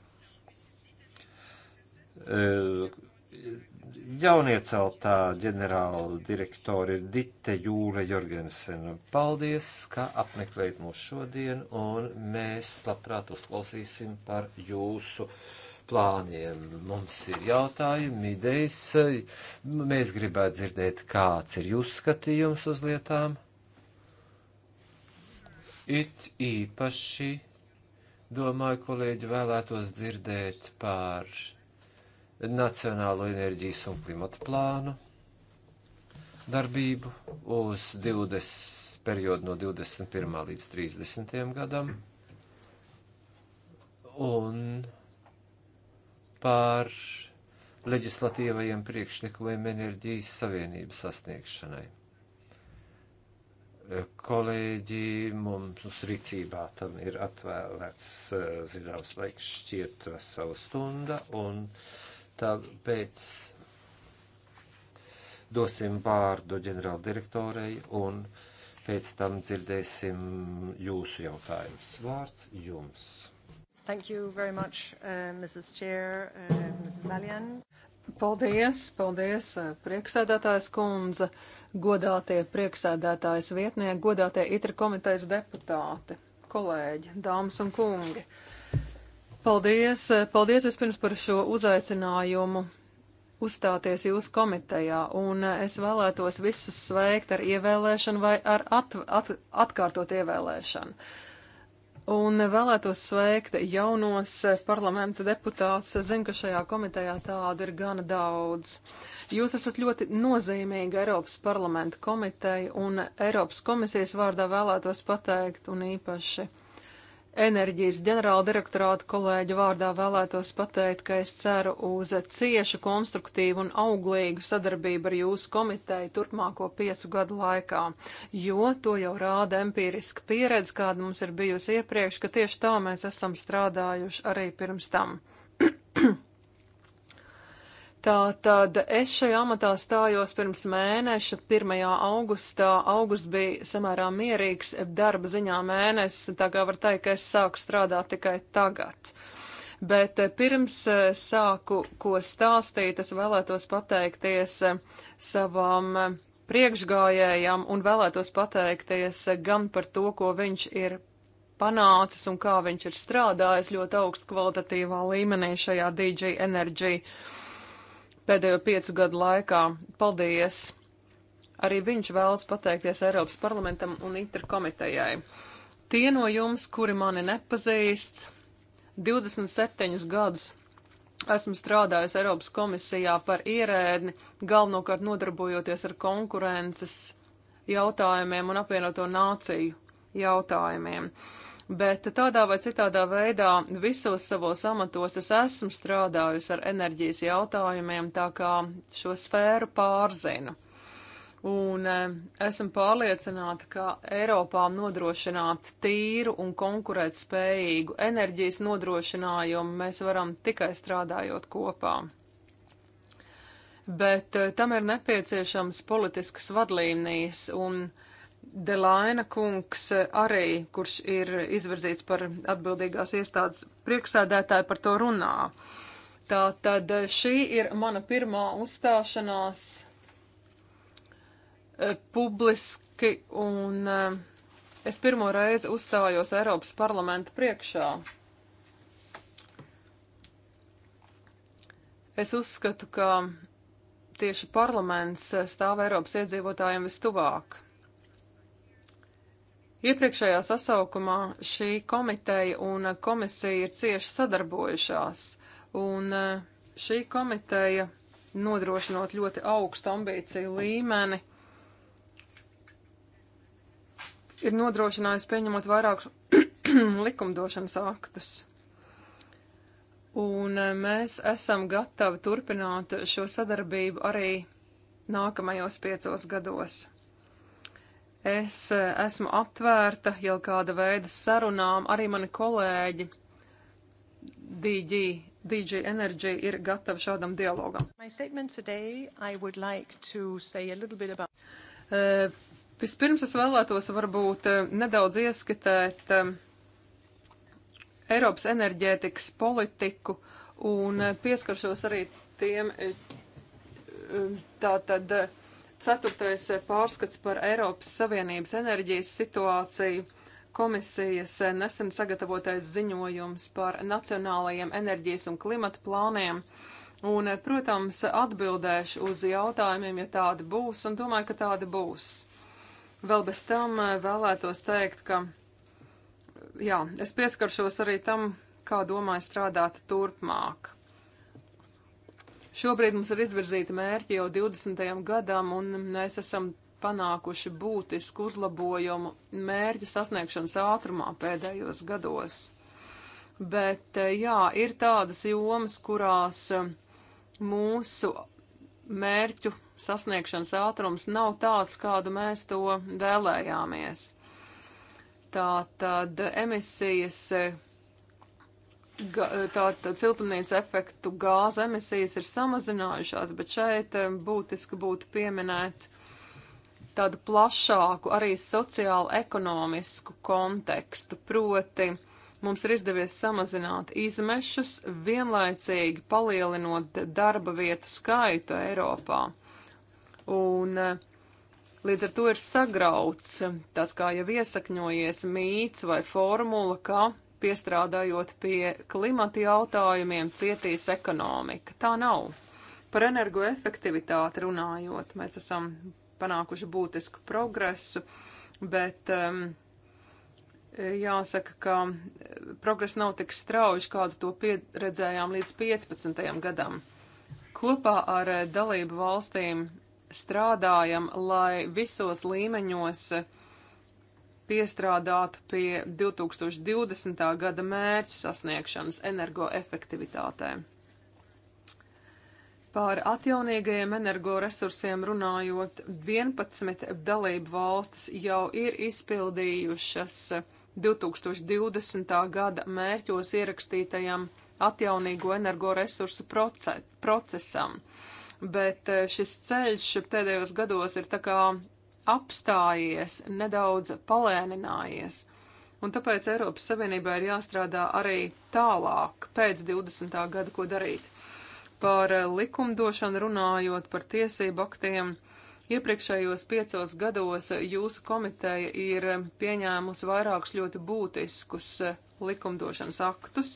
jaunieceltā ģenerāla direktori Dite Jūle Jorgensena. Paldies, ka apmeklējat mūs šodien, un mēs labprāt uzklausīsim par jūsu plāniem. Mums ir jautājumi, idejas. Mēs gribētu dzirdēt, kāds ir jūsu skatījums uz lietām. It īpaši, domāju, kolēģi vēlētos dzirdēt par Nacionālo enerģijas un klimata plānu darbību uz 20, periodu no 21. līdz 30. gadam un pār leģislatīvajiem priekšlikumiem enerģijas savienības sasniegšanai. Kolēģi mums rīcībā tam ir atvēlēts, eh, zināms, laiks šķiet vesela stunda, un uh, Tāpēc dosim vārdu ģenerāldirektorei un pēc tam dzirdēsim jūsu jautājumus. Vārds jums.
Thank you very much, uh, Mrs. Chair, uh, Mrs. Valian. Paldies, paldies, uh, prieksēdētājs kundze, godātie prieksēdētājs vietnieki, godātie itra komitejas deputāti, kolēģi, dāmas un kungi. Uh, Paldies! Paldies vispirms par šo uzaicinājumu uzstāties jūsu komitejā, un es vēlētos visus sveikt ar ievēlēšanu vai ar at, at, atkārtot ievēlēšanu. Un vēlētos sveikt jaunos parlamenta deputātus. Es zinu, ka šajā komitejā tādu ir gana daudz. Jūs esat ļoti nozīmīga Eiropas parlamenta komiteja, un Eiropas komisijas vārdā vēlētos pateikt, un īpaši enerģijas ģenerāla direktorāta kolēģu vārdā vēlētos pateikt, ka es ceru uz ciešu, konstruktīvu un auglīgu sadarbību ar jūsu komiteju turpmāko piecu gadu laikā, jo to jau rāda empiriska pieredze, kāda mums ir bijusi iepriekš, ka tieši tā mēs esam strādājuši arī pirms tam. Tā tad es šajā amatā stājos pirms mēneša, 1. augustā. Augusts bija samērā mierīgs darba ziņā mēnesis, tā kā var teikt, ka es sāku strādāt tikai tagad. Bet eh, pirms eh, sāku ko stāstīt, es vēlētos pateikties eh, savam priekšgājējam un vēlētos pateikties gan par to, ko viņš ir panācis un kā viņš ir strādājis ļoti augstu kvalitatīvā līmenī šajā DJ enerģija pēdējo piecu gadu laikā. Paldies! Arī viņš vēlas pateikties Eiropas parlamentam un ITR komitejai. Tie no jums, kuri mani nepazīst, 27 gadus esmu strādājis Eiropas komisijā par ierēdni, galvenokārt nodarbojoties ar konkurences jautājumiem un apvienoto nāciju jautājumiem. Uh, bet tādā vai citādā veidā visos savos amatos es esmu strādājusi ar enerģijas jautājumiem, tā kā šo sfēru pārzinu. Un e, esmu pārliecināta, ka Eiropā nodrošināt tīru un konkurēt spējīgu enerģijas nodrošinājumu mēs varam tikai strādājot kopā. Bet e, tam ir nepieciešams politiskas vadlīnijas un uh, Delaina kungs eh, arī, kurš ir izvirzīts par atbildīgās iestādes priekšsēdētāju, par to runā. Tā tad eh, šī ir mana pirmā uzstāšanās eh, publiski, un es pirmo reizi uzstājos Eiropas parlamenta priekšā. Es uzskatu, ka tieši parlaments stāv Eiropas iedzīvotājiem vistuvāk. Iepriekšējā sasaukumā šī komiteja un komisija ir cieši sadarbojušās, un eh, šī komiteja, nodrošinot ļoti augstu ambīciju līmeni, ir nodrošinājusi pieņemot vairākus likumdošanas aktus. Un eh, mēs esam gatavi turpināt šo sadarbību arī nākamajos piecos gados. Es eh, esmu atvērta jau kāda veida sarunām, arī mani kolēģi DG, DG Energy ir gatavi šādam dialogam. Today, like about... e, vispirms es vēlētos varbūt eh, nedaudz ieskatēt e, Eiropas enerģētikas politiku un pieskaršos arī tiem e, tātad. E, Ceturtais eh, pārskats par Eiropas Savienības enerģijas situāciju. Komisijas eh, nesen sagatavotais ziņojums par nacionālajiem enerģijas un klimata plāniem. Un, eh, protams, atbildēšu uz jautājumiem, ja tādi būs, un domāju, ka tādi būs. Vēl bez tam vēlētos teikt, ka, jā, es pieskaršos arī tam, kā domāju strādāt turpmāk. Šobrīd mums ir izvirzīti mērķi jau 20. gadam, un mēs esam panākuši būtisku uzlabojumu mērķu sasniegšanas ātrumā pēdējos gados. Bet, eh, jā, ir tādas jomas, kurās eh, mūsu mērķu sasniegšanas ātrums nav tāds, kādu mēs to vēlējāmies. Tā tad emisijas eh, tātad siltumnīca efektu gāzu emisijas ir samazinājušās, bet šeit būtiski būtu pieminēt tādu plašāku arī sociālu ekonomisku kontekstu, proti mums ir izdevies samazināt izmešus, vienlaicīgi palielinot darba vietu skaitu Eiropā. Un eh, līdz ar to ir sagrauts tas kā jau iesakņojies mīts vai formula, ka piestrādājot pie klimata jautājumiem, cietīs ekonomika. Tā nav. Par energoefektivitāti runājot, mēs esam panākuši būtisku progresu, bet um, jāsaka, ka eh, progress nav tik strauji, kādu to pieredzējām līdz 15. gadam. Kopā ar eh, dalību valstīm strādājam, lai visos līmeņos uh, piestrādāt pie 2020. gada mērķu sasniegšanas energoefektivitātē. Par atjaunīgajiem energoresursiem runājot, 11 dalību valstis jau ir izpildījušas 2020. gada mērķos ierakstītajam atjaunīgo energoresursu procesam, bet eh, šis ceļš pēdējos gados ir tā kā apstājies, nedaudz palēninājies. Un tāpēc Eiropas Savienībā ir jāstrādā arī tālāk pēc 20. gada, ko darīt. Par eh, likumdošanu runājot, par tiesību aktiem. Iepriekšējos piecos gados eh, jūsu komiteja ir pieņēmusi vairākus ļoti būtiskus eh, likumdošanas aktus.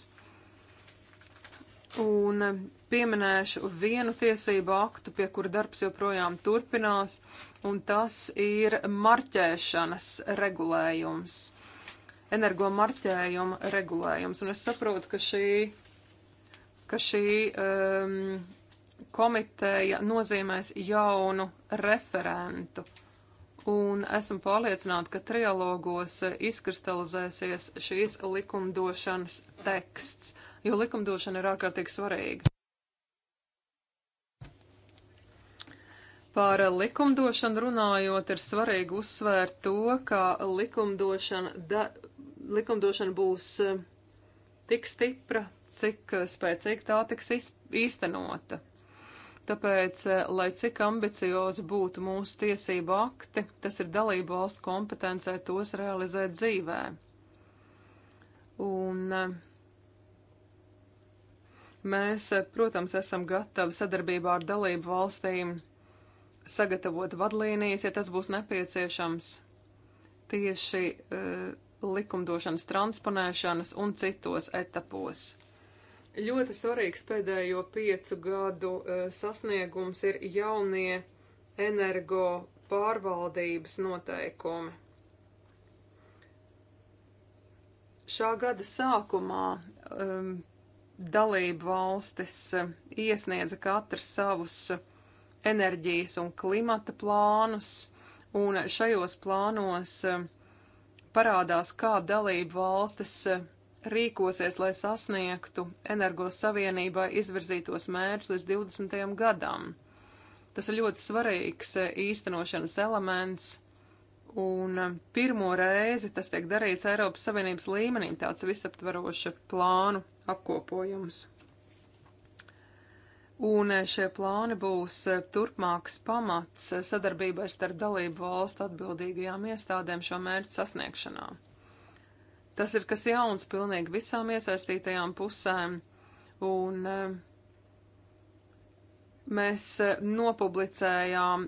Un pieminēšu vienu tiesību aktu, pie kura darbs joprojām turpinās, un tas ir marķēšanas regulējums, energo marķējuma regulējums. Un es saprotu, ka šī, ka šī um, komiteja nozīmēs jaunu referentu. Un esmu pārliecināta, ka trialogos izkristalizēsies šīs likumdošanas teksts, jo likumdošana ir ārkārtīgi svarīga. Par likumdošanu runājot, ir svarīgi uzsvērt to, ka likumdošana, da, likumdošana būs eh, tik stipra, cik eh, spēcīgi tā tiks īstenota. Tāpēc, eh, lai cik ambiciozi būtu mūsu tiesību akti, tas ir dalību valstu kompetencē tos realizēt dzīvē. Un mēs, protams, esam gatavi sadarbībā ar dalību valstīm sagatavot vadlīnijas, ja tas būs nepieciešams tieši uh, likumdošanas transponēšanas un citos etapos. Ļoti svarīgs pēdējo piecu gadu uh, sasniegums ir jaunie energo pārvaldības noteikumi. Šā gada sākumā um, eh, dalību valstis uh, iesniedza katrs savus uh, enerģijas un klimata plānus, un šajos plānos eh, parādās, kā dalību valstis eh, rīkosies, lai sasniegtu energos savienībai izvirzītos mērķus līdz 20. gadam. Tas ir ļoti svarīgs eh, īstenošanas elements, un pirmo reizi tas tiek darīts Eiropas Savienības līmenī, tāds visaptvaroša plānu apkopojums. Un šie plāni būs e, turpmāks pamats e, sadarbībai starp dalību valstu atbildīgajām iestādēm šo mērķu sasniegšanā. Tas ir kas jauns pilnīgi visām iesaistītajām pusēm, un e, mēs nopublicējām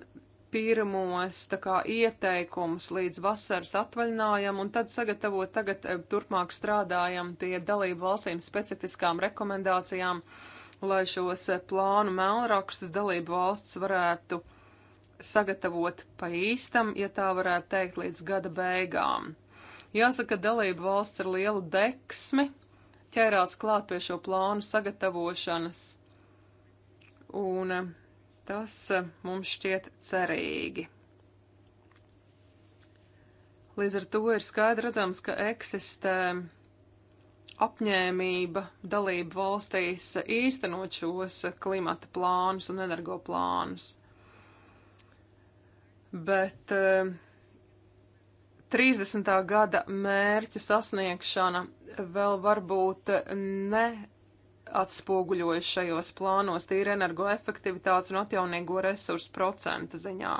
pirmos tā kā ieteikumus līdz vasaras atvaļinājumam, un tad sagatavot tagad turpmāk strādājam pie dalību valstīm specifiskām rekomendācijām. Uh, lai šos eh, plānu melnrakstus dalību valsts varētu sagatavot pa īstam, ja tā varētu teikt, līdz gada beigām. Jāsaka, dalību valsts ar lielu deksmi ķērās klāt pie šo plānu sagatavošanas, un eh, tas eh, mums šķiet cerīgi. Līdz ar to ir skaidrs redzams, ka eksistē apņēmība dalību valstīs īstenot šos klimata plānus un energo plānus. Bet uh, eh, 30. gada mērķu sasniegšana vēl varbūt ne atspoguļojas šajos plānos tīri energoefektivitātes un atjaunīgo resursu procenta ziņā.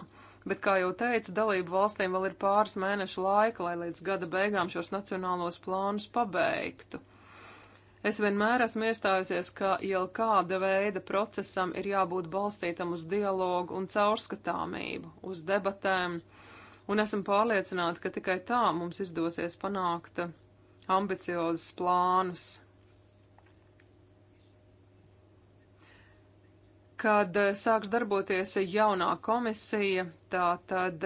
Bet, kā jau teicu, dalību valstīm vēl ir pāris mēnešu laika, lai līdz gada beigām šos nacionālos plānus pabeigtu. Es vienmēr esmu iestājusies, ka jau kāda veida procesam ir jābūt balstītam uz dialogu un caurskatāmību, uz debatēm, un esmu pārliecināta, ka tikai tā mums izdosies panākt ambiciozus plānus. Kad sāks darboties jaunā komisija, tā tad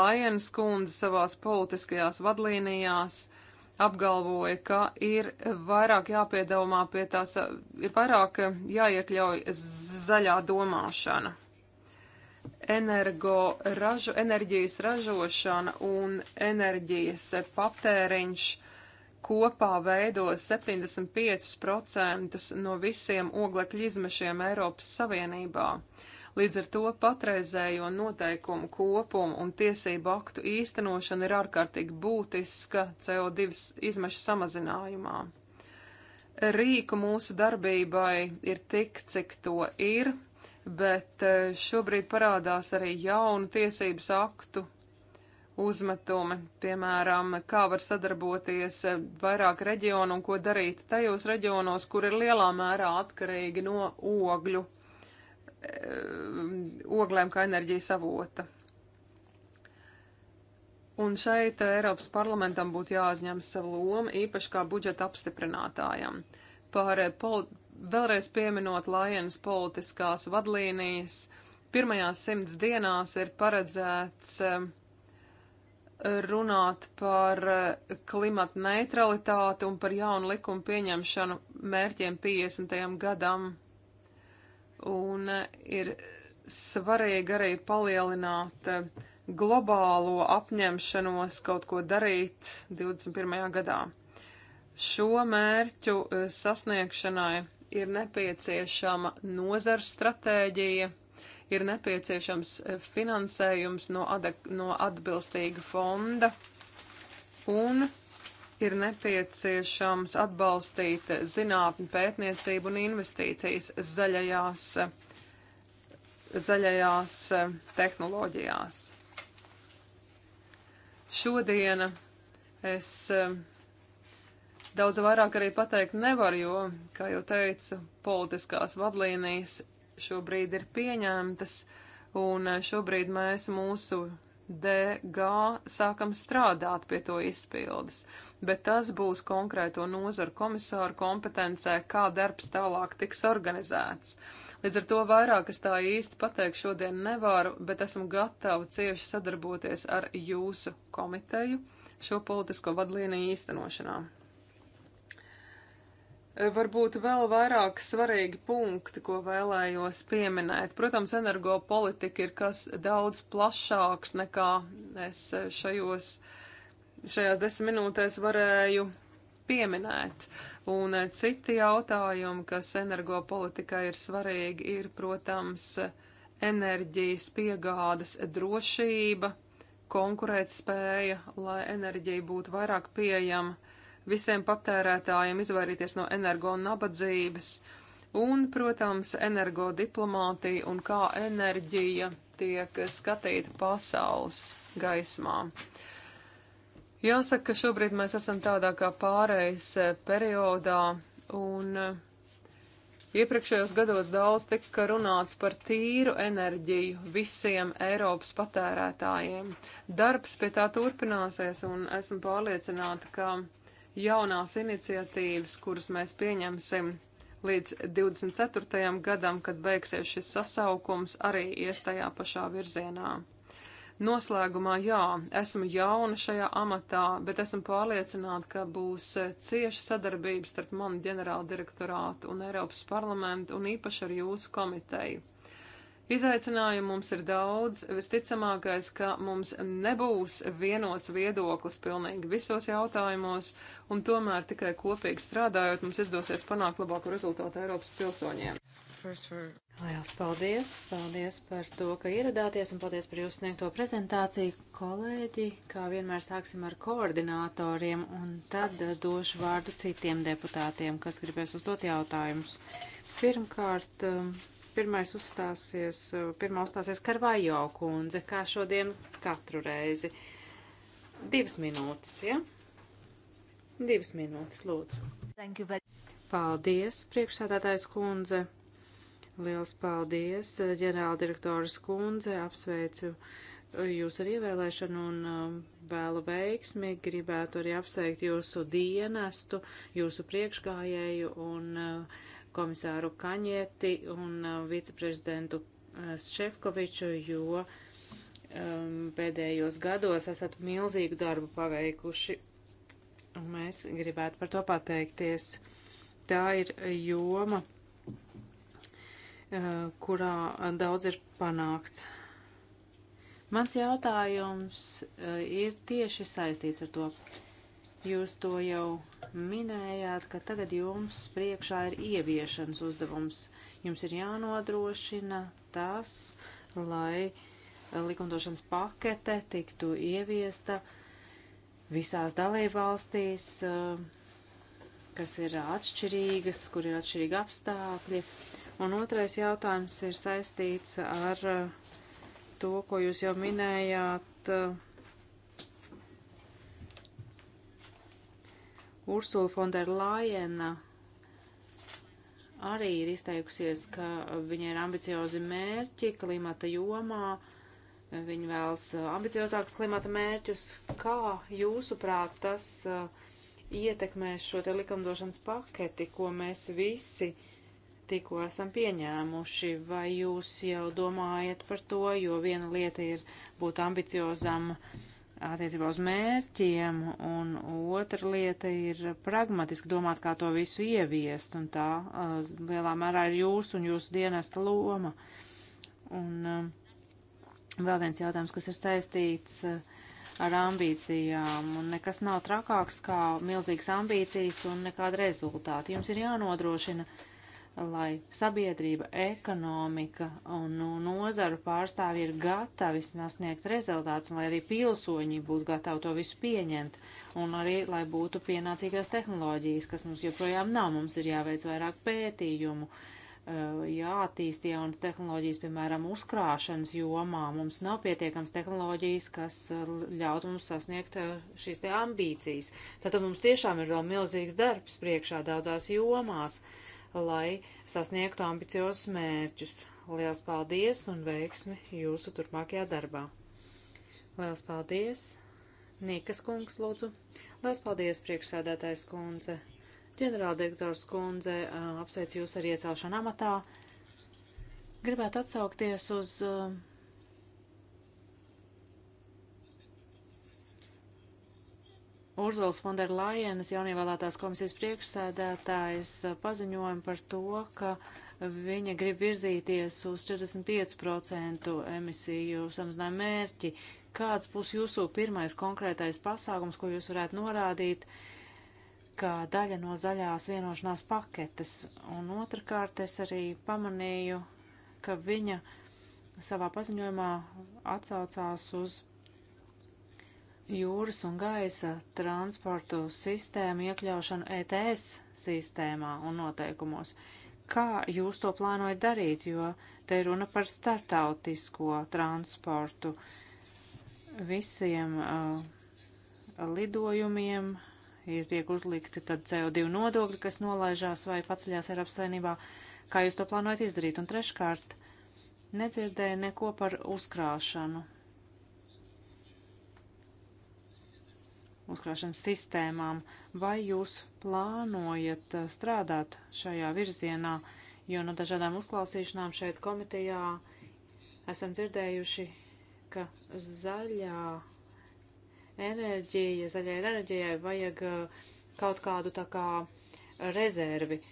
Lajens kundze savās politiskajās vadlīnijās – apgalvoja, ka ir vairāk jāpiedomā pie tās, ir vairāk jāiekļauj zaļā domāšana, energo ražu, enerģijas ražošana un enerģijas patēriņš kopā veido 75% no visiem oglekļa izmešiem Eiropas Savienībā. Uh, Līdz ar to patreizējo noteikumu kopumu un tiesību aktu īstenošana ir ārkārtīgi būtiska CO2 izmešu samazinājumā. Rīku mūsu darbībai ir tik, cik to ir, bet e, šobrīd parādās arī jaunu tiesības aktu uzmetumi, piemēram, kā var sadarboties e, vairāk reģionu un ko darīt tajos reģionos, kur ir lielā mērā atkarīgi no ogļu Um, oglēm kā enerģijas avota. Un šeit uh, Eiropas parlamentam būtu jāuzņem savu lomu, īpaši kā budžeta apstiprinātājam. Par uh, vēlreiz pieminot Lajenas politiskās vadlīnijas, pirmajās simts dienās ir paredzēts um, runāt par uh, klimata neutralitāti un par jaunu likumu pieņemšanu mērķiem 50. gadam un e, ir svarīgi arī palielināt e, globālo apņemšanos kaut ko darīt 21. gadā. Šo mērķu e, sasniegšanai ir nepieciešama nozars stratēģija, ir nepieciešams finansējums no, ad, no atbilstīga fonda un ir nepieciešams atbalstīt zinātni, pētniecību un investīcijas zaļajās, zaļajās tehnoloģijās. Šodien es eh, daudz vairāk arī pateikt nevaru, jo, kā jau teicu, politiskās vadlīnijas šobrīd ir pieņemtas, un eh, šobrīd mēs mūsu DG sākam strādāt pie to izpildes, bet tas būs konkrēto nozaru komisāru kompetencē, kā darbs tālāk tiks organizēts. Līdz ar to vairāk es tā īsti pateikt šodien nevaru, bet esmu gatava cieši sadarboties ar jūsu komiteju šo politisko vadlīniju īstenošanā. Varbūt vēl vairāk svarīgi punkti, ko vēlējos pieminēt. Protams, energopolitika ir kas daudz plašāks nekā es šajos, šajās desmit minūtēs varēju pieminēt. Un citi jautājumi, kas energopolitikai ir svarīgi, ir, protams, enerģijas piegādes drošība, konkurētspēja, lai enerģija būtu vairāk pieejama visiem patērētājiem izvairīties no energo nabadzības un, protams, energo diplomātija un kā enerģija tiek skatīta pasaules gaismā. Jāsaka, ka šobrīd mēs esam tādā kā pārejas periodā un eh, Iepriekšējos gados daudz tika runāts par tīru enerģiju visiem Eiropas patērētājiem. Darbs pie tā turpināsies, un esmu pārliecināta, ka jaunās iniciatīvas, kuras mēs pieņemsim līdz 24. gadam, kad beigsies šis sasaukums, arī ies tajā pašā virzienā. Noslēgumā, jā, esmu jauna šajā amatā, bet esmu pārliecināta, ka būs cieša sadarbība starp manu ģenerāla direktorātu un Eiropas parlamentu un īpaši ar jūsu komiteju. Izaicinājumu mums ir daudz. Visticamākais, ka mums nebūs vienots viedoklis pilnīgi visos jautājumos, un tomēr tikai kopīgi strādājot mums izdosies panākt labāku rezultātu Eiropas pilsoņiem.
Lielas paldies! Paldies par to, ka ieradāties un paldies par jūsu sniegto prezentāciju. Kolēģi, kā vienmēr sāksim ar koordinatoriem un tad eh, došu vārdu citiem deputātiem, kas gribēs uzdot jautājumus. Pirmkārt, um, Pirmais uzstāsies, eh, pirmā uzstāsies Karvajo kundze, kā šodien katru reizi. Divas minūtes, ja? Divas minūtes, lūdzu. Thank you very Paldies, priekšsādātājs kundze. Liels paldies, eh, ģenerāldirektoras kundze. Apsveicu eh, jūs ar ievēlēšanu un vēlu veiksmi. Gribētu arī apsveikt jūsu dienestu, jūsu priekšgājēju un uh, komisāru Kaņieti un uh, viceprezidentu uh, Šefkoviču, jo um, pēdējos gados esat milzīgu darbu paveikuši. Un mēs gribētu par to pateikties. Tā ir joma, uh, kurā daudz ir panākts. Mans jautājums uh, ir tieši saistīts ar to. Jūs to jau minējāt, ka tagad jums priekšā ir ieviešanas uzdevums. Jums ir jānodrošina tas, lai likumdošanas pakete tiktu ieviesta visās dalībvalstīs, eh, kas ir atšķirīgas, kur ir atšķirīgi apstākļi. Un otrais jautājums ir saistīts ar eh, to, ko jūs jau minējāt eh, Ursula Fonderlajena uh, arī ir izteikusies, ka viņai ir ambiciozi mērķi klimata jomā, viņa vēlas uh, ambiciozākus klimata mērķus. Kā jūsuprāt tas uh, ietekmēs šo te likumdošanas paketi, ko mēs visi tikko esam pieņēmuši? Vai jūs jau domājat par to, jo viena lieta ir būt ambiciozam uh, attiecībā uz mērķiem, un otra lieta ir pragmatiski domāt, kā to visu ieviest, un tā uh, lielā mērā ir jūsu un jūsu dienesta loma. Un uh, vēl viens jautājums, kas ir saistīts uh, ar ambīcijām, un nekas nav trakāks kā milzīgas ambīcijas un nekāda rezultāta. Jums ir jānodrošina. Uh, lai sabiedrība, ekonomika un nu, nozaru pārstāvji ir gatavi sasniegt rezultātus, lai arī pilsoņi būtu gatavi to visu pieņemt, un arī, lai būtu pienācīgās tehnoloģijas, kas mums joprojām nav. Mums ir jāveic vairāk pētījumu, uh, jāattīst jaunas tehnoloģijas, piemēram, uzkrāšanas jomā. Mums nav pietiekams tehnoloģijas, kas uh, ļaut mums sasniegt uh, šīs te ambīcijas. Tātad mums tiešām ir vēl milzīgs darbs priekšā daudzās jomās. Uh, lai sasniegtu ambiciozus mērķus. Liels paldies un veiksmi jūsu turpmākajā darbā. Liels paldies, Nīkas kungs, lūdzu. Liels paldies, priekšsēdētājs kundze. Ģenerāldirektors kundze, apsveic jūs ar iecelšanu amatā. Gribētu atsaukties uz uh, Urzels Fonderlajenas jaunievēlētās komisijas priekšsēdētājs eh, paziņojumu par to, ka viņa grib virzīties uz 45% emisiju samazinājumu mērķi. Kāds būs jūsu pirmais konkrētais pasākums, ko jūs varētu norādīt, kā daļa no zaļās vienošanās paketes? Un otrkārt, es arī pamanīju, ka viņa savā paziņojumā atsaucās uz jūras un gaisa transportu sistēmu iekļaušanu ETS sistēmā un noteikumos. Kā jūs to plānojat darīt, jo te ir runa par startautisko transportu visiem uh, lidojumiem, ir tiek uzlikti tad CO2 nodokļi, kas nolaižās vai paceļās Eiropas saimnībā. Kā jūs to plānojat izdarīt? Un treškārt, nedzirdēju neko par uzkrāšanu uzkrāšanas sistēmām. Vai jūs plānojat eh, strādāt šajā virzienā, jo no dažādām uzklausīšanām šeit komitejā esam dzirdējuši, ka zaļā enerģija, zaļai enerģijai vajag eh, kaut kādu tā kā rezervi eh,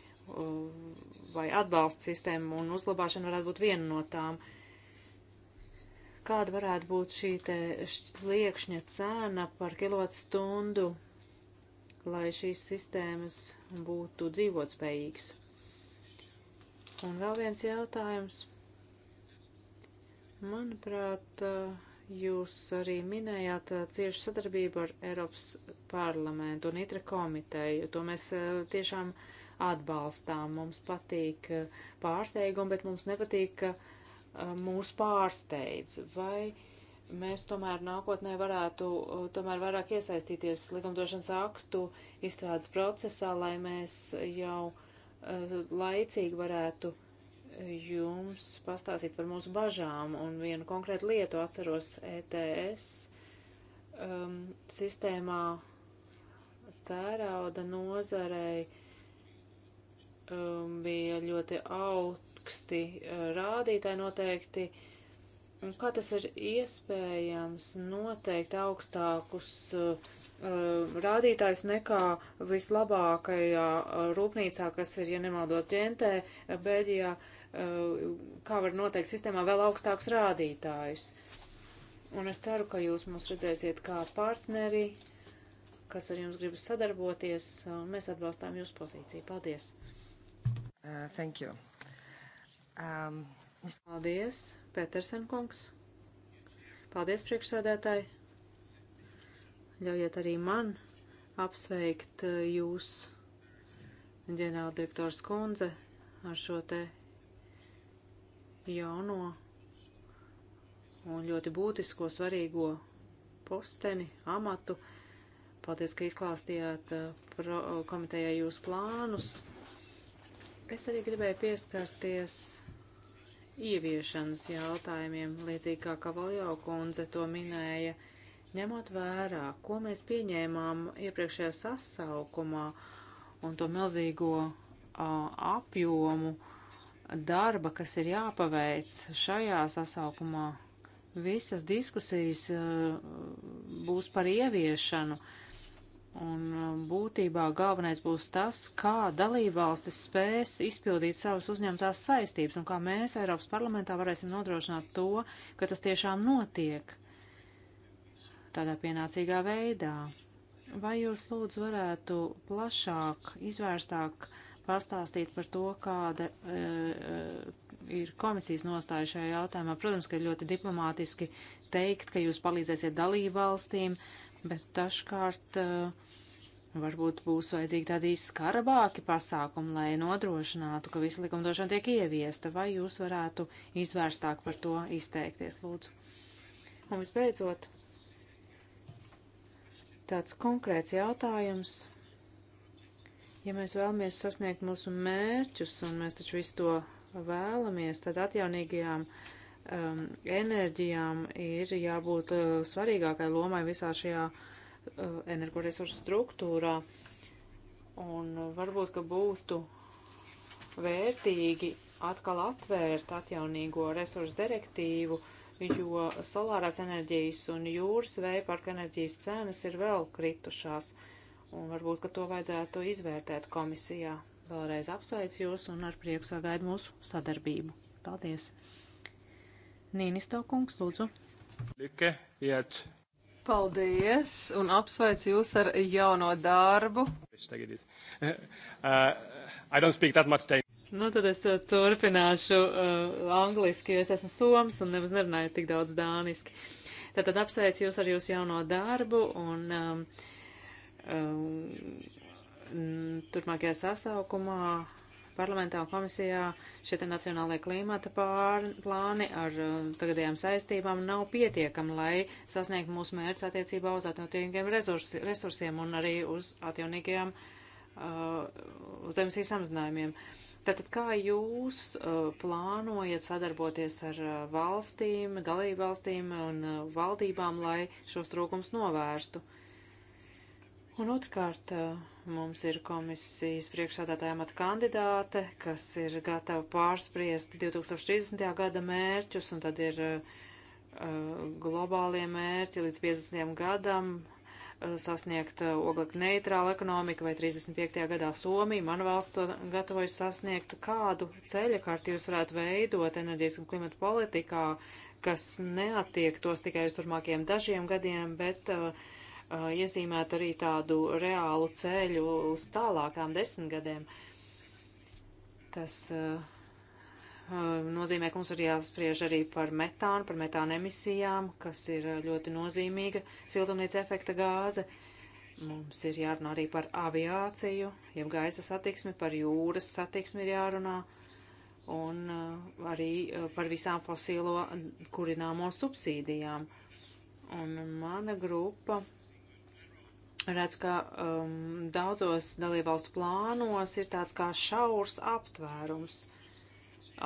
vai atbalsta sistēmu, un uzglabāšana varētu būt viena no tām. Uh, Kāda varētu būt šī te sliekšņa cena par kilovatstundu, lai šīs sistēmas būtu dzīvotspējīgas? Un vēl viens jautājums. Manuprāt, jūs arī minējāt uh, ciešu sadarbību ar Eiropas parlamentu un ITRA komiteju. To mēs uh, tiešām atbalstām. Mums patīk uh, pārsteigumi, bet mums nepatīk, ka mūs pārsteidz, vai mēs tomēr nākotnē varētu tomēr vairāk iesaistīties likumdošanas aktu izstrādes procesā, lai mēs jau laicīgi varētu jums pastāstīt par mūsu bažām un vienu konkrētu lietu atceros ETS um, sistēmā tērauda nozarei um, bija ļoti aut augsti eh, rādītāji noteikti. Kā tas ir iespējams noteikt augstākus eh, eh, rādītājus nekā vislabākajā rūpnīcā, kas ir, ja nemaldos, ģentē, Beļģijā, kā var noteikt sistēmā vēl augstākus rādītājus. Un es ceru, ka jūs mūs redzēsiet kā partneri, kas ar jums gribas sadarboties. Mēs atbalstām jūsu pozīciju. Paldies! Uh, thank you. Um, es... Paldies, Pētersen kungs. Paldies, priekšsēdētāji. Ļaujiet arī man apsveikt uh, jūs, ģenerāldirektors kundze, ar šo te jauno un ļoti būtisko svarīgo posteni, amatu. Paldies, ka izklāstījāt uh, komitejai jūsu plānus. Es arī gribēju pieskarties ieviešanas jautājumiem, līdzīgi kā Kavaljo kundze to minēja, ņemot vērā, ko mēs pieņēmām iepriekšējā sasaukumā un to milzīgo a, apjomu darba, kas ir jāpaveic šajā sasaukumā. Visas diskusijas a, būs par ieviešanu. A, Un um, būtībā galvenais būs tas, kā dalībvalstis spēs izpildīt savas uzņemtās saistības un kā mēs Eiropas parlamentā varēsim nodrošināt to, ka tas tiešām notiek tādā pienācīgā veidā. Vai jūs lūdzu varētu plašāk, izvērstāk pastāstīt par to, kāda e, e ir komisijas nostāja šajā jautājumā? Protams, ka ir ļoti diplomātiski teikt, ka jūs palīdzēsiet dalībvalstīm, bet dažkārt. E, Varbūt būs vajadzīgi tādi skarbāki pasākumi, lai nodrošinātu, ka visa likumdošana tiek ieviesta, vai jūs varētu izvērstāk par to izteikties, lūdzu. Un visbeidzot, tāds konkrēts jautājums. Ja mēs vēlamies sasniegt mūsu mērķus, un mēs taču visu to vēlamies, tad atjaunīgajām um, enerģijām ir jābūt uh, svarīgākai lomai visā šajā uh, energoresursu struktūrā. Un varbūt, ka būtu vērtīgi atkal atvērt atjaunīgo resursu direktīvu, jo solārās enerģijas un jūras vēja parka enerģijas cenas ir vēl kritušās. Un varbūt, ka to vajadzētu izvērtēt komisijā. Vēlreiz apsveicu jūs un ar prieku sagaidu mūsu sadarbību. Paldies! Nīnisto kungs, lūdzu.
Like, yet. Paldies un apsveicu jūs ar jauno darbu.
Uh,
nu, tad es uh, turpināšu uh, angliski, jo es esmu soms un nemaz nerunāju tik daudz dāniski. Tātad apsveicu jūs ar jūsu jauno darbu un um, um, turpmākajā sasaukumā parlamentā un komisijā šie te nacionālajie klimata pār, plāni ar uh, tagadējām saistībām nav pietiekami, lai sasniegtu mūsu mērķus attiecībā uz atjaunīgiem resursi, resursiem un arī uz atjaunīgajām uh, uz emisiju samazinājumiem. Tātad kā jūs uh, plānojat sadarboties ar uh, valstīm, dalību valstīm un uh, valdībām, lai šos trūkums novērstu? Uh, Un otrkārt, mums ir komisijas priekšsādātājā mata kandidāte, kas ir gatava pārspriest 2030. gada mērķus, un tad ir uh, globālie mērķi līdz 50. gadam uh, sasniegt uh, oglekļa neitrālu ekonomiku, vai 35. gadā Somija, man valsts to gatavojas sasniegt. Kādu ceļakārtu jūs varētu veidot enerģijas un klimata politikā, kas neatiektos tikai uz turmākajiem dažiem gadiem, bet uh, iezīmētu arī tādu reālu ceļu uz tālākām desmitgadēm. Tas uh, nozīmē, ka mums ir jāspriež arī par metānu, par metāna emisijām, kas ir ļoti nozīmīga siltumnīca efekta gāze. Mums ir jārunā arī par aviāciju, jeb gaisa satiksmi, par jūras satiksmi ir jārunā, un arī par visām fosīlo kurināmo subsīdijām. Un mana grupa redz, ka um, daudzos dalībvalstu plānos ir tāds kā šaurs aptvērums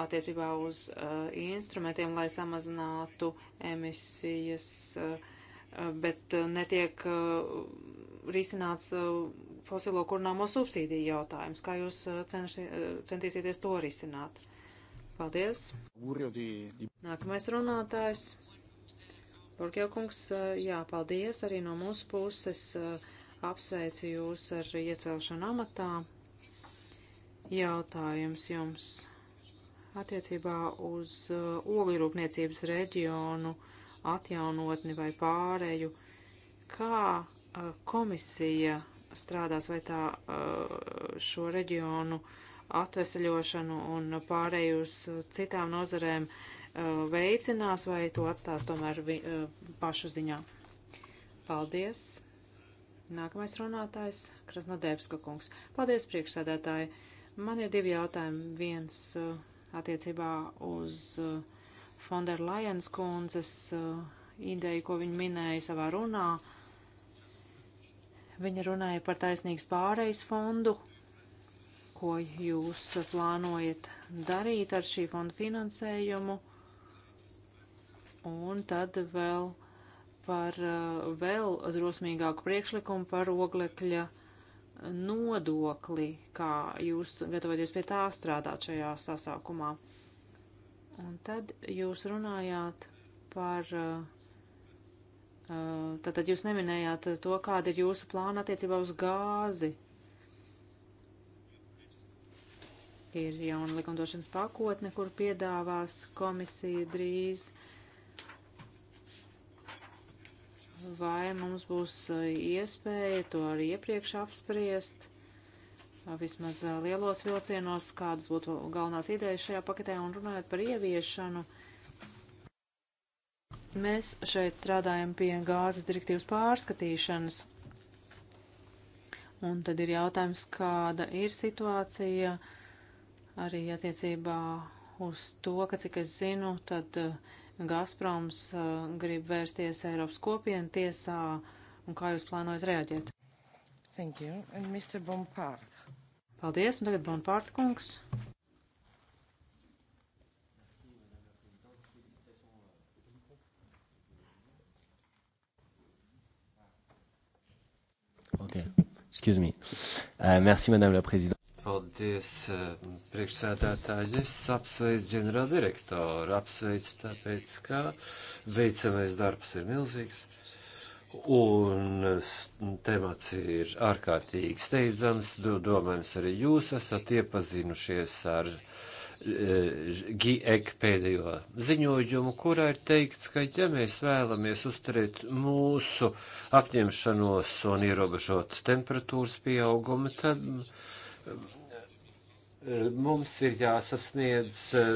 attiecībā uz uh, instrumentiem, lai samazinātu emisijas, uh, uh bet uh, netiek uh, risināts uh, fosilo kurnāmo subsīdiju jautājums. Kā jūs uh, cenši, uh, centīsieties to risināt? Paldies. Nākamais runātājs. Borkjaukungs, eh, jā, paldies arī no mūsu puses. Eh, apsveicu jūs ar iecelšanu amatā. Jautājums jums attiecībā uz eh, ogļrūpniecības reģionu atjaunotni vai pārēju. Kā komisija strādās vai tā šo reģionu atveseļošanu un pārēju uz citām nozarēm? Uh, veicinās vai to atstās tomēr vi, pašu ziņā. Paldies! Nākamais runātājs - Krasnodēpska kungs. Paldies, priekšsēdētāji! Man ir divi jautājumi. Viens attiecībā uz Fonderlajens kundzes ideju, ko viņa minēja savā runā. Viņa runāja par taisnīgas pārejas fondu, ko jūs plānojat darīt ar šī fonda finansējumu un tad vēl par uh, vēl drosmīgāku priekšlikumu par oglekļa nodokli, kā jūs gatavoties pie tā strādāt šajā sasaukumā. Un tad jūs runājāt par uh, Tātad uh, jūs neminējāt to, kāda ir jūsu plāna attiecībā uz gāzi. Ir jauna likumdošanas pakotne, kur piedāvās komisija drīz vai mums būs eh, iespēja to arī iepriekš apspriest, vismaz eh, lielos vilcienos, kādas būtu galvenās idejas šajā paketē, un runājot par ieviešanu. Mēs šeit strādājam pie gāzes direktīvas pārskatīšanas. Un tad ir jautājums, kāda ir situācija arī attiecībā uz to, ka cik es zinu, tad uh, Gazproms uh, grib vērsties Eiropas kopienu tiesā un kā jūs plānojat reaģēt? Thank you. And Mr. Bompard. Paldies, un tagad Bompard kungs.
Ok, excuse me. Euh, merci Madame la Présidente. Paldies, eh, priekšsēdētāji. Es apsveicu ģenerāldirektoru, apsveicu tāpēc, ka veicamais darbs ir milzīgs. Un temats ir ārkārtīgi steidzams. Domājams, arī jūs esat iepazinušies ar eh, GIEK pēdējo ziņojumu, kurā ir teikts, ka ja mēs vēlamies uzturēt mūsu apņemšanos un ierobežotas temperatūras pieaugumu, tad mums ir jāsasniedz eh,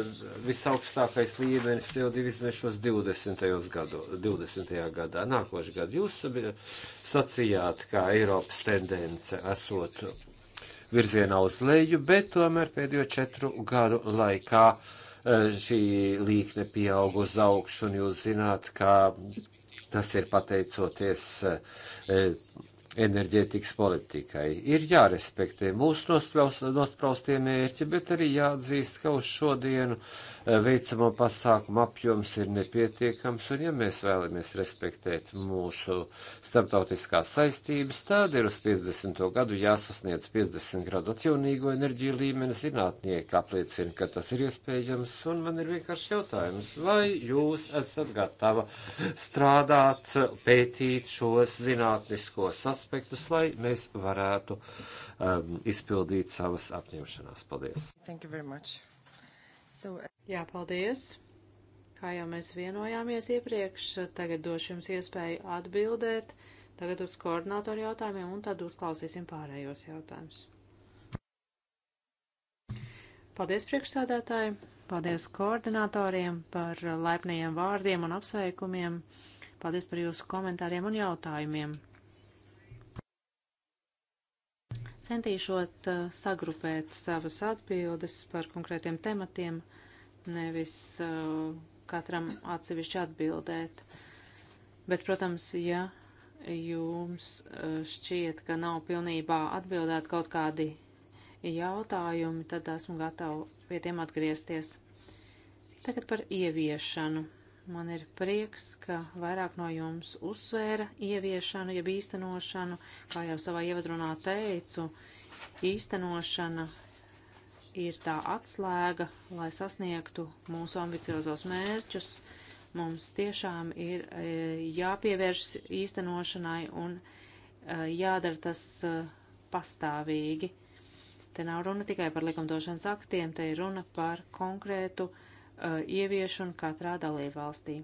visaugstākais līmenis CO2 izmešos 20. Gadu, 20. gadā. Nākošajā gadā jūs sacījāt, kā Eiropas tendence esot virzienā uz leju, bet tomēr pēdējo četru gadu laikā eh, šī līkne pieaug uz augšu, un jūs zināt, ka tas ir pateicoties eh, enerģētikas politikai. Ir jārespektē mūsu nospraustie mērķi, bet arī jāatzīst, ka uz šodienu Eh, veicamo pasākumu apjoms ir nepietiekams, un ja mēs vēlamies respektēt mūsu starptautiskās saistības, tad ir uz 50. gadu jāsasniedz 50 gradu atjaunīgo enerģiju līmeni. Zinātnieki apliecina, ka tas ir iespējams, un man ir vienkārši jautājums, vai jūs esat gatava strādāt, pētīt šos zinātniskos aspektus, lai mēs varētu um, izpildīt savas apņemšanās. Paldies!
Thank you very much. Jā, paldies! Kā jau mēs vienojāmies iepriekš, tagad došu jums iespēju atbildēt tagad uz koordinātoru jautājumiem un tad uzklausīsim pārējos jautājumus. Paldies priekšsādātāji, paldies koordinatoriem par laipnajiem vārdiem un apsveikumiem, paldies par jūsu komentāriem un jautājumiem. Centīšot uh, sagrupēt savas atbildes par konkrētiem tematiem, nevis uh, katram atsevišķi atbildēt. Bet, protams, ja jums uh, šķiet, ka nav pilnībā atbildēt kaut kādi jautājumi, tad esmu gatava pie tiem atgriezties. Tagad par ieviešanu. Man ir prieks, ka vairāk no jums uzsvēra ieviešanu, jeb īstenošanu, kā jau savā ievadrunā teicu, īstenošana ir tā atslēga, lai sasniegtu mūsu ambiciozos mērķus. Mums tiešām ir e, jāpievēršas īstenošanai un e, jādara tas e, pastāvīgi. Te nav runa tikai par likumdošanas aktiem, te ir runa par konkrētu uh, Uh, ieviešanu katrā dalībvalstī.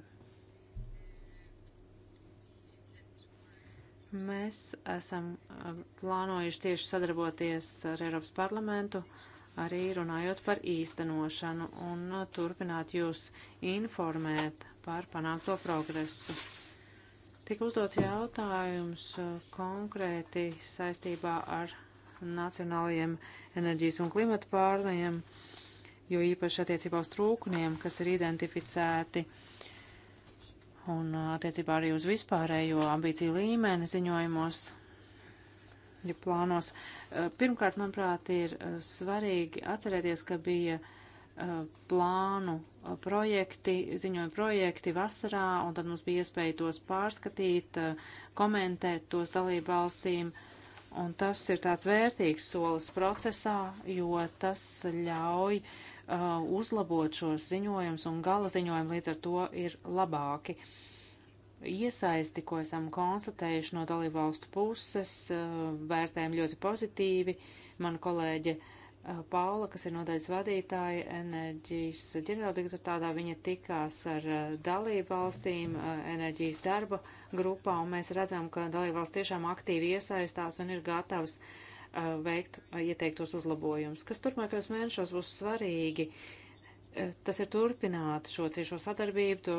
Mēs esam uh, plānojuši tieši sadarboties ar Eiropas parlamentu, arī runājot par īstenošanu un uh, turpināt jūs informēt par panākto progresu. Tik uzdots jautājums konkrēti saistībā ar nacionālajiem enerģijas un klimata pārnajiem uh, jo īpaši attiecībā uz trūkumiem, kas ir identificēti, un uh, attiecībā arī uz vispārējo ambīciju līmeni ziņojumos, ja plānos. Uh, pirmkārt, manuprāt, ir uh, svarīgi atcerēties, ka bija plānu projekti, ziņoja projekti vasarā, un tad mums bija iespēja tos pārskatīt, komentēt tos dalību valstīm. Un tas ir tāds vērtīgs solis procesā, jo tas ļauj uh, uh, uzlabot šos ziņojumus, un gala ziņojumi līdz ar to ir labāki. Iesaisti, ko esam konstatējuši no dalībvalstu puses, uh, vērtējam ļoti pozitīvi. Mana kolēģe uh, Paula, kas ir nodaļas vadītāja enerģijas ģenerāldirektorātā, viņa tikās ar uh, dalībvalstīm uh, enerģijas darba grupā, un mēs redzam, ka dalībvalsts tiešām aktīvi iesaistās un ir gatavs uh, veikt ieteiktos uzlabojumus, kas turpmākajos mēnešos būs svarīgi. Tas ir turpināt šo ciešo sadarbību,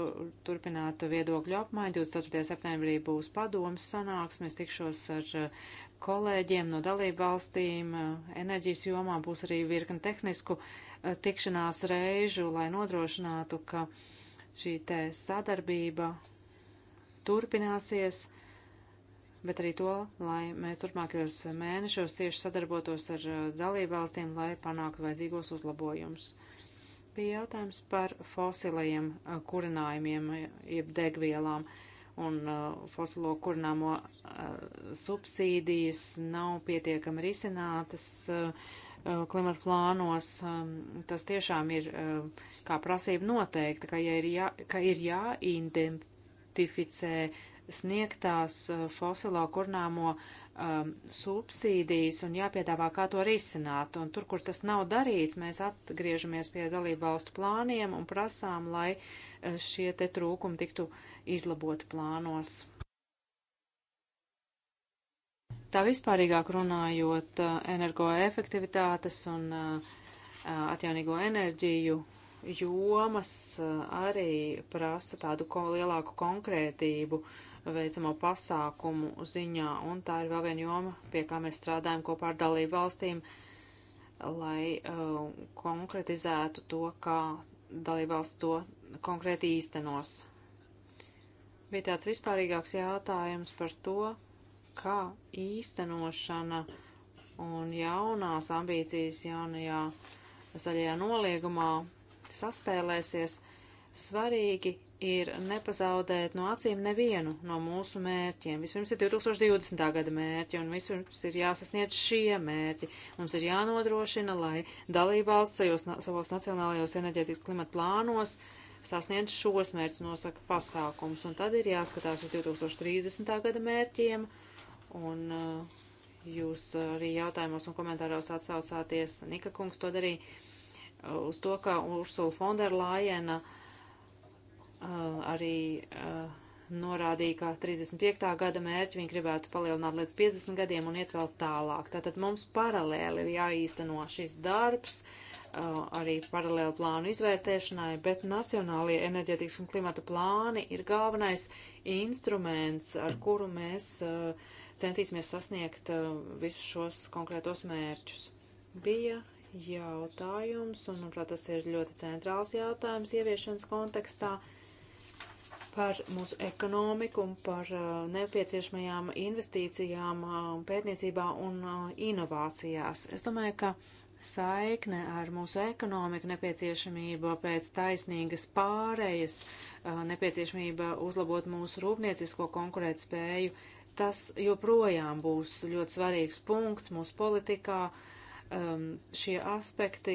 turpināt viedokļu apmaiņu. 24. septembrī būs padomas sanāksmes, tikšos ar kolēģiem no dalību valstīm. Enerģijas jomā būs arī virkni tehnisku tikšanās reižu, lai nodrošinātu, ka šī te sadarbība turpināsies bet arī to, lai mēs turpmākajos mēnešos cieši sadarbotos ar uh, dalībvalstīm, lai panāktu vajadzīgos uzlabojumus. Bija jautājums par fosilajiem uh, kurinājumiem, jeb degvielām, un uh, fosilo kurināmo subsīdijas nav pietiekami risinātas klimata plānos. Um, tas tiešām ir kā prasība noteikta, ka, ja ir, jā, ka ir jāidentificē sniegtās eh, fosilo kurnāmo um, ehm, subsīdijas un jāpiedāvā, kā to risināt. Un tur, kur tas nav darīts, mēs atgriežamies pie dalību valstu plāniem un prasām, lai eh, šie te trūkumi tiktu izlaboti plānos. Tā vispārīgāk runājot, eh, energoefektivitātes un atjaunīgo enerģiju jomas arī prasa tādu lielāku konkrētību veicamo pasākumu ziņā, un tā ir vēl viena joma, pie kā mēs strādājam kopā ar dalību valstīm, lai uh, konkretizētu to, kā dalību valsts to konkrēti īstenos. Bija tāds vispārīgāks jautājums par to, kā īstenošana un jaunās ambīcijas jaunajā zaļajā noliegumā saspēlēsies. Svarīgi ir nepazaudēt no acīm nevienu no mūsu mērķiem. Vispirms ir 2020. gada mērķi, un vispirms ir jāsasniedz šie mērķi. Mums ir jānodrošina, lai dalībvalsts sajos, savos nacionālajos enerģētikas klimata plānos sasniedz šos mērķus nosaka pasākums, un tad ir jāskatās uz 2030. gada mērķiem, un uh, jūs arī jautājumos un komentāros atsaucāties, Nika kungs to darīja, uh, uz to, ka Ursula Fonderlājena uh, arī norādīja, ka 35. gada mērķi viņi gribētu palielināt līdz 50 gadiem un iet vēl tālāk. Tātad mums paralēli ir jāīsteno šis darbs, arī paralēli plānu izvērtēšanai, bet nacionālie enerģētikas un klimata plāni ir galvenais instruments, ar kuru mēs centīsimies sasniegt visus šos konkrētos mērķus. Bija jautājums, un, manuprāt, tas ir ļoti centrāls jautājums ieviešanas kontekstā. Uh, par mūsu ekonomiku un par uh, nepieciešamajām investīcijām uh, un pētniecībā un uh, inovācijās. Es domāju, ka saikne ar mūsu ekonomiku, nepieciešamība pēc taisnīgas pārējas, nepieciešamība uzlabot mūsu rūpniecisko konkurētspēju, tas joprojām būs ļoti svarīgs punkts mūsu politikā um, šie aspekti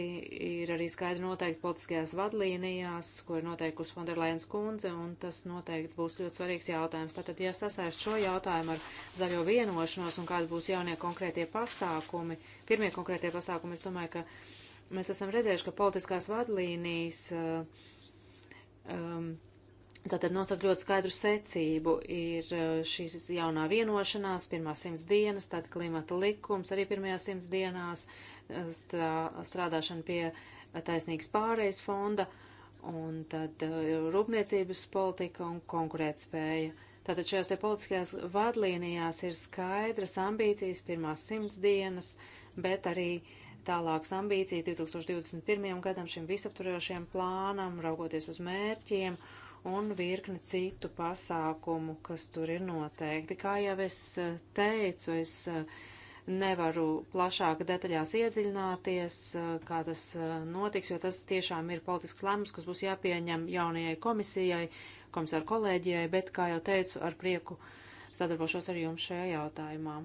ir arī skaidri noteikti politiskajās vadlīnijās, ko ir noteikusi Fonderlainas kundze, un tas noteikti būs ļoti svarīgs jautājums. Tātad, ja sasaist šo jautājumu ar zaļo vienošanos un kādi būs jaunie konkrētie pasākumi, pirmie konkrētie pasākumi, es domāju, ka mēs esam redzējuši, ka politiskās vadlīnijas. Uh, um, Tātad nosaka ļoti skaidru secību. Ir e, šīs jaunā vienošanās, pirmā simts dienas, tad klimata likums arī pirmajā simts dienās, e, strā, strādāšana pie taisnīgas pārejas fonda, un tad e, rūpniecības politika un konkurētspēja. Tātad šajās te politiskajās vadlīnijās ir skaidras ambīcijas pirmās simts dienas, bet arī tālākas ambīcijas 2021. gadam šim visaptvarošajam plānam, raugoties uz mērķiem un virkni citu pasākumu, kas tur ir noteikti. Kā jau es eh, teicu, es eh, nevaru plašāk detaļās iedziļināties, eh, kā tas notiks, jo tas tiešām ir politisks lēmums, kas būs jāpieņem jaunajai komisijai, komisāru kolēģijai, bet, kā jau teicu, ar prieku sadarbošos ar jums šajā jautājumā.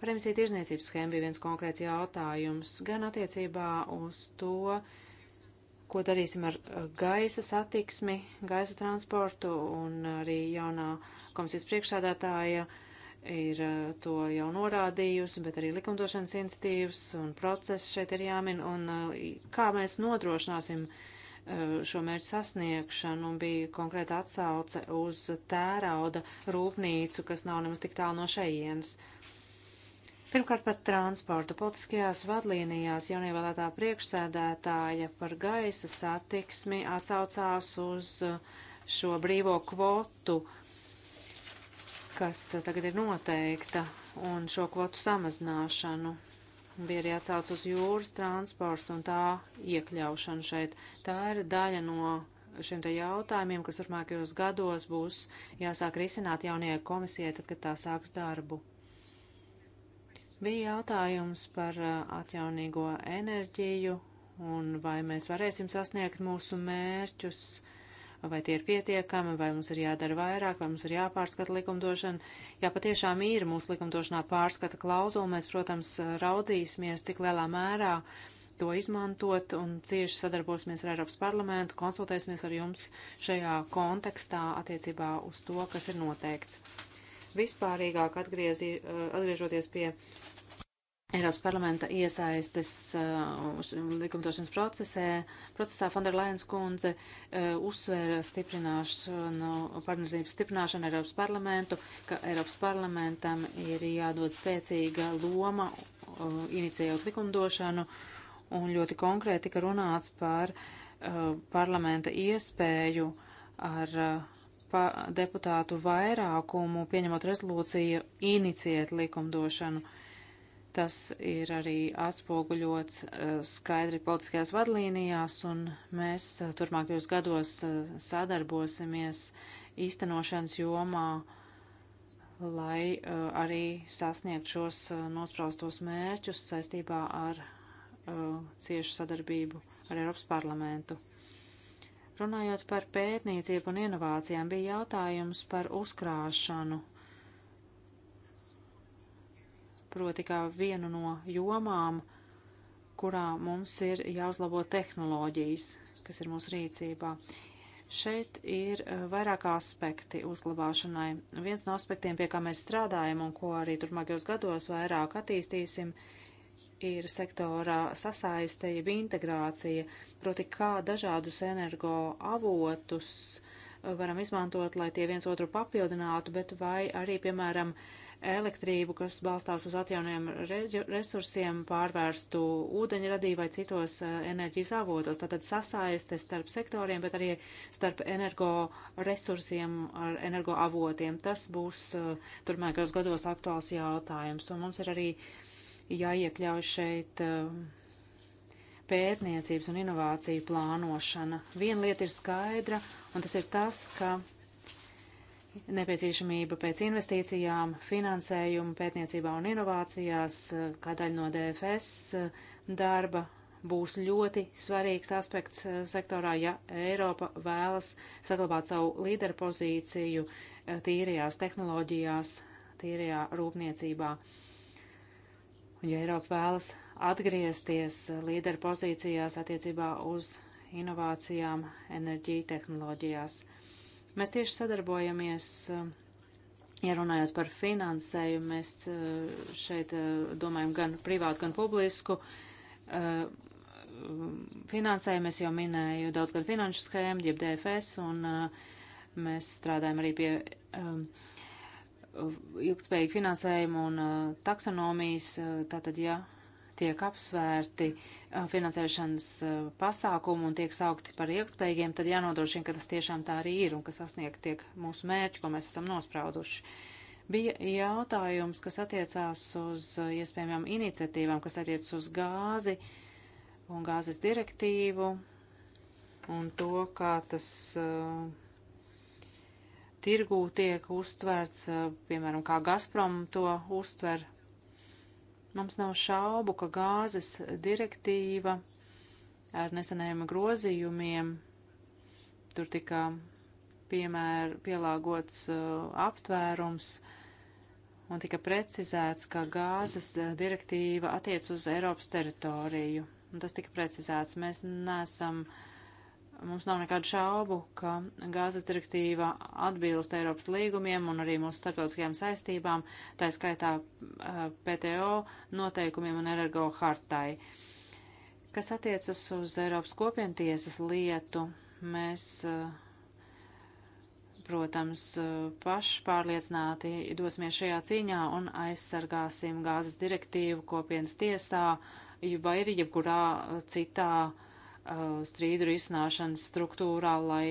Par emisiju tirzniecības schēmu bija viens konkrēts jautājums, gan attiecībā uz to, uh, ko darīsim ar uh, gaisa satiksmi, gaisa transportu, un arī jaunā komisijas priekšsādātāja ir uh, to jau norādījusi, bet arī likumdošanas iniciatīvas un process šeit ir jāmin, un uh, kā mēs nodrošināsim šo mērķu sasniegšanu, un bija konkrēta atsauce uz tērauda rūpnīcu, kas nav nemaz tik tālu no šejienes. Uh, Pirmkārt par transportu. Politiskajās vadlīnijās jaunievēlētā priekšsēdētāja par gaisa satiksmi atsaucās uz uh, šo brīvo kvotu, kas uh, tagad ir noteikta, un šo kvotu samazināšanu bija arī atsauc uz jūras transportu un tā iekļaušanu šeit. Tā ir daļa no šiem te jautājumiem, kas turpmākajos gados būs jāsāk risināt jaunajai komisijai, tad, kad tā sāks darbu. Bija jautājums par uh, atjaunīgo enerģiju un vai mēs varēsim sasniegt mūsu mērķus, vai tie ir pietiekami, vai mums ir jādara vairāk, vai mums ir jāpārskata likumdošana. Jā, patiešām ir mūsu likumdošanā pārskata klauzula, mēs, protams, raudzīsimies, cik lielā mērā to izmantot un cieši sadarbosimies ar Eiropas parlamentu, konsultēsimies ar jums šajā kontekstā attiecībā uz to, kas ir noteikts vispārīgāk atgriezi, eh, atgriežoties pie Eiropas parlamenta iesaistes uh, likumdošanas procesē, procesā Fonderlainas kundze uh, uzsvēra stiprināšanu, partnerības stiprināšanu Eiropas parlamentu, ka Eiropas parlamentam ir jādod spēcīga loma uh, inicijot likumdošanu un ļoti konkrēti tika runāts par parlamenta iespēju ar uh, deputātu vairākumu, pieņemot rezolūciju, iniciēt likumdošanu. Tas ir arī atspoguļots eh, skaidri politiskajās vadlīnijās, un mēs eh, turpmākajos gados eh, sadarbosimies īstenošanas jomā, lai arī sasniegtu šos nospraustos mērķus saistībā ar ciešu sadarbību ar Eiropas parlamentu. Runājot par pētniecību un inovācijām, bija jautājums par uzkrāšanu, proti kā vienu no jomām, kurā mums ir jāuzlabo tehnoloģijas, kas ir mūsu rīcībā. Šeit ir eh, vairāk aspekti uzglabāšanai. Viens no aspektiem, pie kā mēs strādājam un ko arī turpmākajos gados vairāk attīstīsim, ir ir sektorā sasaiste, jeb integrācija, proti kā dažādus energo avotus uh, varam izmantot, lai tie viens otru papildinātu, bet vai arī, piemēram, elektrību, kas balstās uz atjaunojumiem resursiem, pārvērstu ūdeņradī vai citos uh, enerģijas avotos. Tātad sasaiste starp sektoriem, bet arī starp energoresursiem ar energoavotiem. Tas būs uh, turpmākajos gados aktuāls jautājums. Un mums ir arī uh, jāiekļauj šeit um, pētniecības un inovāciju plānošana. Viena lieta ir skaidra, un tas ir tas, ka nepieciešamība pēc investīcijām, finansējuma, pētniecībā un inovācijās, uh, kā daļa no DFS uh, darba, būs ļoti svarīgs aspekts uh, sektorā, ja Eiropa vēlas saglabāt savu līderu pozīciju tīrajās tehnoloģijās, tīrajā rūpniecībā. Uh, Un ja Eiropa vēlas atgriezties līderu pozīcijās attiecībā uz inovācijām enerģija tehnoloģijās, mēs tieši sadarbojamies. Eh, ja runājot par finansējumu, mēs eh, šeit eh, domājam gan privātu, gan publisku finansējumu. Es jau minēju daudz gan finanšu schēmu, jeb DFS, un mēs strādājam arī pie Uh, ilgspējīgu finansējumu un uh, taksonomijas, uh, tātad, ja tiek apsvērti finansēšanas pasākumi un tiek saukti par ilgspējīgiem, tad jānodrošina, ka tas tiešām tā arī ir un ka sasniegt tiek mūsu mērķi, ko mēs esam nosprauduši. Bija jautājums, kas attiecās uz iespējamām iniciatīvām, kas attiecas uz gāzi un gāzes direktīvu un to, kā tas uh, tirgū tiek uztverts, eh, piemēram, kā Gazprom to uztver. Mums nav šaubu, ka gāzes direktīva ar nesenajiem grozījumiem tur tika piemēr, pielāgots eh, aptvērums un tika precizēts, ka gāzes eh, direktīva attiec uz Eiropas teritoriju. Un tas tika precizēts. Mēs nesam uh, Mums nav nekādu šaubu, ka gāzes direktīva atbilst Eiropas līgumiem un arī mūsu starptautiskajām saistībām, tā skaitā eh, PTO noteikumiem un energo hartai. Kas attiecas uz Eiropas kopientiesas lietu, mēs, eh, protams, eh, pašpārliecināti dosimies šajā cīņā un aizsargāsim gāzes direktīvu kopienas tiesā, vai ir jebkurā citā Uh, strīdu risināšanas struktūrā, lai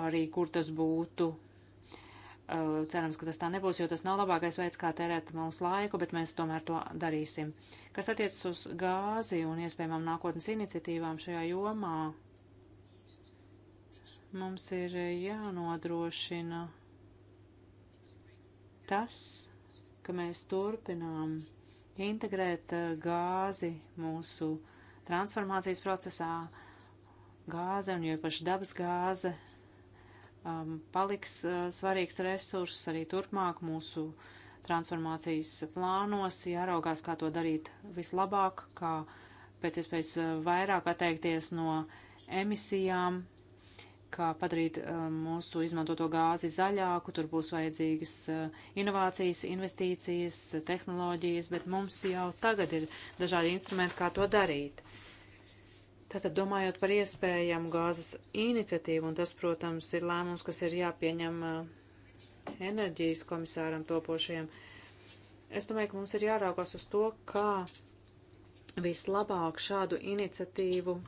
arī kur tas būtu. Uh, cerams, ka tas tā nebūs, jo tas nav labākais veids, kā tērēt mūsu laiku, bet mēs tomēr to darīsim. Kas attiecas uz gāzi un iespējamām nākotnes iniciatīvām šajā jomā, mums ir jānodrošina tas, ka mēs turpinām integrēt uh, gāzi mūsu uh, transformācijas procesā gāze un jo īpaši dabas gāze um, paliks uh, svarīgs resurss arī turpmāk mūsu transformācijas plānos, jāraugās, kā to darīt vislabāk, kā pēc iespējas uh, vairāk atteikties no emisijām, kā padarīt uh, mūsu izmantoto gāzi zaļāku, tur būs vajadzīgas uh, inovācijas, investīcijas, tehnoloģijas, bet mums jau tagad ir dažādi instrumenti, kā to darīt. Tātad domājot par iespējamu gāzes iniciatīvu, un tas, protams, ir lēmums, kas ir jāpieņem uh, enerģijas komisāram topošajam, es domāju, ka mums ir jāraugās uz to, kā vislabāk šādu iniciatīvu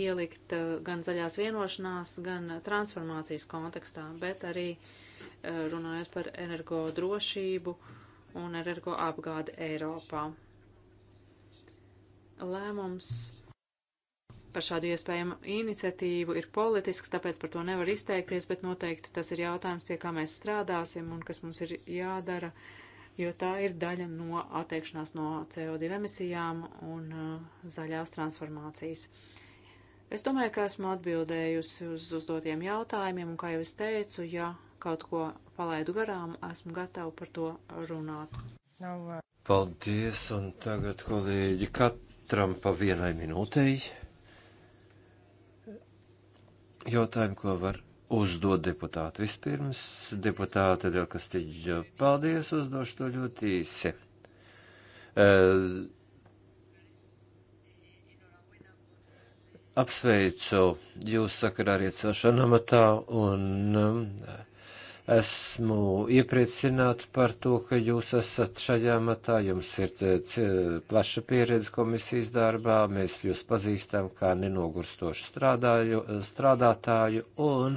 ielikt eh, gan zaļās vienošanās, gan transformācijas kontekstā, bet arī eh, runājot par energo drošību un energo apgādi Eiropā. Lēmums par šādu iespējamu iniciatīvu ir politisks, tāpēc par to nevar izteikties, bet noteikti tas ir jautājums, pie kā mēs strādāsim un kas mums ir jādara, jo tā ir daļa no atteikšanās no CO2 emisijām un uh, zaļās transformācijas. Uh, Es domāju, ka esmu atbildējusi uz uzdotiem jautājumiem, un kā jau es teicu, ja kaut ko palaidu garām, esmu gatava par to runāt. Uh,
paldies, un tagad, kolēģi, katram pa vienai minūtei jautājumu, ko var uzdot deputāti. Vispirms deputāte Delkastiģa, paldies, uzdošu to ļoti īsi. Uh, apsveicu jūs sakarā ar iecelšanu amatā un um, esmu iepriecināta par to, ka jūs esat šajā matā, jums ir uh, plaša pieredze komisijas darbā, mēs jūs pazīstam kā nenogurstošu strādāju, strādātāju un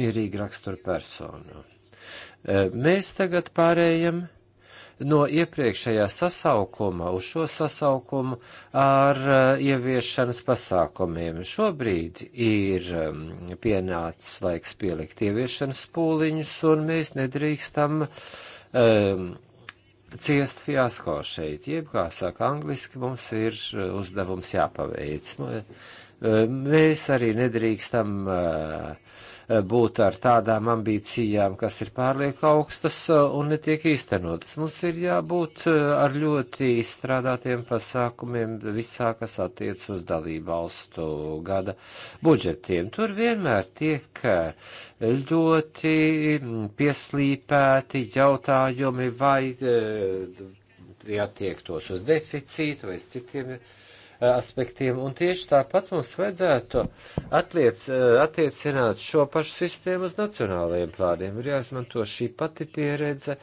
mierīgu raksturu personu. Uh, mēs tagad pārējam no iepriekšējā sasaukuma uz šo sasaukumu ar eh, ieviešanas pasākumiem. Šobrīd ir mm, pienācis laiks pielikt ieviešanas pūliņus, un mēs nedrīkstam um, ciest fiasko šeit. Jeb, kā saka angliski, mums ir eh, uzdevums jāpaveic. Eh, mēs arī nedrīkstam uh, Eh, būt ar tādām ambīcijām, kas ir pārlieku augstas eh, un netiek īstenotas. Mums ir jābūt eh, ar ļoti izstrādātiem pasākumiem visā, kas attiec uz dalību valstu gada budžetiem. Tur vienmēr tiek ļoti mm, pieslīpēti jautājumi vai attiektos uz deficītu vai citiem jautājumiem Eh, aspektiem, un tieši tāpat mums vajadzētu atliec, eh, attiecināt šo pašu sistēmu uz nacionālajiem plāniem. Ir jāizmanto šī pati pieredze,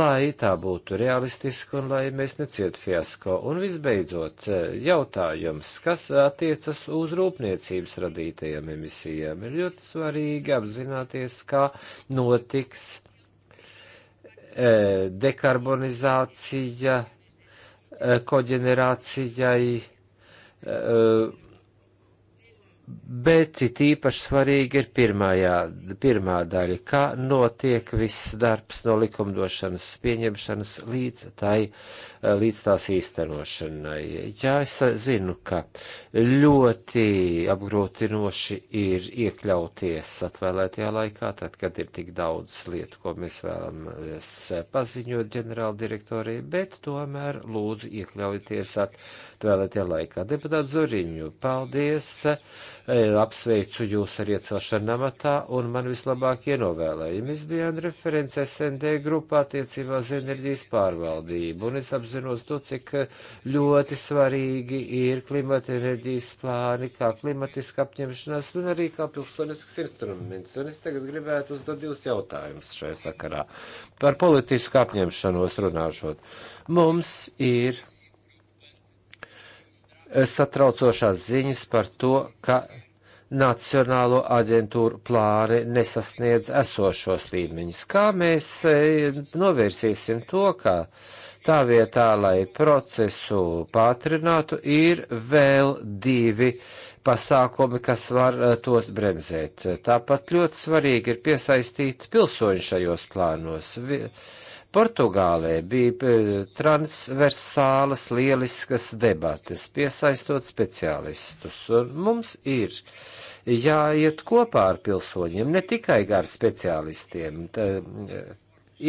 lai tā būtu realistiska un lai mēs necietu fiasko. Un visbeidzot, eh, jautājums, kas attiecas uz rūpniecības radītajām emisijām, ir ļoti svarīgi apzināties, kā notiks dekarbonizācija, koģenerācijai Eh, bet it īpaši svarīgi ir pirmajā, pirmā daļa, kā notiek viss darbs no likumdošanas pieņemšanas līdz tai Eh, līdz tās īstenošanai. Jā, es eh, zinu, ka ļoti apgrūtinoši ir iekļauties atvēlētajā laikā, tad, kad ir tik daudz lietu, ko mēs vēlamies eh, paziņot ģenerāldirektorijai, bet tomēr lūdzu iekļaujieties atvēlētajā laikā. Deputāts Zoriņu, paldies! Apsveicu jūs ar iecelšanu amatā un man vislabākie novēlējumi. Mēs bijām referents SND grupā attiecībā uz enerģijas pārvaldību un es apzināju, apzinos to, cik eh, ļoti svarīgi ir klimata enerģijas plāni, kā klimatiska apņemšanās un arī kā pilsonisks instruments. Un es tagad gribētu uzdot divus jautājumus šajā sakarā. Par politisku apņemšanos runāšot. Mums ir eh, satraucošās ziņas par to, ka Nacionālo aģentūru plāni nesasniedz esošos līmeņus. Kā mēs eh, novērsīsim to, ka uh, Tā vietā, lai procesu pātrinātu, ir vēl divi pasākumi, kas var eh, tos bremzēt. Tāpat ļoti svarīgi ir piesaistīt pilsoņu šajos plānos. Portugālē bija eh, transversālas lieliskas debates, piesaistot speciālistus, un mums ir jāiet kopā ar pilsoņiem, ne tikai ar speciālistiem. Tā,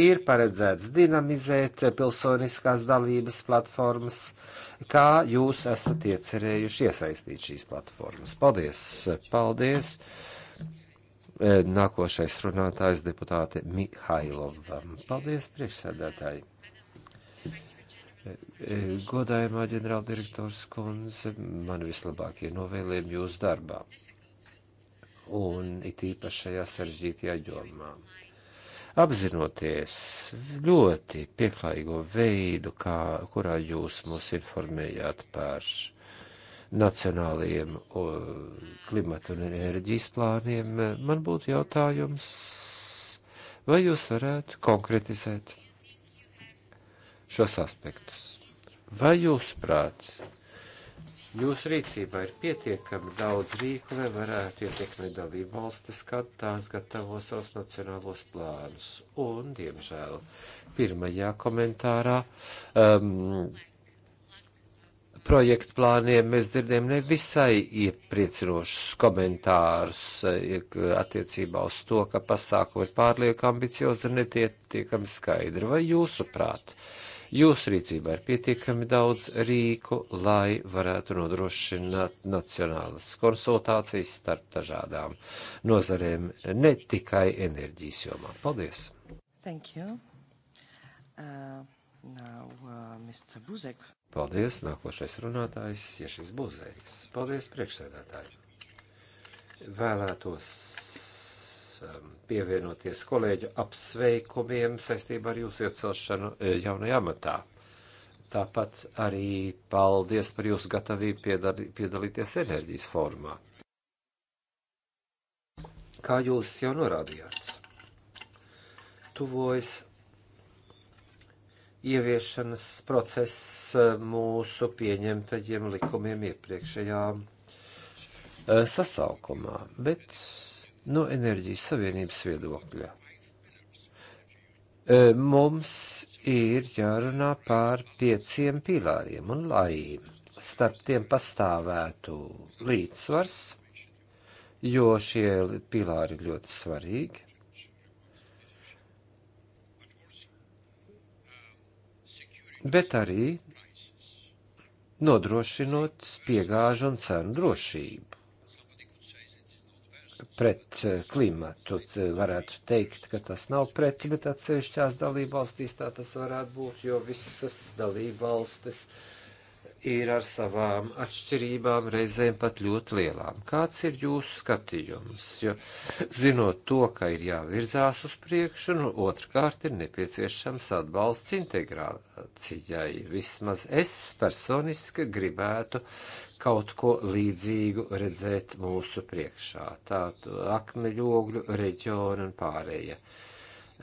ir paredzēts dinamizēt pilsoniskās dalības platformas, kā jūs esat iecerējuši iesaistīt šīs platformas. Paldies! Paldies! E, nākošais runātājs deputāte Mihailovam. Paldies, priekšsēdētāji! E, e, godājumā ģenerāldirektors Kunze, man vislabākie novēlējumi jūsu darbā un it īpaši šajā sarežģītajā jomā apzinoties ļoti pieklājīgo veidu, kā, kurā jūs mūs informējāt par nacionāliem klimatu un enerģijas plāniem, man būtu jautājums, vai jūs varētu konkretizēt šos aspektus? Vai jūs prāts? Jūsu rīcībā ir pietiekami daudz rīku, lai varētu ietekmēt dalību valstis, kad tās gatavo savus nacionālos plānus. Un, diemžēl, pirmajā komentārā um, projektu plāniem mēs dzirdējam nevisai iepriecinošus komentārus eh, attiecībā uz to, ka pasākumi ir pārlieku ambiciozi un netiekami skaidri. Vai jūsuprāt? Uh, Jūsu rīcībā ir pietiekami daudz rīku, lai varētu nodrošināt nacionālas konsultācijas starp dažādām nozarēm, ne tikai enerģijas jomā. Paldies!
Thank you. Uh, now, uh, Mr. Buzek.
Paldies, nākošais runātājs, ja šis būs eiks. Paldies, priekšsēdētāji. Vēlētos Um, pievienoties kolēģu apsveikumiem saistībā ar jūsu iecelšanu e, jaunajā amatā. Tāpat arī paldies par jūsu gatavību piedal piedalīties enerģijas formā. Kā jūs jau norādījāt, tuvojas ieviešanas process e, mūsu pieņemtajiem likumiem iepriekšējām e, sasaukumā, bet no enerģijas savienības viedokļa. E, mums ir jārunā par pieciem pilāriem un lai starp tiem pastāvētu līdzsvars, jo šie pilāri ir ļoti svarīgi. Bet arī nodrošinot piegāžu un cenu drošību pret eh, klimatu. Eh, varētu teikt, ka tas nav pret, bet atsevišķās dalībvalstīs tā tas varētu būt, jo visas dalībvalstis valstis ir ar savām atšķirībām, reizēm pat ļoti lielām. Kāds ir jūsu skatījums? Jo zinot to, ka ir jāvirzās uz priekšu, un nu, otrkārt ir nepieciešams atbalsts integrācijai. Vismaz es personiski gribētu kaut ko līdzīgu redzēt mūsu priekšā. Tādu akmeļogļu reģionu un pārējie. Uh,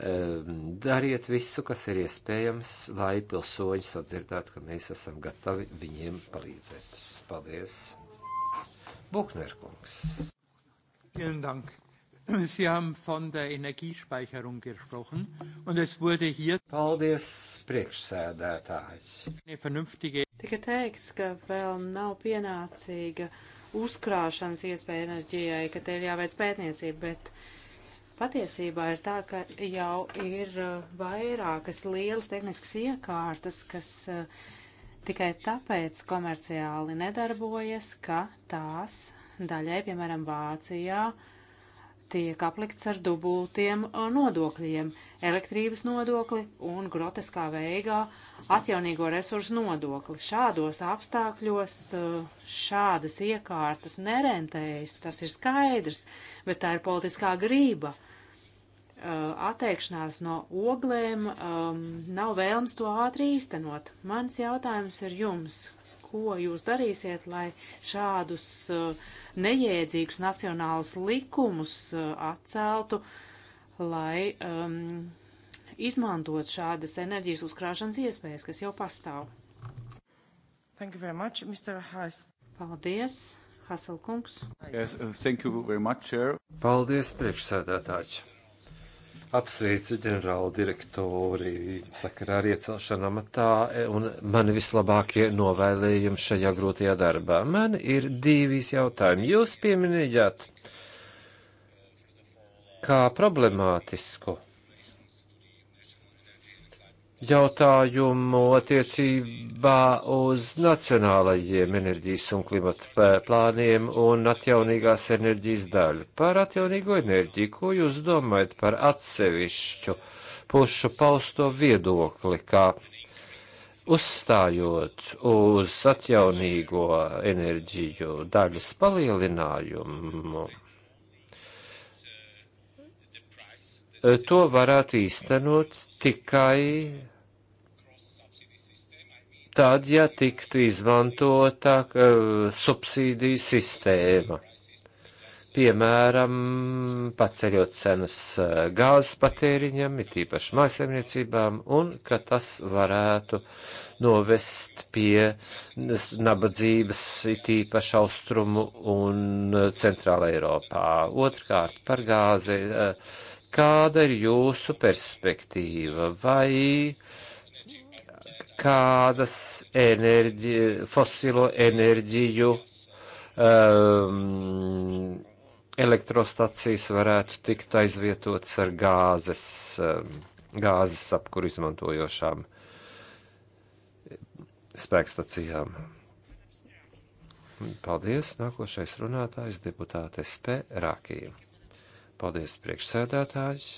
Ehm, dariet visu, kas ir iespējams, lai pilsoņi sadzirdētu, ka mēs esam gatavi viņiem palīdzēt. Paldies! Buchnerkungs! Vielen Dank! Sie haben von der Energiespeicherung gesprochen und es wurde hier Paldies, priekšsēdētājs. Tika
teikts, ka vēl nav pienācīga uzkrāšanas iespēja enerģijai, ka te ir jāveic pētniecība, bet Patiesībā ir tā, ka jau ir uh, vairākas lielas tehniskas iekārtas, kas uh, tikai tāpēc komerciāli nedarbojas, ka tās daļai, piemēram, Vācijā, tiek aplikts ar dubultiem uh, nodokļiem - elektrības nodokli un groteskā veigā uh, atjaunīgo resursu nodokli. Šādos apstākļos eh, šādas iekārtas nerentējas, tas ir skaidrs, bet tā ir politiskā grība. Eh, atteikšanās no oglēm um, nav vēlms to ātri īstenot. Mans jautājums ir jums, ko jūs darīsiet, lai šādus uh, eh, nejēdzīgus nacionālus likumus uh, atceltu, lai um, izmantot šādas enerģijas uzkrāšanas iespējas, kas jau pastāv. Thank you very much, Mr. Haas. Paldies, Haselkungs.
Yes, uh, thank you very much, Chair. Paldies, priekšsēdētāji. Apsveicu ģenerālu direktori sakarā ar iecelšanu amatā e, un mani vislabākie novēlējumi šajā grūtajā darbā. Man ir divīs jautājumi. Jūs pieminējāt kā problemātisku jautājumu attiecībā uz nacionālajiem enerģijas un klimata plāniem un atjaunīgās enerģijas daļu. Par atjaunīgo enerģiju, ko jūs domājat par atsevišķu pušu pausto viedokli, kā uzstājot uz atjaunīgo enerģiju daļas palielinājumu? To varētu īstenot tikai tad, ja tiktu izmantota uh, subsīdiju sistēma. Piemēram, paceļot cenas eh, gāzes patēriņam, it īpaši mājasemniecībām, un ka tas varētu novest pie nabadzības, it īpaši austrumu un eh, centrāla Eiropā. Otrkārt, par gāzi. Kāda ir jūsu perspektīva? Vai uh, nekādas enerģi, fosilo enerģiju um, elektrostacijas varētu tikt aizvietotas ar gāzes, um, gāzes apkuru izmantojošām spēkstacijām. Paldies, nākošais runātājs deputāte SP Rākija. Paldies, priekšsēdētājs.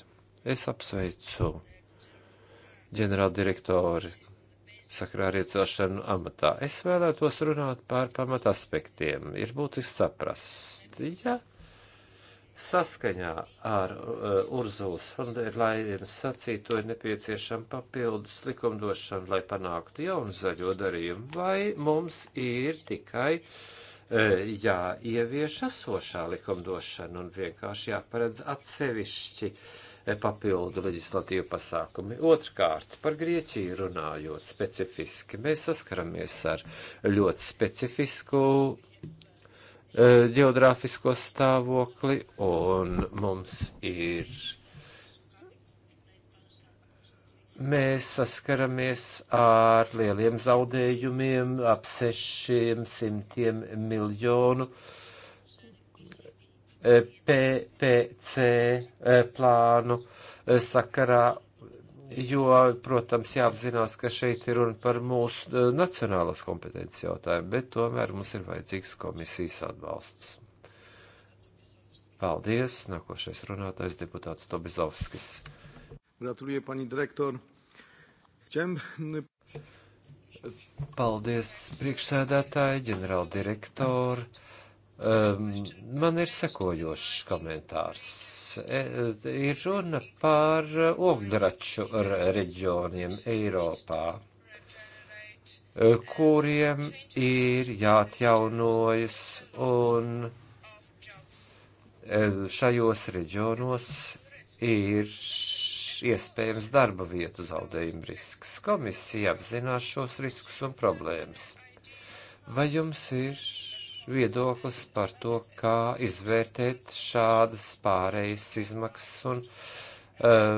Es apsveicu ģenerāldirektori sakrā ar iecelšanu amatā. Es vēlētos runāt par pamat aspektiem. Ir būtiski saprast, ja saskaņā ar uh, Urzulas Fonderlainas sacīto ir nepieciešama papildus likumdošana, lai panāktu jaunu zaļo darījumu, vai mums ir tikai uh, jāievieš esošā likumdošana un vienkārši jāparedz atsevišķi uh, papildu leģislatīvu pasākumi. Otrkārt, par Grieķiju runājot specifiski, mēs saskaramies ar ļoti specifisku ģeogrāfisko e, stāvokli, un mums ir. Mēs saskaramies ar lieliem zaudējumiem, ap sešiem simtiem miljonu uh, PPC e, plānu e, sakarā, jo, protams, jāapzinās, ka šeit ir runa par mūsu e, nacionālas kompetences jautājumu, bet tomēr mums ir vajadzīgs komisijas atbalsts. Paldies. Nākošais runātājs deputāts Tobizovskis.
Gratulēju, pani direktor.
Čem?
Paldies, priekšsēdētāji, ģenerāldirektori Um, man ir sekojošs komentārs. E, ir runa par ogdraču reģioniem Eiropā e, kuriem ir jāatjaunojas, un e, šajos reģionos ir iespējams darba vietu zaudējuma risks. Komisija apzinās šos riskus un problēmas. Vai jums ir viedoklis par to, kā izvērtēt šādas pārējas izmaksas un uh,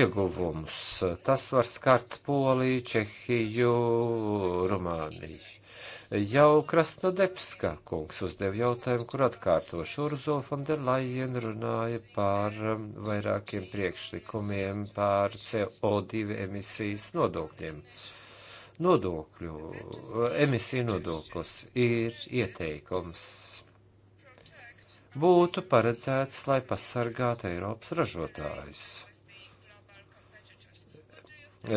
ieguvumus. Tas var skart Poliju, Čehiju, Rumāniju. Jau Krasnodebska kungs uzdev jautājumu, kur atkārtoši Urzof un Derlajen runāja par um, vairākiem priekšlikumiem par CO2 emisijas nodokļiem. Uh, nodokļu, emisiju nodoklis ir ieteikums. Būtu paredzēts, lai pasargātu Eiropas ražotājus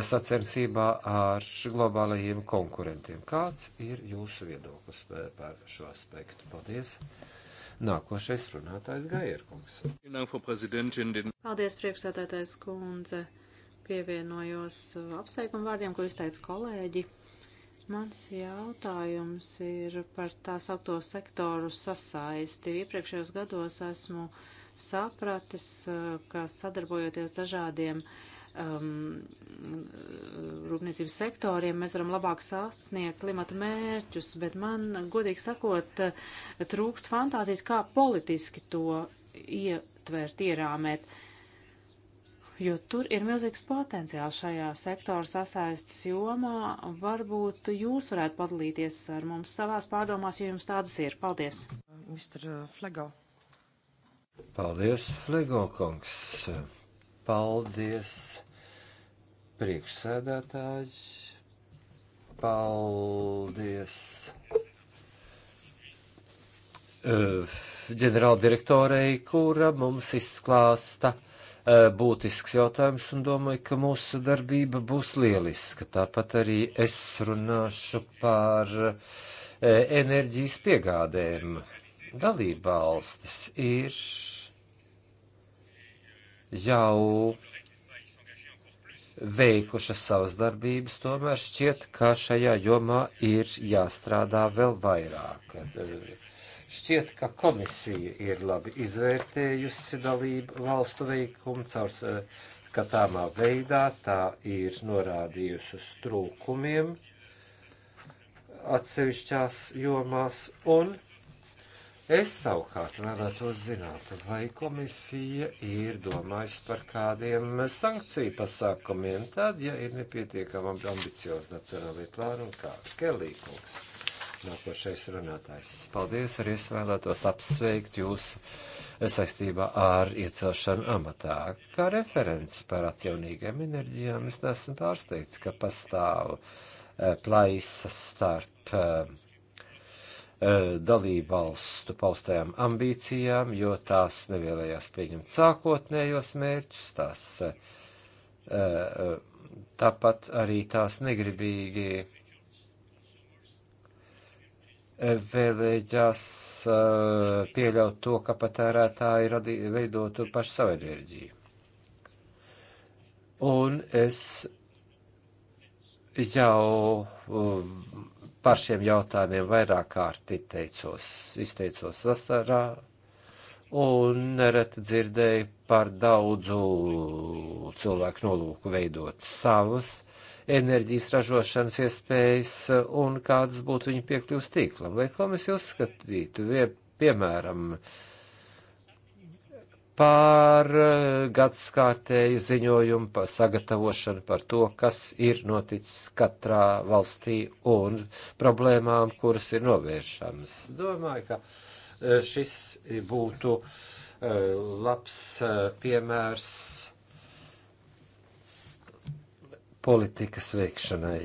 sacensībā ar globālajiem konkurentiem. Kāds ir jūsu viedoklis par šo aspektu? Paldies! Nākošais runātājs Gaierkungs.
Paldies, priekšsētātājs kundze! pievienojos uh, apsveikumu vārdiem, ko izteica kolēģi. Mans jautājums ir par tā saukto sektoru sasaisti. Iepriekšējos gados esmu sapratis, uh, ka sadarbojoties dažādiem um, rūpniecības sektoriem, mēs varam labāk sasniegt klimata mērķus, bet man, godīgi sakot, uh, trūkst fantāzijas, kā politiski to ietvert, ierāmēt. Uh, jo tur ir milzīgs potenciāls šajā sektora sasaistas jomā. Varbūt jūs varētu padalīties ar mums savās pārdomās, jo jums tādas ir. Paldies! Mr. Uh, Flego.
Paldies, Flego kungs! Paldies, priekšsēdētāji! Paldies! Uh, ģenerāldirektorei, kura mums izklāsta uh, Eh, būtisks jautājums un domāju, ka mūsu darbība būs lieliska. Tāpat arī es runāšu par eh, enerģijas piegādēm. Dalībvalstis ir jau veikušas savas darbības, tomēr šķiet, ka šajā jomā ir jāstrādā vēl vairāk eh, Šķiet, ka komisija ir labi izvērtējusi dalību valstu veikumu caur skatāmā eh, veidā, tā ir norādījusi uz trūkumiem atsevišķās jomās, un es savukārt varētu uzzināt, vai komisija ir domājusi par kādiem sankciju pasākumiem, tad, ja ir nepietiekami ambiciozi nacionālajie plāni un kā Kelīkungs. Nākošais runātājs. Paldies, arī es vēlētos apsveikt jūs saistībā ar iecelšanu amatā. Kā referents par atjaunīgiem enerģijām es neesmu pārsteigts, ka pastāv eh, plaisa starp eh, eh, dalībvalstu paustajām ambīcijām, jo tās nevēlējās pieņemt sākotnējos mērķus, tās tāpat arī tās negribīgi vēlēģās pieļaut to, ka patērētāji radī, veidotu pašu savu enerģiju. Un es jau par šiem jautājumiem vairāk kārti teicos, izteicos vasarā un nereti dzirdēju par daudzu cilvēku nolūku veidot savus enerģijas ražošanas iespējas un kādas būtu viņa piekļuvas tīklam. Lai komisija uzskatītu, ja, piemēram, pār eh, gadskārtēju ziņojumu par sagatavošanu par to, kas ir noticis katrā valstī un problēmām, kuras ir novēršamas. Domāju, ka eh, šis būtu eh, labs piemērs politikas veikšanai.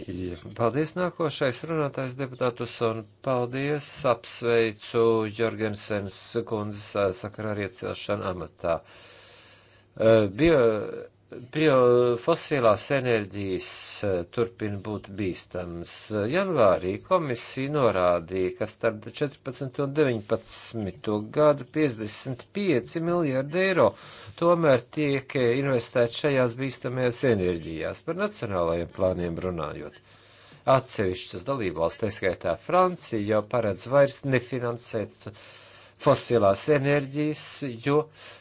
Paldies nākošais runātājs deputātus un paldies apsveicu Jorgensens kundzes sakarā ar iecelšanu amatā. Bio fosilās enerģijas eh, turpina būt bīstams. Janvārī komisija norādīja, ka starp 14 un 19 gadu 55 miljārdi eiro tomēr tiek eh, investēt šajās bīstamajās enerģijās, par nacionālajiem plāniem runājot. Atsevišķas dalībvalsts, tā skaitā Francija, jau paredz vairs nefinansēt fosilās enerģijas, jo uh,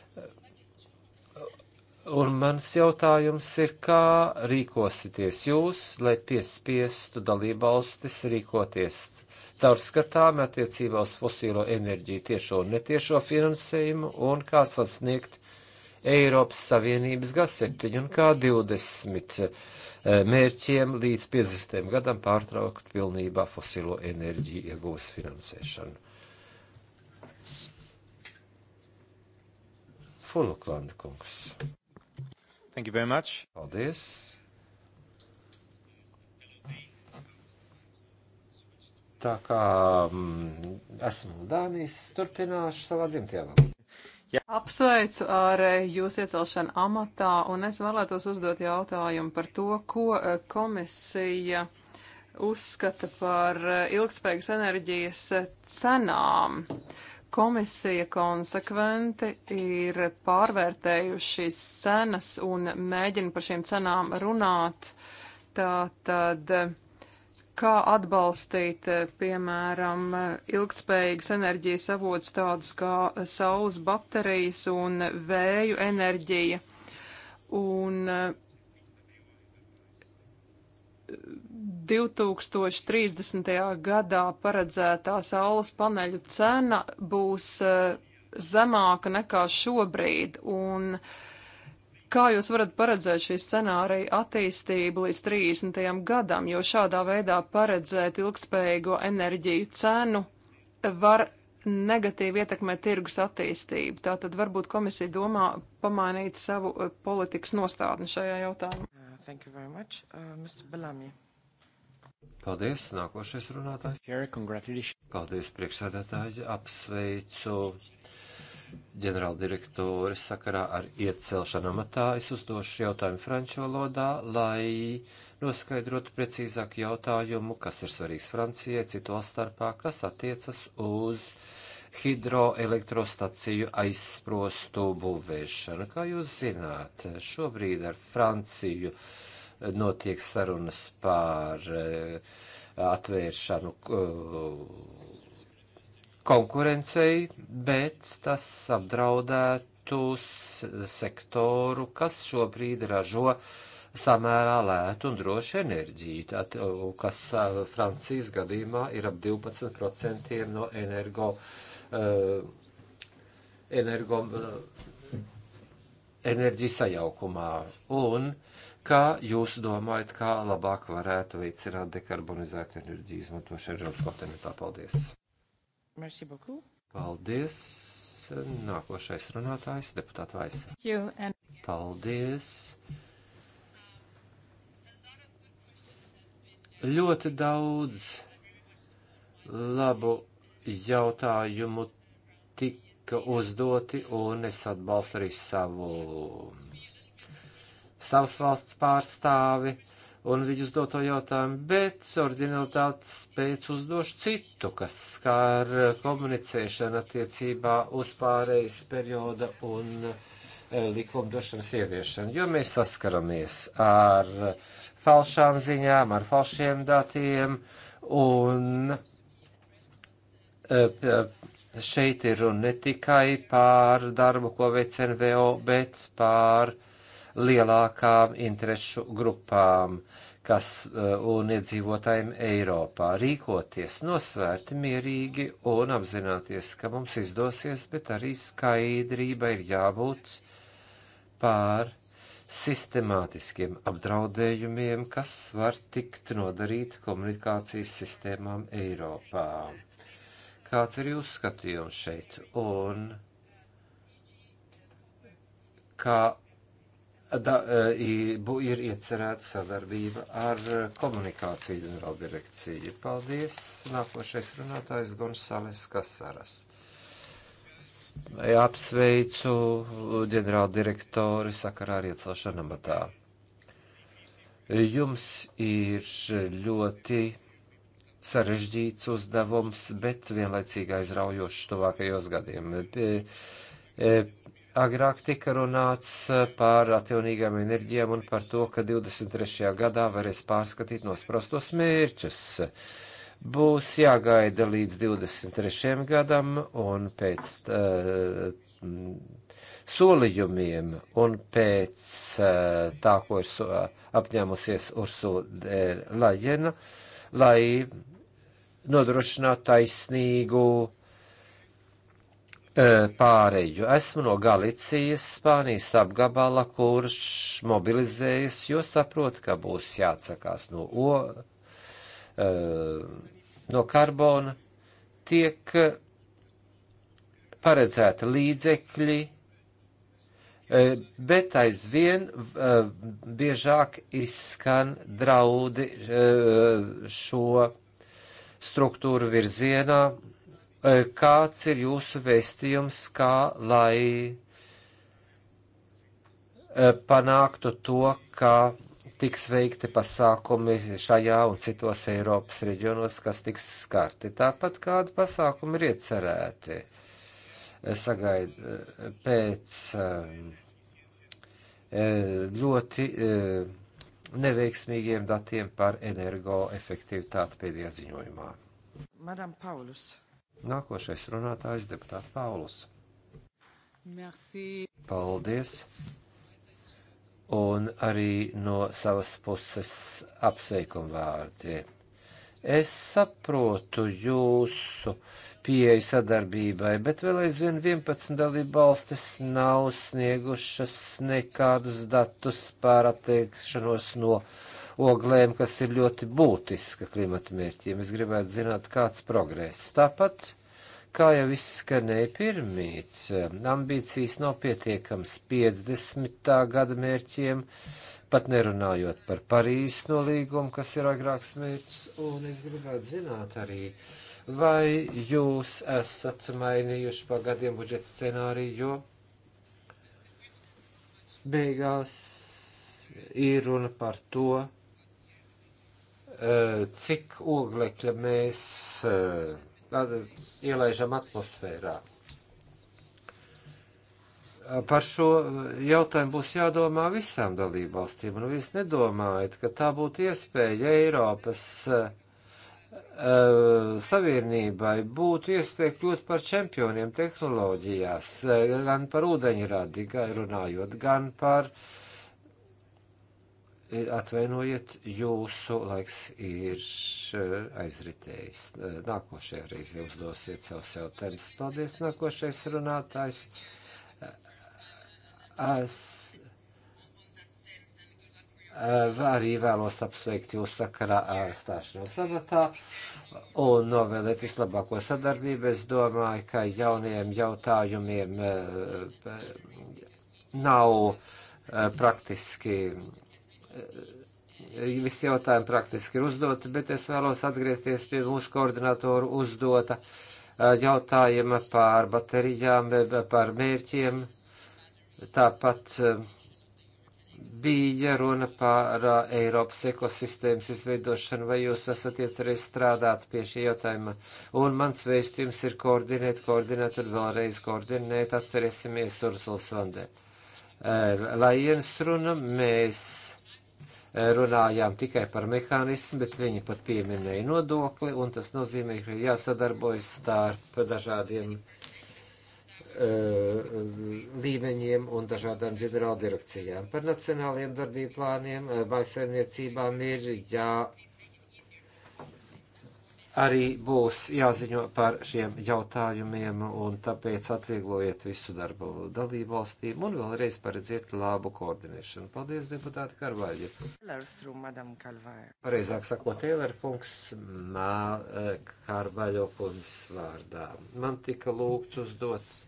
Un mans jautājums ir, kā rīkosities jūs, lai piespiestu dalībvalstis rīkoties caurskatāmi attiecībā uz fosīlo enerģiju tiešo un netiešo finansējumu un kā sasniegt Eiropas Savienības G7 un K20 eh, mērķiem līdz 50. gadam pārtraukt pilnībā fosilo enerģiju iegūs finansēšanu. Fuluklanda kungs. Thank you very much. Paldies. Tā kā mm, esmu Dānijas, turpināšu savā dzimtajā
valodā. Jā. Apsveicu ar eh, jūsu iecelšanu amatā, un es vēlētos uzdot jautājumu par to, ko eh, komisija uzskata par eh, ilgspējīgas enerģijas cenām. Uh, Komisija konsekventi ir pārvērtējuši šīs cenas un mēģina par šīm cenām runāt. Tā tad, kā atbalstīt, piemēram, ilgspējīgas enerģijas avots tādus kā saules baterijas un vēju enerģija. Un 2030. gadā paredzētā saules paneļu cena būs eh, zemāka nekā šobrīd. Un kā jūs varat paredzēt šī scenārija attīstību līdz 30. gadam, jo šādā veidā paredzēt ilgspējīgo enerģiju cenu var negatīvi ietekmē tirgus attīstību. Tātad varbūt komisija domā pamainīt savu eh, politikas nostādni šajā jautājumā. Uh, thank you very much. Uh, Mr. Bellamy.
Paldies, nākošais runātājs. Paldies, priekšsēdētāji, apsveicu ģenerāldirektori sakarā ar iecelšanu amatā. Es uzdošu jautājumu franču valodā, lai noskaidrotu precīzāk jautājumu, kas ir svarīgs Francijai, citu starpā, kas attiecas uz hidroelektrostaciju aizsprostu būvēšanu. Kā jūs zināt, šobrīd ar Franciju. Uh, notiek sarunas pār eh, atvēršanu eh, konkurencei, bet tas apdraudētu sektoru, kas šobrīd ražo samērā lētu un drošu enerģiju, eh, kas Francijas gadījumā ir ap 12% no energo, energo enerģijas sajaukumā. Un Kā jūs domājat, kā labāk varētu veicināt dekarbonizētu enerģiju izmantošanu Eiropas kontinentā? Paldies! Merci beaucoup! Paldies! Nākošais runātājs, deputāta Vaisa. And... Paldies! Ļoti daudz labu jautājumu tika uzdoti, un es atbalstu arī savu savas valsts pārstāvi un viņu uzdoto jautājumu, bet ordinalitātes pēc uzdošu citu, kas skār komunicēšana attiecībā uz pārējais perioda un e, likumdošanas ieviešanu, jo mēs saskaramies ar falšām ziņām, ar falšiem datiem un e, šeit ir runa ne tikai pār darbu, ko veic NVO, bet pār uh, lielākām interešu grupām kas eh, un iedzīvotājiem Eiropā rīkoties nosvērti mierīgi un apzināties, ka mums izdosies, bet arī skaidrība ir jābūt pār sistemātiskiem apdraudējumiem, kas var tikt nodarīt komunikācijas sistēmām Eiropā. Kāds ir jūsu skatījums šeit? Un kā da, eh, ir iecerēta sadarbība ar eh, komunikāciju ģenerāldirekciju. Paldies! Nākošais runātājs Gonzales Kasaras. Apsveicu ģenerāldirektori sakarā ar iecelšanu amatā. Jums ir ļoti sarežģīts uzdevums, bet vienlaicīgi aizraujošs tuvākajos gadiem. Eh, Agrāk tika runāts eh, par atjaunīgām enerģijām un par to, ka 23. gadā varēs pārskatīt nosprostos mērķus. Būs jāgaida līdz 23. gadam un pēc uh, solījumiem un pēc uh, tā, ko ir so, uh, apņēmusies Ursula Lajena, lai nodrošinātu taisnīgu uh, pāreju. Esmu no Galicijas, Spānijas apgabala, kurš mobilizējas, jo saprotu, ka būs jāatsakās no, o, no karbona. Tiek paredzēta līdzekļi, bet aizvien biežāk izskan draudi šo struktūru virzienā, Eh, kāds ir jūsu vēstījums, kā lai eh, panāktu to, ka tiks veikti pasākumi šajā un citos Eiropas reģionos, kas tiks skarti. Tāpat kādi pasākumi ir iecerēti eh, sagaid, pēc ļoti neveiksmīgiem datiem par energoefektivitāti pēdējā ziņojumā.
Madam Paulus.
Nākošais runātājs deputāts Paulus. Merci. Paldies! Un arī no savas puses apsveikumu vārdi. Es saprotu jūsu pieeju sadarbībai, bet vēl aizvien 11 dalību valstis nav sniegušas nekādus datus par atteikšanos no uh, oglēm, kas ir ļoti būtiska klimata mērķiem. Es gribētu zināt, kāds progress. Tāpat, kā jau izskanēja pirmīt, ambīcijas nav pietiekams 50. gada mērķiem, pat nerunājot par Parīzes nolīgumu, kas ir agrāks mērķis, un es gribētu zināt arī, vai jūs esat mainījuši pagadiem budžeta scenāriju, jo beigās ir runa par to, Eh, cik oglekļa mēs eh, ielaižam atmosfērā. Eh, par šo jautājumu būs jādomā visām dalībvalstīm, un jūs nedomājat, ka tā būtu iespēja Eiropas savienībai būtu iespēja kļūt par čempioniem tehnoloģijās, gan par ūdeņradi, gan runājot, gan par uh, Atvainojiet, jūsu laiks ir eh, aizritējis. Eh, nākošajā reizē uzdosiet savus jautājumus. Paldies, nākošais runātājs. Eh, es arī vēlos apsveikt jūs sakarā ar stāšanos amatā un novēlēt vislabāko sadarbību. Es domāju, ka jauniem jautājumiem nav praktiski Eh, eh, visi jautājumi praktiski ir uzdoti, bet es vēlos atgriezties pie mūsu koordinatoru uzdota eh, jautājuma par baterijām, par mērķiem. Tāpat bija runa par Eiropas ekosistēmas izveidošanu, vai jūs esat iecerējis strādāt pie šī jautājuma. Un mans vēstījums ir koordinēt, koordinēt un vēlreiz koordinēt, atcerēsimies Ursulas Vandē. Lajens runa mēs runājām tikai par mehānismu, bet viņi pat pieminēja nodokli, un tas nozīmē, ka jāsadarbojas starp dažādiem uh, līmeņiem un dažādām ģenerāldirekcijām. Par nacionāliem darbību plāniem e, maisaimniecībām ir jā. Ja arī būs jāziņo par šiem jautājumiem, un tāpēc atvieglojiet visu darbu dalību valstīm un vēlreiz paredziet labu koordinēšanu. Paldies, deputāti Karvaļi. Pareizāk sakot, Tēlera kungs, Karvaļo kungs vārdā. Man tika lūgts uzdot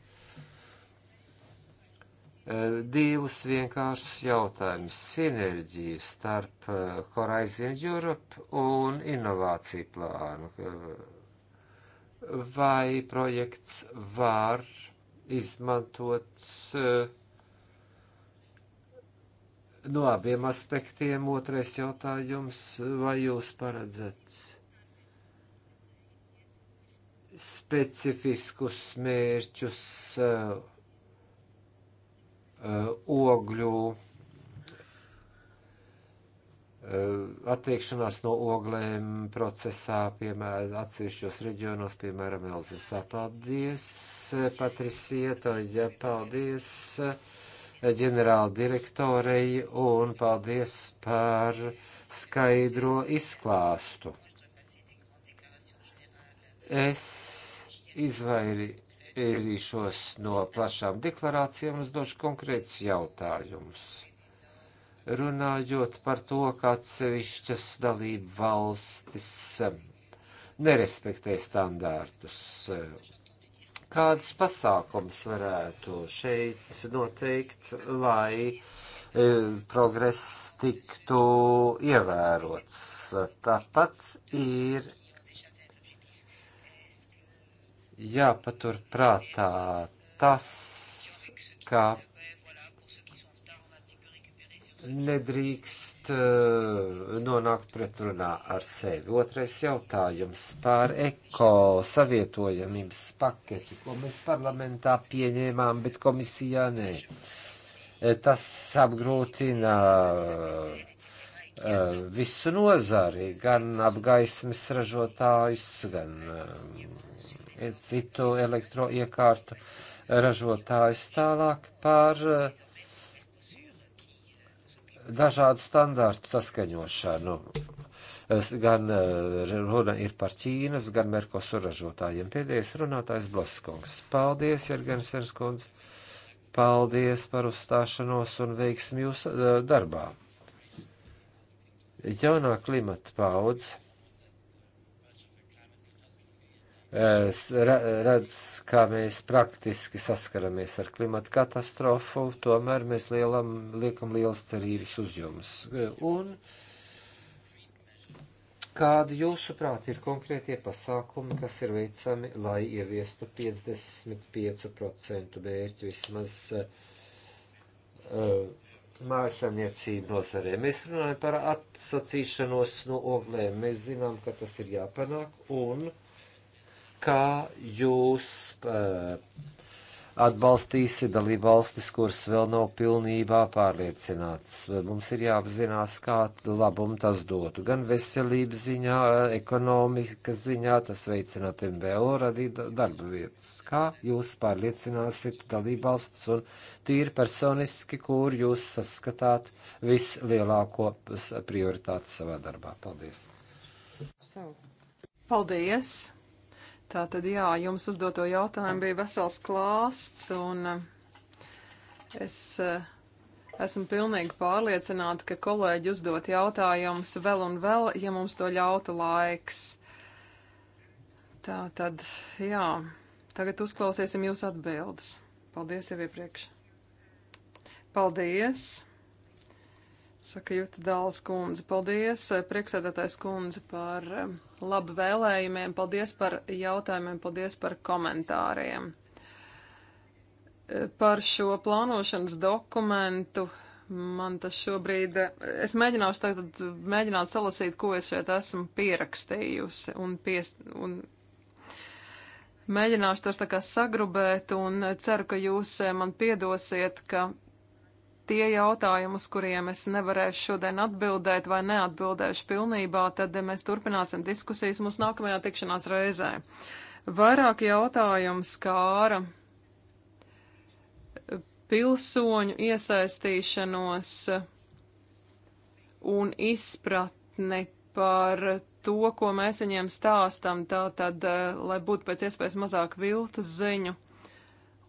Eh, divus vienkāršus jautājumus - sinerģiju starp eh, Horizon Europe un inovāciju plānu. Eh, vai projekts var izmantot no abiem aspektiem? Otrais jautājums - vai jūs paredzat specifiskus mērķus? Uh, Eh, ogļu eh, attiekšanās no oglēm procesā, piemēram, atsevišķos reģionos, piemēram, Elzasā. Paldies, eh, Patrisieta, ja paldies ģenerāla direktorei un paldies par skaidro izklāstu. Es izvairīju izvairīšos no plašām deklarācijām un uzdošu konkrētus jautājumus. Runājot par to, ka atsevišķas dalību valstis eh, nerespektē standārtus, eh, kādus pasākums varētu šeit noteikt, lai eh, progress tiktu ievērots. Tāpat ir jāpatur prātā tas, ka nedrīkst eh, nonākt pretrunā ar sevi. Otrais jautājums par eko savietojamības paketi, ko mēs parlamentā pieņēmām, bet komisijā nē. Eh, tas apgrūtina eh, visu nozari, gan apgaismes ražotājus, gan citu elektroiekārtu ražotājus tālāk par eh, dažādu standārtu saskaņošanu. Gan eh, runa ir par Ķīnas, gan Merkosu ražotājiem. Pēdējais runātājs Bloskungs. Paldies, Jergensens kundze. Paldies par uzstāšanos un veiksmi jūsu eh, darbā. Jaunā klimata paudze redz, kā mēs praktiski saskaramies ar klimatu katastrofu, tomēr mēs lielam, liekam lielas cerības uz jums. Un kādi jūsuprāt ir konkrētie pasākumi, kas ir veicami, lai ieviestu 55% mērķi vismaz uh, mājasemniecību nozarē. Mēs runājam par atsacīšanos no oglēm. Mēs zinām, ka tas ir jāpanāk un uh, kā jūs eh, atbalstīsiet dalību valstis, kuras vēl nav pilnībā pārliecināts. Mums ir jāapzinās, kādu labumu tas dotu. Gan veselības ziņā, ekonomikas ziņā, tas veicinātu MBO radīt darba vietas. Kā jūs pārliecināsiet dalību valstis un tīri personiski, kur jūs saskatāt vislielāko prioritāti savā darbā? Paldies!
Paldies! Tā tad jā, jums uzdoto jautājumu bija vesels klāsts, un eh, es eh, esmu pilnīgi pārliecināta, ka kolēģi uzdot jautājumus vēl un vēl, ja mums to ļautu laiks. Tā tad, jā, tagad uzklausīsim jūsu atbildes. Paldies jau iepriekš. Paldies! Saka Juta Dāls kundze, paldies, eh, priekšsēdētājs kundze par labi vēlējumiem, paldies par jautājumiem, paldies par komentāriem. E, par šo plānošanas dokumentu man tas šobrīd, e, es mēģināšu tagad mēģināt salasīt, ko es šeit esmu pierakstījusi un, pies, un mēģināšu tos tā kā sagrubēt un ceru, ka jūs e, man piedosiet, ka tie jautājumi, uz kuriem es nevarēšu šodien atbildēt vai neatbildēšu pilnībā, tad mēs turpināsim diskusijas mūsu nākamajā tikšanās reizē. Vairāk jautājumu skāra pilsoņu iesaistīšanos un izpratni par to, ko mēs viņiem stāstam, tā tad, lai būtu pēc iespējas mazāk viltus ziņu,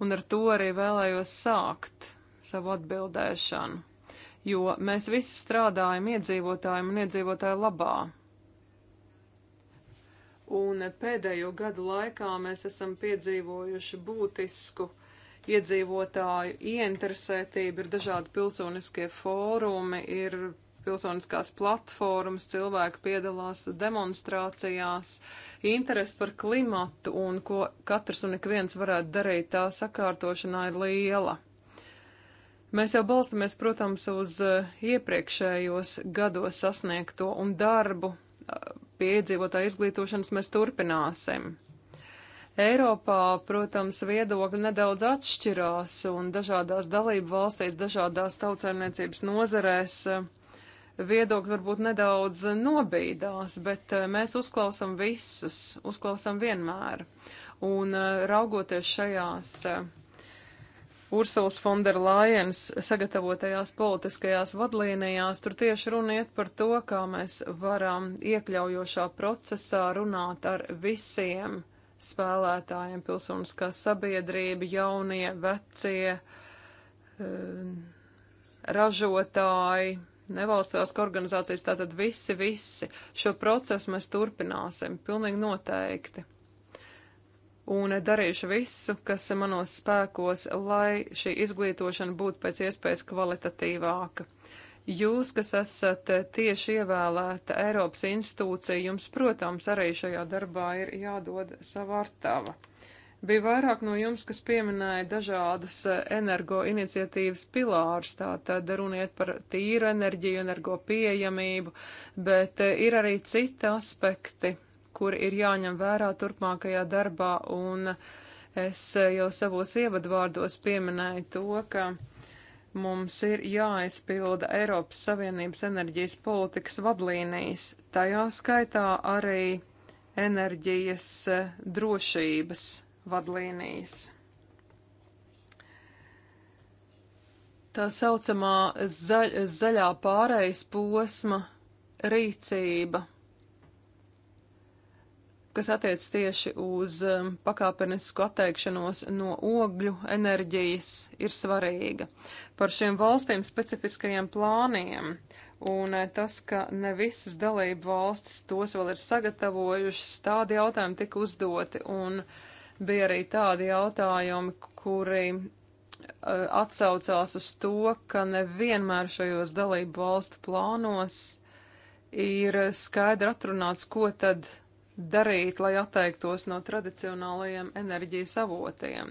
un ar to arī vēlējos sākt savu atbildēšanu, jo mēs visi strādājam iedzīvotājiem un iedzīvotāju labā. Un pēdējo gadu laikā mēs esam piedzīvojuši būtisku iedzīvotāju ieinteresētību, ir dažādi pilsoniskie fórumi, ir pilsoniskās platformas, cilvēki piedalās demonstrācijās, interesi par klimatu un ko katrs un ik viens varētu darīt tā sakārtošanā ir liela. Mēs jau balstamies, protams, uz eh, iepriekšējos gados sasniegto un darbu eh, pie iedzīvotāju izglītošanas mēs turpināsim. Eiropā, protams, viedokļi nedaudz atšķirās un dažādās dalību valstīs, dažādās tautsēmniecības nozarēs eh, viedokļi varbūt nedaudz nobīdās, bet mēs uzklausām visus, uzklausām vienmēr. Un raugoties šajās Ursulas Fonderlajens sagatavotajās politiskajās vadlīnijās, tur tieši runiet par to, kā mēs varam iekļaujošā procesā runāt ar visiem spēlētājiem, pilsoniskā sabiedrība, jaunie, vecie, eh, ražotāji, nevalstiskās organizācijas, tātad visi, visi. Šo procesu mēs turpināsim, pilnīgi noteikti un darīšu visu, kas manos spēkos, lai šī izglītošana būtu pēc iespējas kvalitatīvāka. Jūs, kas esat tieši ievēlēta Eiropas institūcija, jums, protams, arī šajā darbā ir jādod sava artava. Bija vairāk no jums, kas pieminēja dažādas energo iniciatīvas pilārus, tātad runiet par tīru enerģiju, energo pieejamību, bet ir arī citi aspekti, kur ir jāņem vērā turpmākajā darbā, un es jau savos ievadvārdos pieminēju to, ka mums ir jāizpilda Eiropas Savienības enerģijas politikas vadlīnijas, tajā skaitā arī enerģijas eh, drošības vadlīnijas. tā saucamā zaļ, zaļā pārejas posma rīcība kas attiec tieši uz um, pakāpenisku atteikšanos no ogļu enerģijas, ir svarīga. Par šiem valstīm specifiskajiem plāniem un eh, tas, ka ne visas dalību valstis tos vēl ir sagatavojušas, tādi jautājumi tika uzdoti un bija arī tādi jautājumi, kuri eh, atsaucās uz to, ka nevienmēr šajos dalību valstu plānos ir skaidri atrunāts, ko tad darīt, lai atteiktos no tradicionālajiem enerģijas avotiem.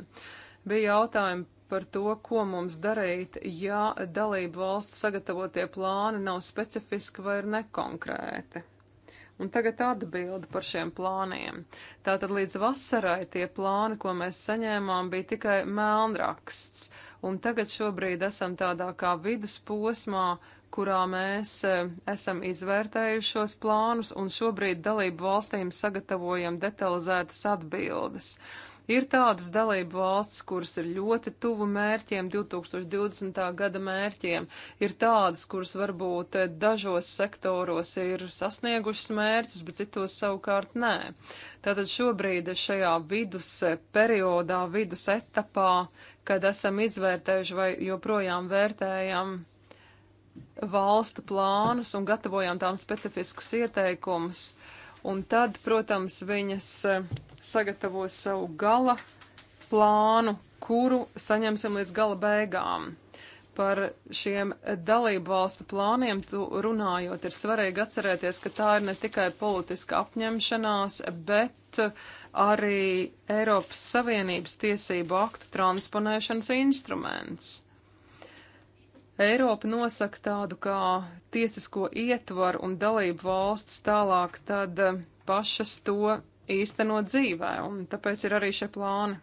Bija jautājumi par to, ko mums darīt, ja dalību valstu sagatavotie plāni nav specifiski vai ir nekonkrēti. Un tagad atbildi par šiem plāniem. Tātad līdz vasarai tie plāni, ko mēs saņēmām, bija tikai mēlnraksts, un tagad šobrīd esam tādā kā vidusposmā, uh, kurā mēs e, esam izvērtējuši šos plānus un šobrīd dalību valstīm sagatavojam detalizētas atbildes. Ir tādas dalību valstis, kuras ir ļoti tuvu mērķiem, 2020. gada mērķiem, ir tādas, kuras varbūt e, dažos sektoros ir sasniegušas mērķus, bet citos savukārt nē. Tātad šobrīd šajā vidus e, periodā, vidus etapā, kad esam izvērtējuši vai joprojām vērtējam valstu plānus un gatavojām tām specifiskus ieteikumus. Un tad, protams, viņas eh, sagatavo savu gala plānu, kuru saņemsim līdz gala beigām. Par šiem dalību valstu plāniem runājot, ir svarīgi atcerēties, ka tā ir ne tikai politiska apņemšanās, bet arī Eiropas Savienības tiesību aktu transponēšanas instruments. Eiropa nosaka tādu kā tiesisko ietvaru un dalību valsts tālāk tad eh, pašas to īsteno dzīvē, un tāpēc ir arī šie plāni.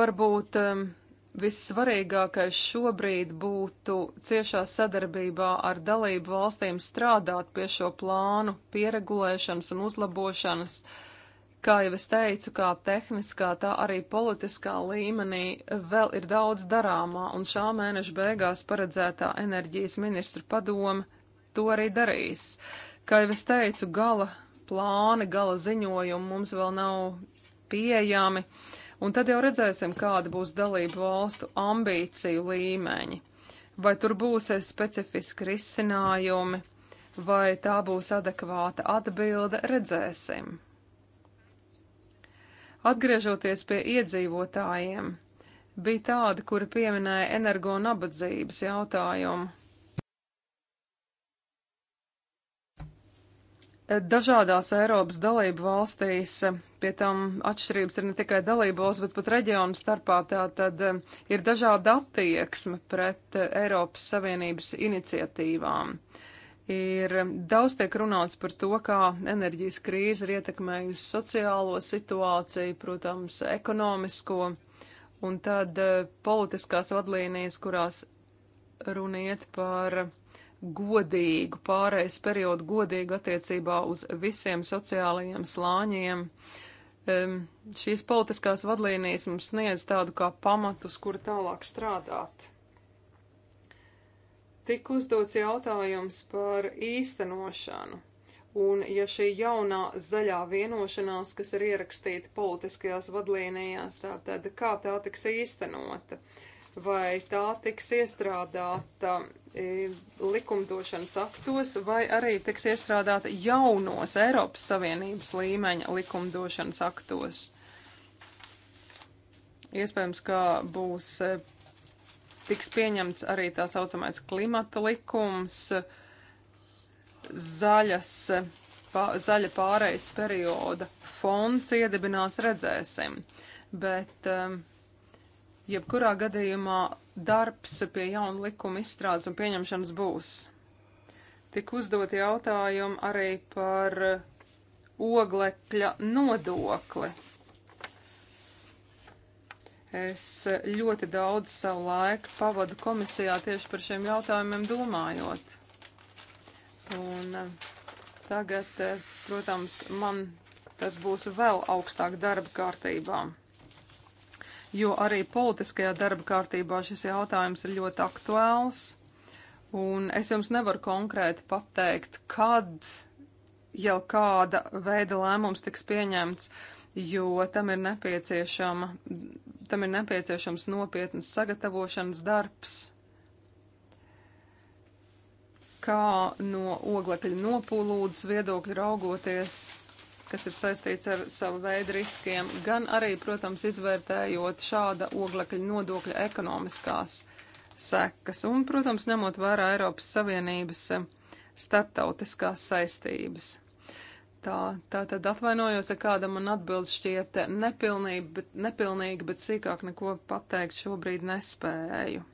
Varbūt um, vissvarīgākais šobrīd būtu ciešā sadarbībā ar dalību valstīm strādāt pie šo plānu pieregulēšanas un uzlabošanas, uh, Kā jau es teicu, kā tehniskā, tā arī politiskā līmenī vēl ir daudz darāmā, un šā mēneša beigās paredzētā enerģijas ministru padome to arī darīs. Kā jau es teicu, gala plāni, gala ziņojumi mums vēl nav pieejami, un tad jau redzēsim, kāda būs dalību valstu ambīciju līmeņi. Vai tur būs specifiski risinājumi, vai tā būs adekvāta atbilde, redzēsim. Atgriežoties pie iedzīvotājiem, bija tādi, kuri pieminēja energo nabadzības jautājumu. Dažādās Eiropas dalību valstīs, pie tam atšķirības ir ne tikai dalību valsts, bet pat reģionu starpā, tā tad eh, ir dažāda attieksme pret eh, Eiropas Savienības iniciatīvām. Uh, ir daudz tiek runāts par to, kā enerģijas krīze ir ietekmējusi sociālo situāciju, protams, ekonomisko, un tad eh, politiskās vadlīnijas, kurās runiet par godīgu pārējais periodu, godīgu attiecībā uz visiem sociālajiem slāņiem. Šīs politiskās vadlīnijas mums sniedz tādu kā pamatu, uz kuru tālāk strādāt. Tik uzdots jautājums par īstenošanu. Un ja šī jaunā zaļā vienošanās, kas ir ierakstīta politiskajās vadlīnijās, tā tad kā tā tiks īstenota? Vai tā tiks iestrādāta e, likumdošanas aktos, vai arī tiks iestrādāta jaunos Eiropas Savienības līmeņa likumdošanas aktos? Iespējams, ka būs e, tiks pieņemts arī tā saucamais klimata likums, zaļas, pā, zaļa pārejas perioda fonds iedibinās, redzēsim. Bet um, jebkurā gadījumā darbs pie jaunu likumu izstrādes un pieņemšanas būs. Tik uzdot jautājumu arī par oglekļa nodokli. Es ļoti daudz savu laiku pavadu komisijā tieši par šiem jautājumiem domājot. Un eh, tagad, eh, protams, man tas būs vēl augstāk darba kārtībā, jo arī politiskajā darba kārtībā šis jautājums ir ļoti aktuāls. Un es jums nevaru konkrēti pateikt, kad jau kāda veida lēmums tiks pieņemts, jo tam ir nepieciešama tam ir nepieciešams nopietnas sagatavošanas darbs, kā no oglekļa nopūlūdes viedokļa raugoties, kas ir saistīts ar savu veidu riskiem, gan arī, protams, izvērtējot šāda oglekļa nodokļa ekonomiskās sekas un, protams, ņemot vērā Eiropas Savienības starptautiskās saistības gaitā. Tātad atvainojos, ja kāda man atbild šķiet nepilnība, bet, nepilnīga, bet sīkāk neko pateikt šobrīd nespēju.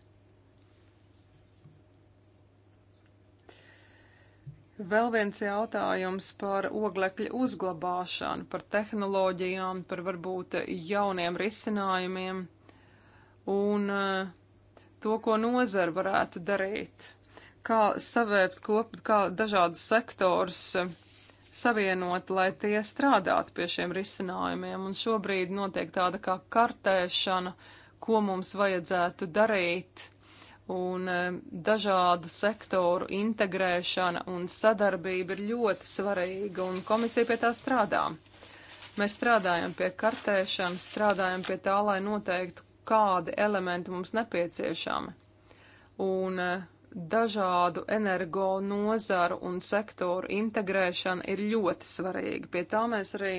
Vēl viens jautājums par oglekļa uzglabāšanu, par tehnoloģijām, par varbūt jauniem risinājumiem un eh, to, ko nozara varētu darīt. Kā savērt kop, kā dažādas sektors eh, savienot, lai tie strādātu pie šiem risinājumiem. Un šobrīd notiek tāda kā kartēšana, ko mums vajadzētu darīt, un eh, dažādu sektoru integrēšana un sadarbība ir ļoti svarīga, un komisija pie tā strādā. Mēs strādājam pie kartēšanas, strādājam pie tā, lai noteiktu, kādi elementi mums nepieciešami. Un uh, dažādu energo nozaru un sektoru integrēšana ir ļoti svarīga. Pie tā mēs arī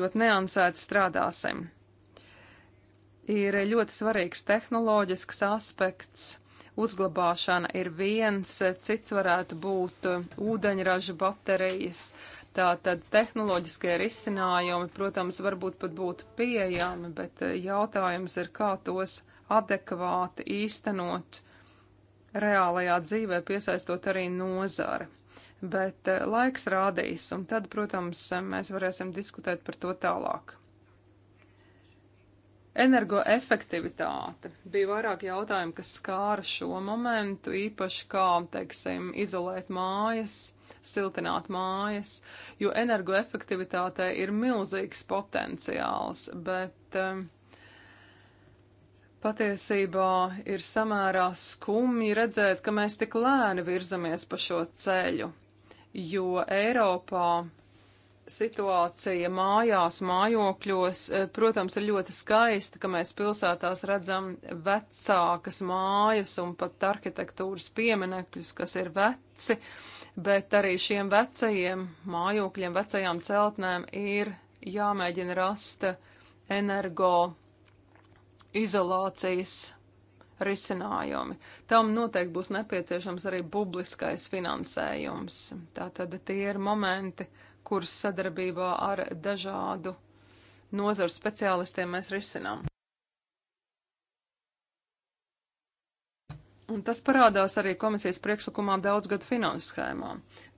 ļoti neansēti strādāsim. Ir ļoti svarīgs tehnoloģisks aspekts. Uzglabāšana ir viens, cits varētu būt ūdeņraža baterijas. Tātad tehnoloģiskie risinājumi, protams, varbūt pat būtu pieejami, bet jautājums ir, kā tos adekvāti īstenot reālajā dzīvē piesaistot arī nozari. Bet eh, laiks rādīs, un tad, protams, mēs varēsim diskutēt par to tālāk. Energoefektivitāte bija vairāk jautājumu, kas skāra šo momentu, īpaši kā, teiksim, izolēt mājas, siltināt mājas, jo energoefektivitātei ir milzīgs potenciāls, bet uh, um, Patiesībā ir samērā skumji redzēt, ka mēs tik lēni virzamies pa šo ceļu, jo Eiropā situācija mājās, mājokļos, eh, protams, ir ļoti skaista, ka mēs pilsētās redzam vecākas mājas un pat arhitektūras pieminekļus, kas ir veci, bet arī šiem vecajiem mājokļiem, vecajām celtnēm ir jāmēģina rast energo izolācijas risinājumi. Tam noteikti būs nepieciešams arī publiskais finansējums. Tātad tie ir momenti, kurus sadarbībā ar dažādu nozaru speciālistiem mēs risinām. Un tas parādās arī komisijas priekšlikumā daudzgadu finanšu schēmā.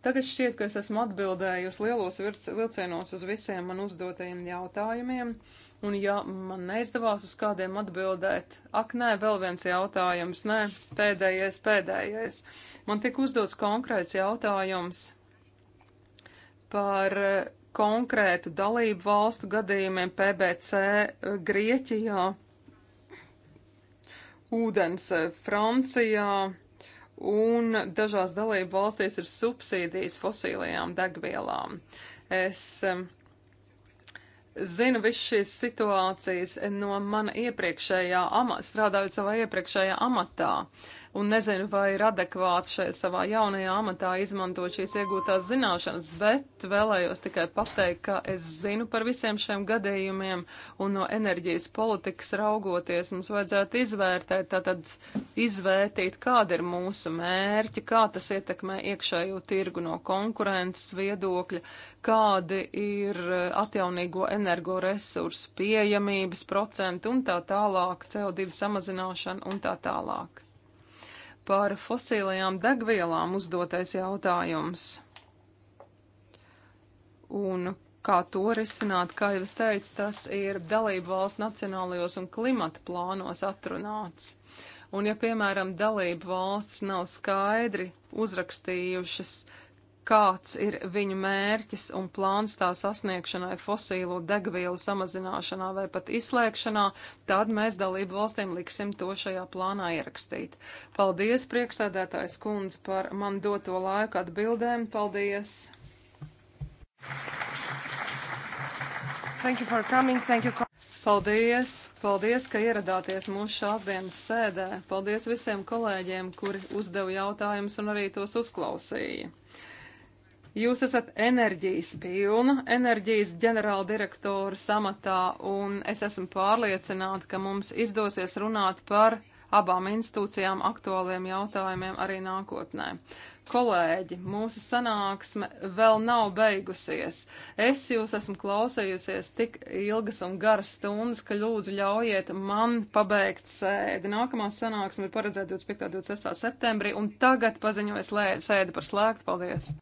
Tagad šķiet, ka es esmu atbildējusi lielos vilcienos uz visiem man uzdotajiem jautājumiem. Uh, Un ja man neizdevās uz kādiem atbildēt, ak, nē, vēl viens jautājums, nē, pēdējais, pēdējais. Man tiek uzdots konkrēts jautājums par eh, konkrētu dalību valstu gadījumiem PBC eh, Grieķijā, ūdens eh, Francijā un dažās dalību valstīs ir subsīdijas fosīlajām degvielām. Es um, Zinu visu šīs situācijas no mana iepriekšējā amata, strādājot savā iepriekšējā amatā un nezinu, vai ir adekvāti šeit savā jaunajā amatā izmantot šīs iegūtās zināšanas, bet vēlējos tikai pateikt, ka es zinu par visiem šiem gadījumiem, un no enerģijas politikas raugoties mums vajadzētu izvērtēt, tātad izvērtīt, kāda ir mūsu mērķi, kā tas ietekmē iekšējo tirgu no konkurences viedokļa, kādi ir e, atjaunīgo energoresursu pieejamības procenti un tā tālāk, CO2 samazināšana un tā tālāk par fosīlajām degvielām uzdotais jautājums. Un kā to risināt, kā jau es teicu, tas ir dalību valsts nacionālajos un klimata plānos atrunāts. Un ja, piemēram, dalību valsts nav skaidri uzrakstījušas kāds ir viņu mērķis un plāns tā sasniegšanai fosīlo degvielu samazināšanā vai pat izslēgšanā, tad mēs dalību valstīm liksim to šajā plānā ierakstīt. Paldies, prieksēdētājs kundz, par man doto laiku atbildēm. Paldies! Thank you for coming. Thank you. Paldies! Paldies, ka ieradāties mūsu šās dienas sēdē. Paldies visiem kolēģiem, kuri uzdeva jautājumus un arī tos uzklausīja. Jūs esat enerģijas pilna, enerģijas ģenerāla direktora samatā, un es esmu pārliecināta, ka mums izdosies runāt par abām institūcijām aktuāliem jautājumiem arī nākotnē. Kolēģi, mūsu sanāksme vēl nav beigusies. Es jūs esmu klausējusies tik ilgas un garas stundas, ka lūdzu ļaujiet man pabeigt sēdi. Nākamā sanāksme ir paredzēta 25. un 26. septembrī, un tagad paziņojas sēdi par slēgt. Paldies!